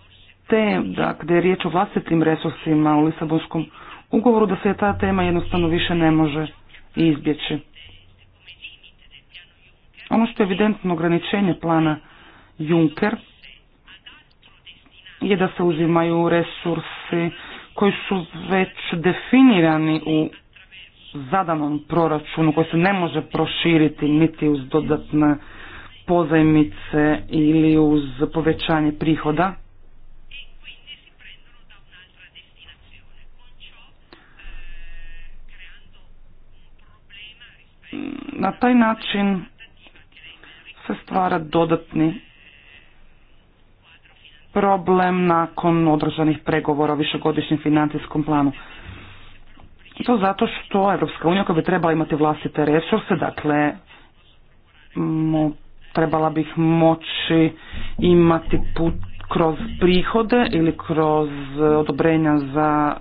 te, da kada je riječ o vlastitim resursima u Lisabonskom ugovoru, da se ta tema jednostavno više ne može izbjeći. Ono što je evidentno ograničenje plana Juncker je da se uzimaju resursi koji su već definirani u zadanom proračunu koji se ne može proširiti niti uz dodatne pozajmice ili uz povećanje prihoda. Na taj način se stvara dodatni problem nakon održanih pregovora o višegodišnjem financijskom planu. To zato što Europska unija koja bi trebala imati vlastite resurse, dakle, trebala bih moći imati put kroz prihode ili kroz odobrenja za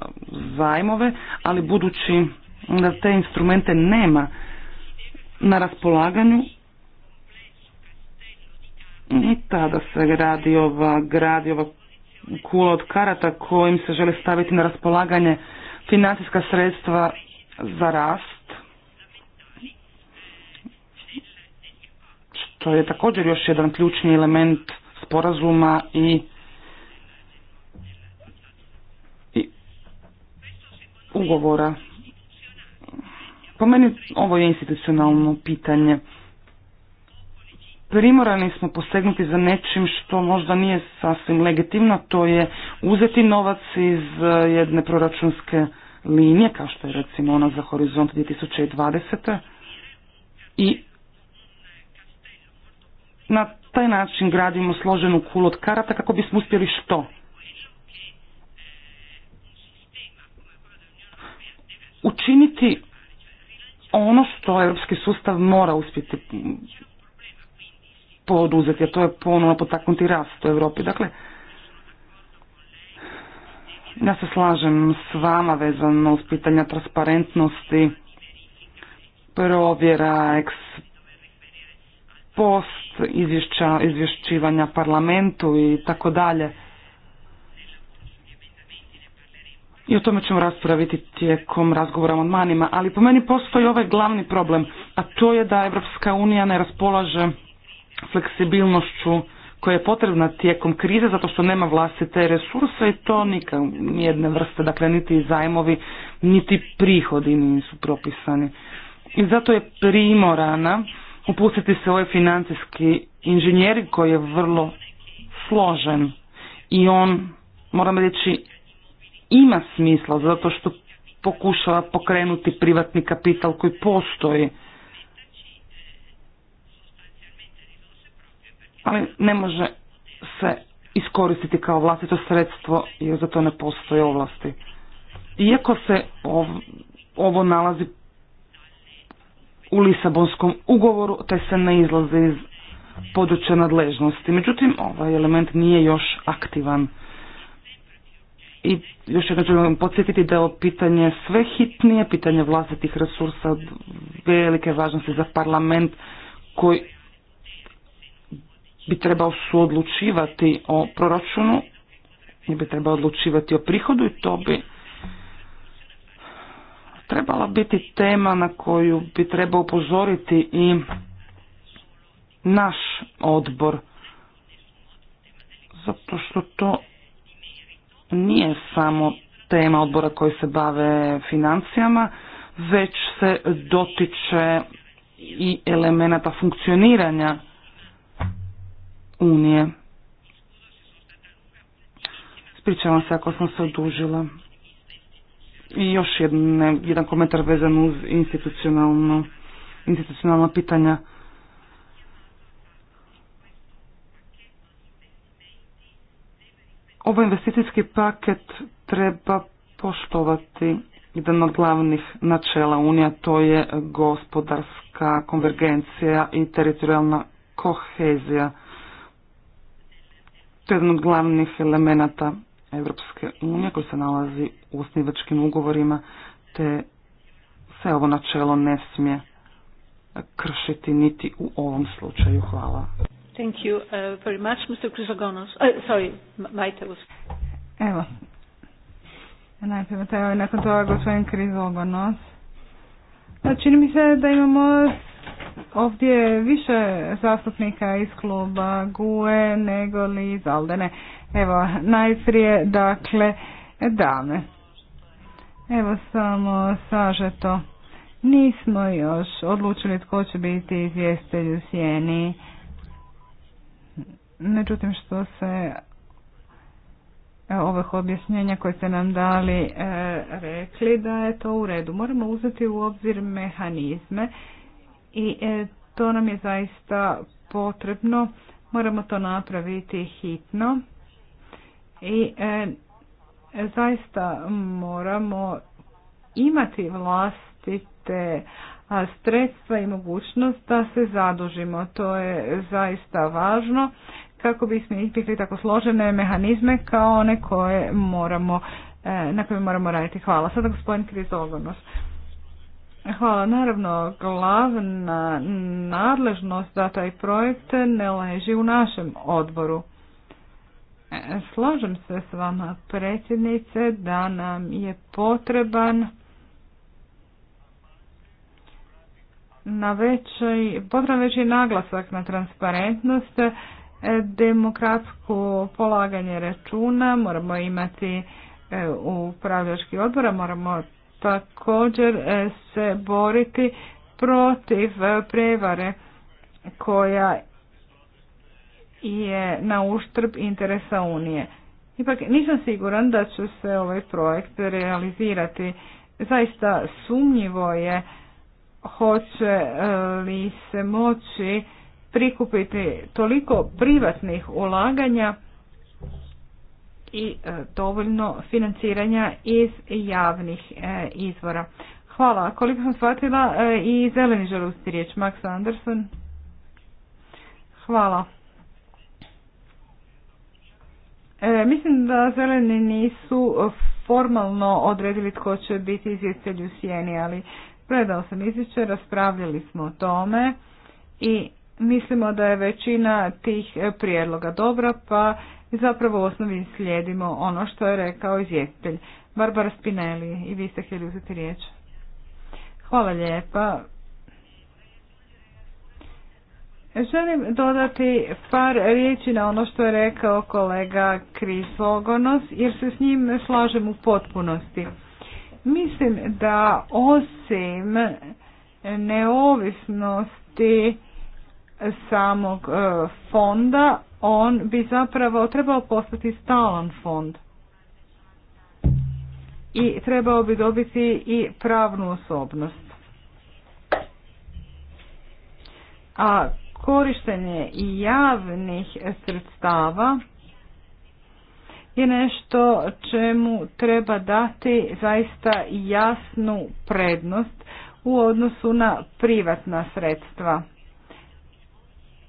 zajmove, ali budući da te instrumente nema na raspolaganju, i tada se gradi ova, gradi ova kula od karata kojim se želi staviti na raspolaganje financijska sredstva za rast, što je također još jedan ključni element sporazuma i ugovora. Po meni ovo je institucionalno pitanje primorani smo posegnuti za nečim što možda nije sasvim legitimno, to je uzeti novac iz e, jedne proračunske linije, kao što je recimo ona za horizont 2020. i na taj način gradimo složenu kulu od karata kako bismo uspjeli što? Učiniti ono što europski sustav mora uspjeti poduzeti, jer to je ponovno potaknuti rast u Europi. Dakle, ja se slažem s vama vezano uz pitanja transparentnosti, provjera ex post izvješćivanja parlamentu i tako dalje. I o tome ćemo raspraviti tijekom razgovora o manima, ali po meni postoji ovaj glavni problem, a to je da Evropska unija ne raspolaže fleksibilnošću koja je potrebna tijekom krize zato što nema vlastite resurse i to nikad nijedne vrste, dakle niti zajmovi, niti prihodi nisu propisani. I zato je primorana upustiti se ovaj financijski inženjeri koji je vrlo složen i on, moram reći, ima smisla zato što pokušava pokrenuti privatni kapital koji postoji ali ne može se iskoristiti kao vlastito sredstvo jer za to ne postoje ovlasti. Iako se ovo nalazi u Lisabonskom ugovoru, te se ne izlazi iz područja nadležnosti. Međutim, ovaj element nije još aktivan. I još jednom želim podsjetiti da je ovo pitanje sve hitnije, pitanje vlastitih resursa velike važnosti za parlament koji bi trebao suodlučivati o proračunu, i bi trebao odlučivati o prihodu i to bi trebala biti tema na koju bi trebao upozoriti i naš odbor. Zato što to nije samo tema odbora koji se bave financijama, već se dotiče i elemenata funkcioniranja unije. Spričavam se ako sam se odužila. I još jedne, jedan komentar vezan uz institucionalno, institucionalna pitanja. Ovo ovaj investicijski paket treba poštovati jedan od glavnih načela Unija, to je gospodarska konvergencija i teritorijalna kohezija. To je jedan od glavnih elemenata Evropske unije koji se nalazi u osnivačkim ugovorima, te se ovo načelo ne smije kršiti niti u ovom slučaju. Hvala. Thank you uh, very much, Mr. Chrysogonos. Uh, sorry, Majte was... Evo. nakon toga gospodin Krizogonos. Pa čini mi se da imamo Ovdje više zastupnika iz kluba GUE nego li iz Aldene. Evo, najprije, dakle, dame. Evo samo sažeto. Nismo još odlučili tko će biti izvjestelj u sjeni. Međutim, što se ovih objašnjenja koje ste nam dali e, rekli da je to u redu. Moramo uzeti u obzir mehanizme i e, to nam je zaista potrebno. Moramo to napraviti hitno i e, zaista moramo imati vlastite sredstva i mogućnost da se zadužimo. To je zaista važno kako bismo izbjegli tako složene mehanizme kao one koje moramo, e, na koje moramo raditi. Hvala. Sada gospodin Krizogonos. Hvala. Naravno, glavna nadležnost za taj projekt ne leži u našem odboru. E, slažem se s vama, predsjednice, da nam je potreban na veći, potreban veći naglasak na transparentnost, e, demokratsko polaganje računa, moramo imati u e, upravljački odbor, moramo također e, se boriti protiv e, prevare koja je na uštrb interesa Unije. Ipak nisam siguran da će se ovaj projekt realizirati. Zaista sumnjivo je hoće e, li se moći prikupiti toliko privatnih ulaganja i e, dovoljno financiranja iz javnih e, izvora. Hvala. Koliko sam shvatila e, i zeleni žele riječ. Max Anderson. Hvala. mislim da zeleni nisu formalno odredili tko će biti izvjestelj u sjeni, ali predao sam izvješće, raspravljali smo o tome i mislimo da je većina tih prijedloga dobra, pa i zapravo u osnovi slijedimo ono što je rekao izvjestitelj. Barbara Spinelli, i vi ste htjeli uzeti riječ. Hvala lijepa. Želim dodati par riječi na ono što je rekao kolega Krisogonos, jer se s njim slažem u potpunosti. Mislim da osim neovisnosti samog e, fonda, on bi zapravo trebao postati stalan fond i trebao bi dobiti i pravnu osobnost. A korištenje javnih sredstava je nešto čemu treba dati zaista jasnu prednost u odnosu na privatna sredstva.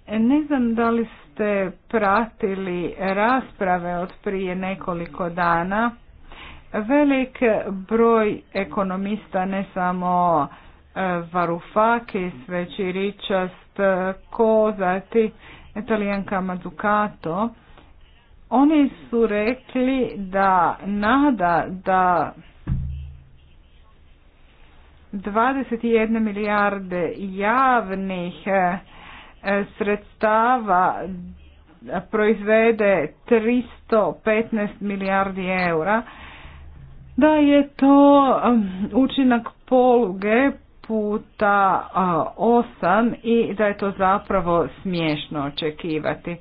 Ne znam da li ste pratili rasprave od prije nekoliko dana, velik broj ekonomista, ne samo e, Varoufakis već i Richard Kozati, Italijanka Mazzucato, oni su rekli da nada da 21 milijarde javnih e, E, sredstava proizvede 315 milijardi eura, da je to um, učinak poluge puta 8 i da je to zapravo smiješno očekivati.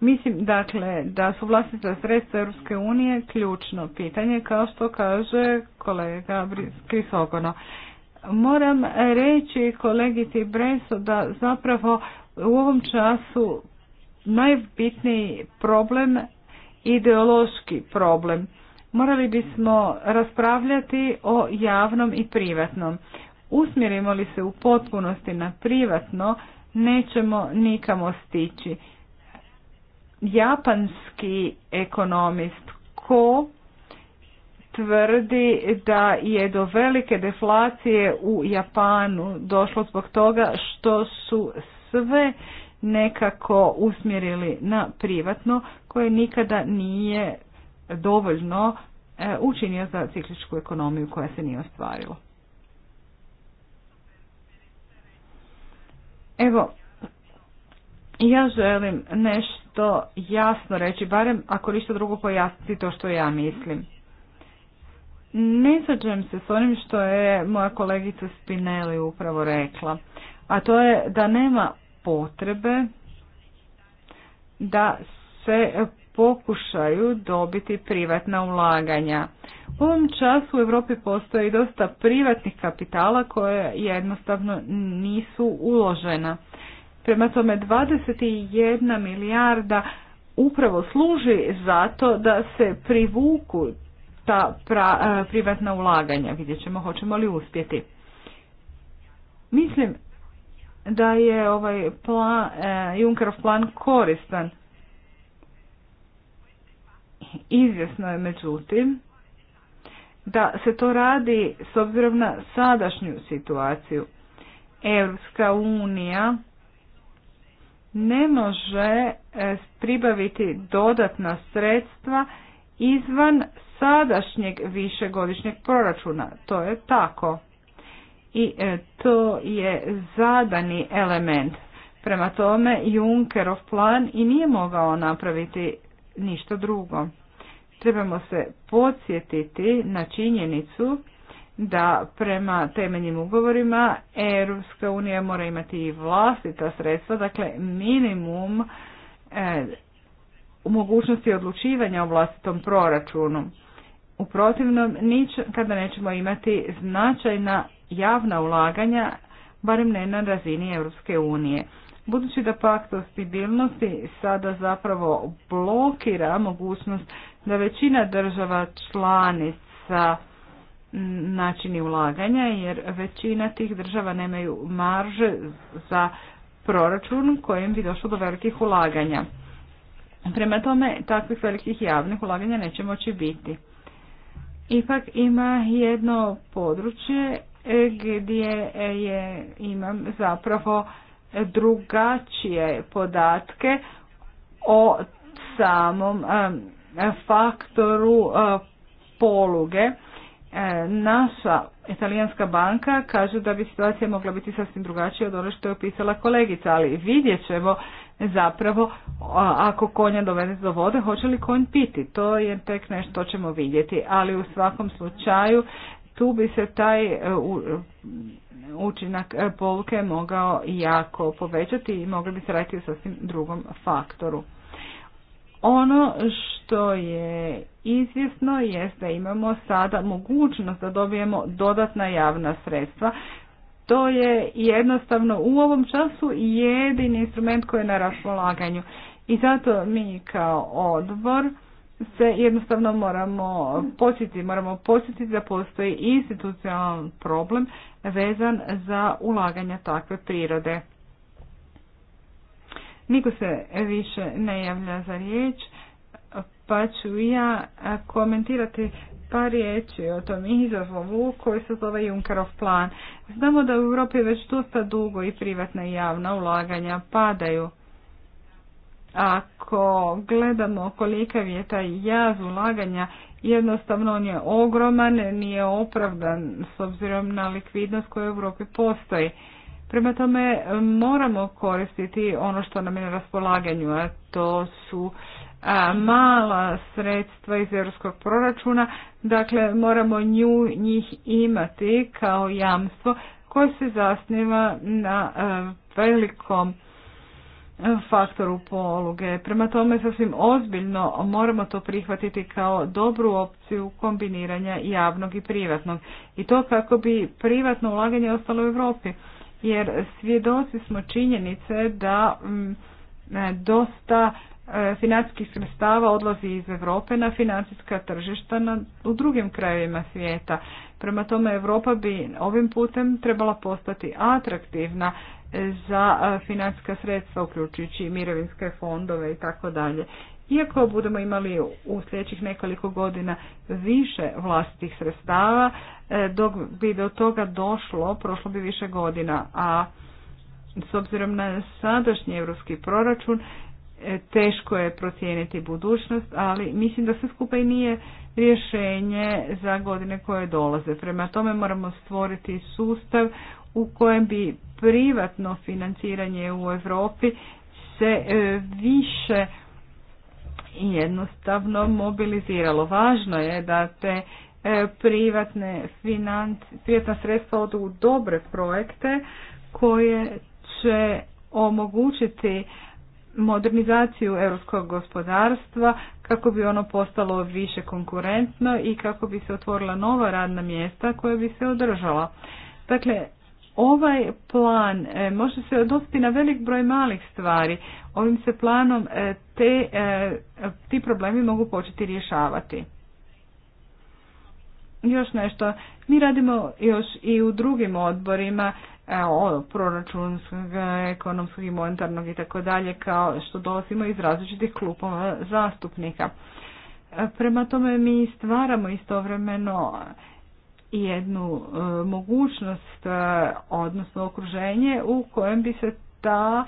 Mislim dakle da su vlastita sredstva Europske unije ključno pitanje kao što kaže kolega Krisogono. Moram reći kolegici Breso da zapravo u ovom času najbitniji problem ideološki problem. Morali bismo raspravljati o javnom i privatnom. Usmjerimo li se u potpunosti na privatno, nećemo nikamo stići. Japanski ekonomist Ko tvrdi da je do velike deflacije u Japanu došlo zbog toga što su sve nekako usmjerili na privatno koje nikada nije dovoljno e, učinio za cikličku ekonomiju koja se nije ostvarila. Evo, ja želim nešto jasno reći, barem ako ništa drugo pojasniti to što ja mislim. Ne slažem se s onim što je moja kolegica Spinelli upravo rekla, a to je da nema potrebe da se pokušaju dobiti privatna ulaganja. U ovom času u Europi postoji dosta privatnih kapitala koje jednostavno nisu uložena. Prema tome 21 milijarda upravo služi zato da se privuku pra, e, privatna ulaganja. Vidjet ćemo hoćemo li uspjeti. Mislim da je ovaj plan, e, Junkerov plan koristan. Izvjesno je međutim da se to radi s obzirom na sadašnju situaciju. Europska unija ne može e, pribaviti dodatna sredstva izvan sadašnjeg višegodišnjeg proračuna. To je tako. I e, to je zadani element. Prema tome Junkerov plan i nije mogao napraviti ništa drugo. Trebamo se podsjetiti na činjenicu da prema temeljnim ugovorima EU unija mora imati i vlastita sredstva, dakle minimum e, mogućnosti odlučivanja o vlastitom proračunu. U protivnom, nič, kada nećemo imati značajna javna ulaganja, barem ne na razini Europske unije. Budući da pakt o stabilnosti sada zapravo blokira mogućnost da većina država članica načini ulaganja, jer većina tih država nemaju marže za proračun kojim bi došlo do velikih ulaganja. Prema tome, takvih velikih javnih ulaganja neće moći biti. Ipak ima jedno područje e, gdje e, je, imam zapravo drugačije podatke o samom e, faktoru poluge E, naša italijanska banka kaže da bi situacija mogla biti sasvim drugačija od ono što je opisala kolegica, ali vidjet ćemo zapravo ako konja dovede do vode, hoće li konj piti, to je tek nešto ćemo vidjeti, ali u svakom slučaju tu bi se taj e, učinak e, polke mogao jako povećati i mogli bi se raditi o sasvim drugom faktoru. Ono što je izvjesno jest da imamo sada mogućnost da dobijemo dodatna javna sredstva. To je jednostavno u ovom času jedini instrument koji je na raspolaganju. I zato mi kao odbor se jednostavno moramo posjetiti, moramo posjetiti da postoji institucionalan problem vezan za ulaganja takve prirode. Niko se više ne javlja za riječ, pa ću ja komentirati par riječi o tom izazovu koji se zove Junkerov plan. Znamo da u Europi već dosta dugo i privatna i javna ulaganja padaju. Ako gledamo kolika je taj jaz ulaganja, jednostavno on je ogroman, nije opravdan s obzirom na likvidnost koja u Europi postoji. Prema tome moramo koristiti ono što nam je na raspolaganju, a to su mala sredstva iz europskog proračuna, dakle moramo nju, njih imati kao jamstvo koje se zasniva na velikom faktoru poluge. Prema tome sasvim ozbiljno moramo to prihvatiti kao dobru opciju kombiniranja javnog i privatnog. I to kako bi privatno ulaganje ostalo u Europi jer svjedoci smo činjenice da mm, dosta e, financijskih sredstava odlazi iz Europe na financijska tržišta na, u drugim krajevima svijeta. Prema tome Europa bi ovim putem trebala postati atraktivna e, za e, financijska sredstva uključujući i mirovinske fondove i tako dalje. Iako budemo imali u sljedećih nekoliko godina više vlastitih sredstava, e, dok bi do toga došlo, prošlo bi više godina, a s obzirom na sadašnji europski proračun, e, teško je procijeniti budućnost, ali mislim da se skupa i nije rješenje za godine koje dolaze. Prema tome moramo stvoriti sustav u kojem bi privatno financiranje u Europi se e, više jednostavno mobiliziralo. Važno je da te e, privatne privatna sredstva odu u dobre projekte koje će omogućiti modernizaciju europskog gospodarstva kako bi ono postalo više konkurentno i kako bi se otvorila nova radna mjesta koja bi se održala. Dakle, Ovaj plan e, može se odnositi na velik broj malih stvari. Ovim se planom e, te, e, ti problemi mogu početi rješavati. Još nešto, mi radimo još i u drugim odborima o proračunskog, ekonomskog i monetarnog i tako dalje kao što dolazimo iz različitih klupova zastupnika. Prema tome mi stvaramo istovremeno jednu e, mogućnost, e, odnosno okruženje u kojem bi se ta e,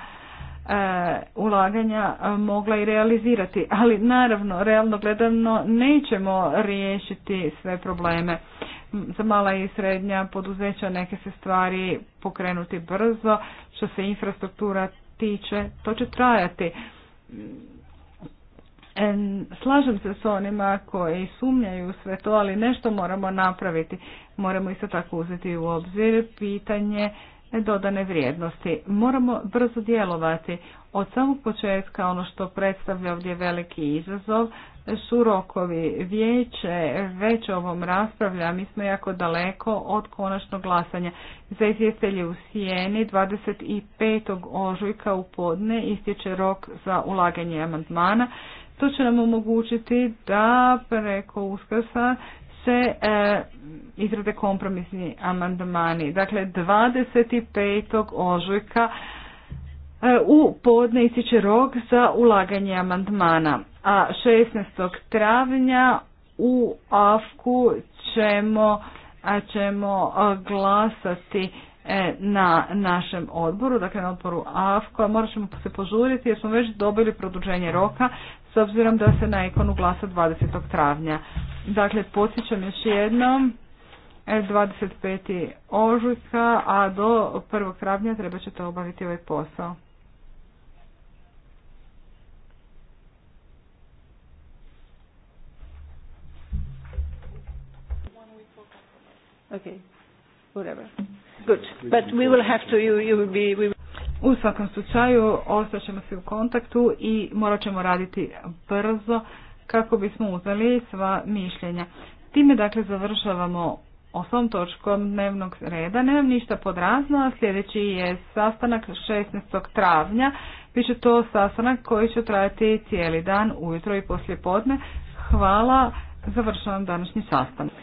ulaganja mogla i realizirati. Ali naravno, realno gledano, nećemo riješiti sve probleme. Za mala i srednja poduzeća neke se stvari pokrenuti brzo, što se infrastruktura tiče, to će trajati Slažem se s onima koji sumnjaju sve to, ali nešto moramo napraviti. Moramo isto tako uzeti u obzir pitanje dodane vrijednosti. Moramo brzo djelovati. Od samog početka ono što predstavlja ovdje veliki izazov su rokovi. Vijeće već o ovom raspravlja, mi smo jako daleko od konačnog glasanja. Za izvjestelje u Sijeni 25. ožujka u podne ističe rok za ulaganje amandmana. To će nam omogućiti da preko uskrsa se e, izrade kompromisni amandmani. Dakle, 25. ožujka e, u podne ističe rok za ulaganje amandmana, a 16. travnja u AFKU ćemo, a ćemo e, glasati e na našem odboru, dakle na odboru AFKO, morat ćemo se požuriti jer smo već dobili produženje roka s obzirom da se na ikonu glasa 20. travnja. Dakle, podsjećam još jednom, 25. E, ožujka, a do 1. travnja treba ćete obaviti ovaj posao. Okay, whatever we will have to, U svakom slučaju ostaćemo se u kontaktu i morat ćemo raditi brzo kako bismo uzeli sva mišljenja. Time dakle završavamo osam točkom dnevnog reda. Nemam ništa podrazno, sljedeći je sastanak 16. travnja. Biće to sastanak koji će trajati cijeli dan, ujutro i poslje podne. Hvala, završavam današnji sastanak.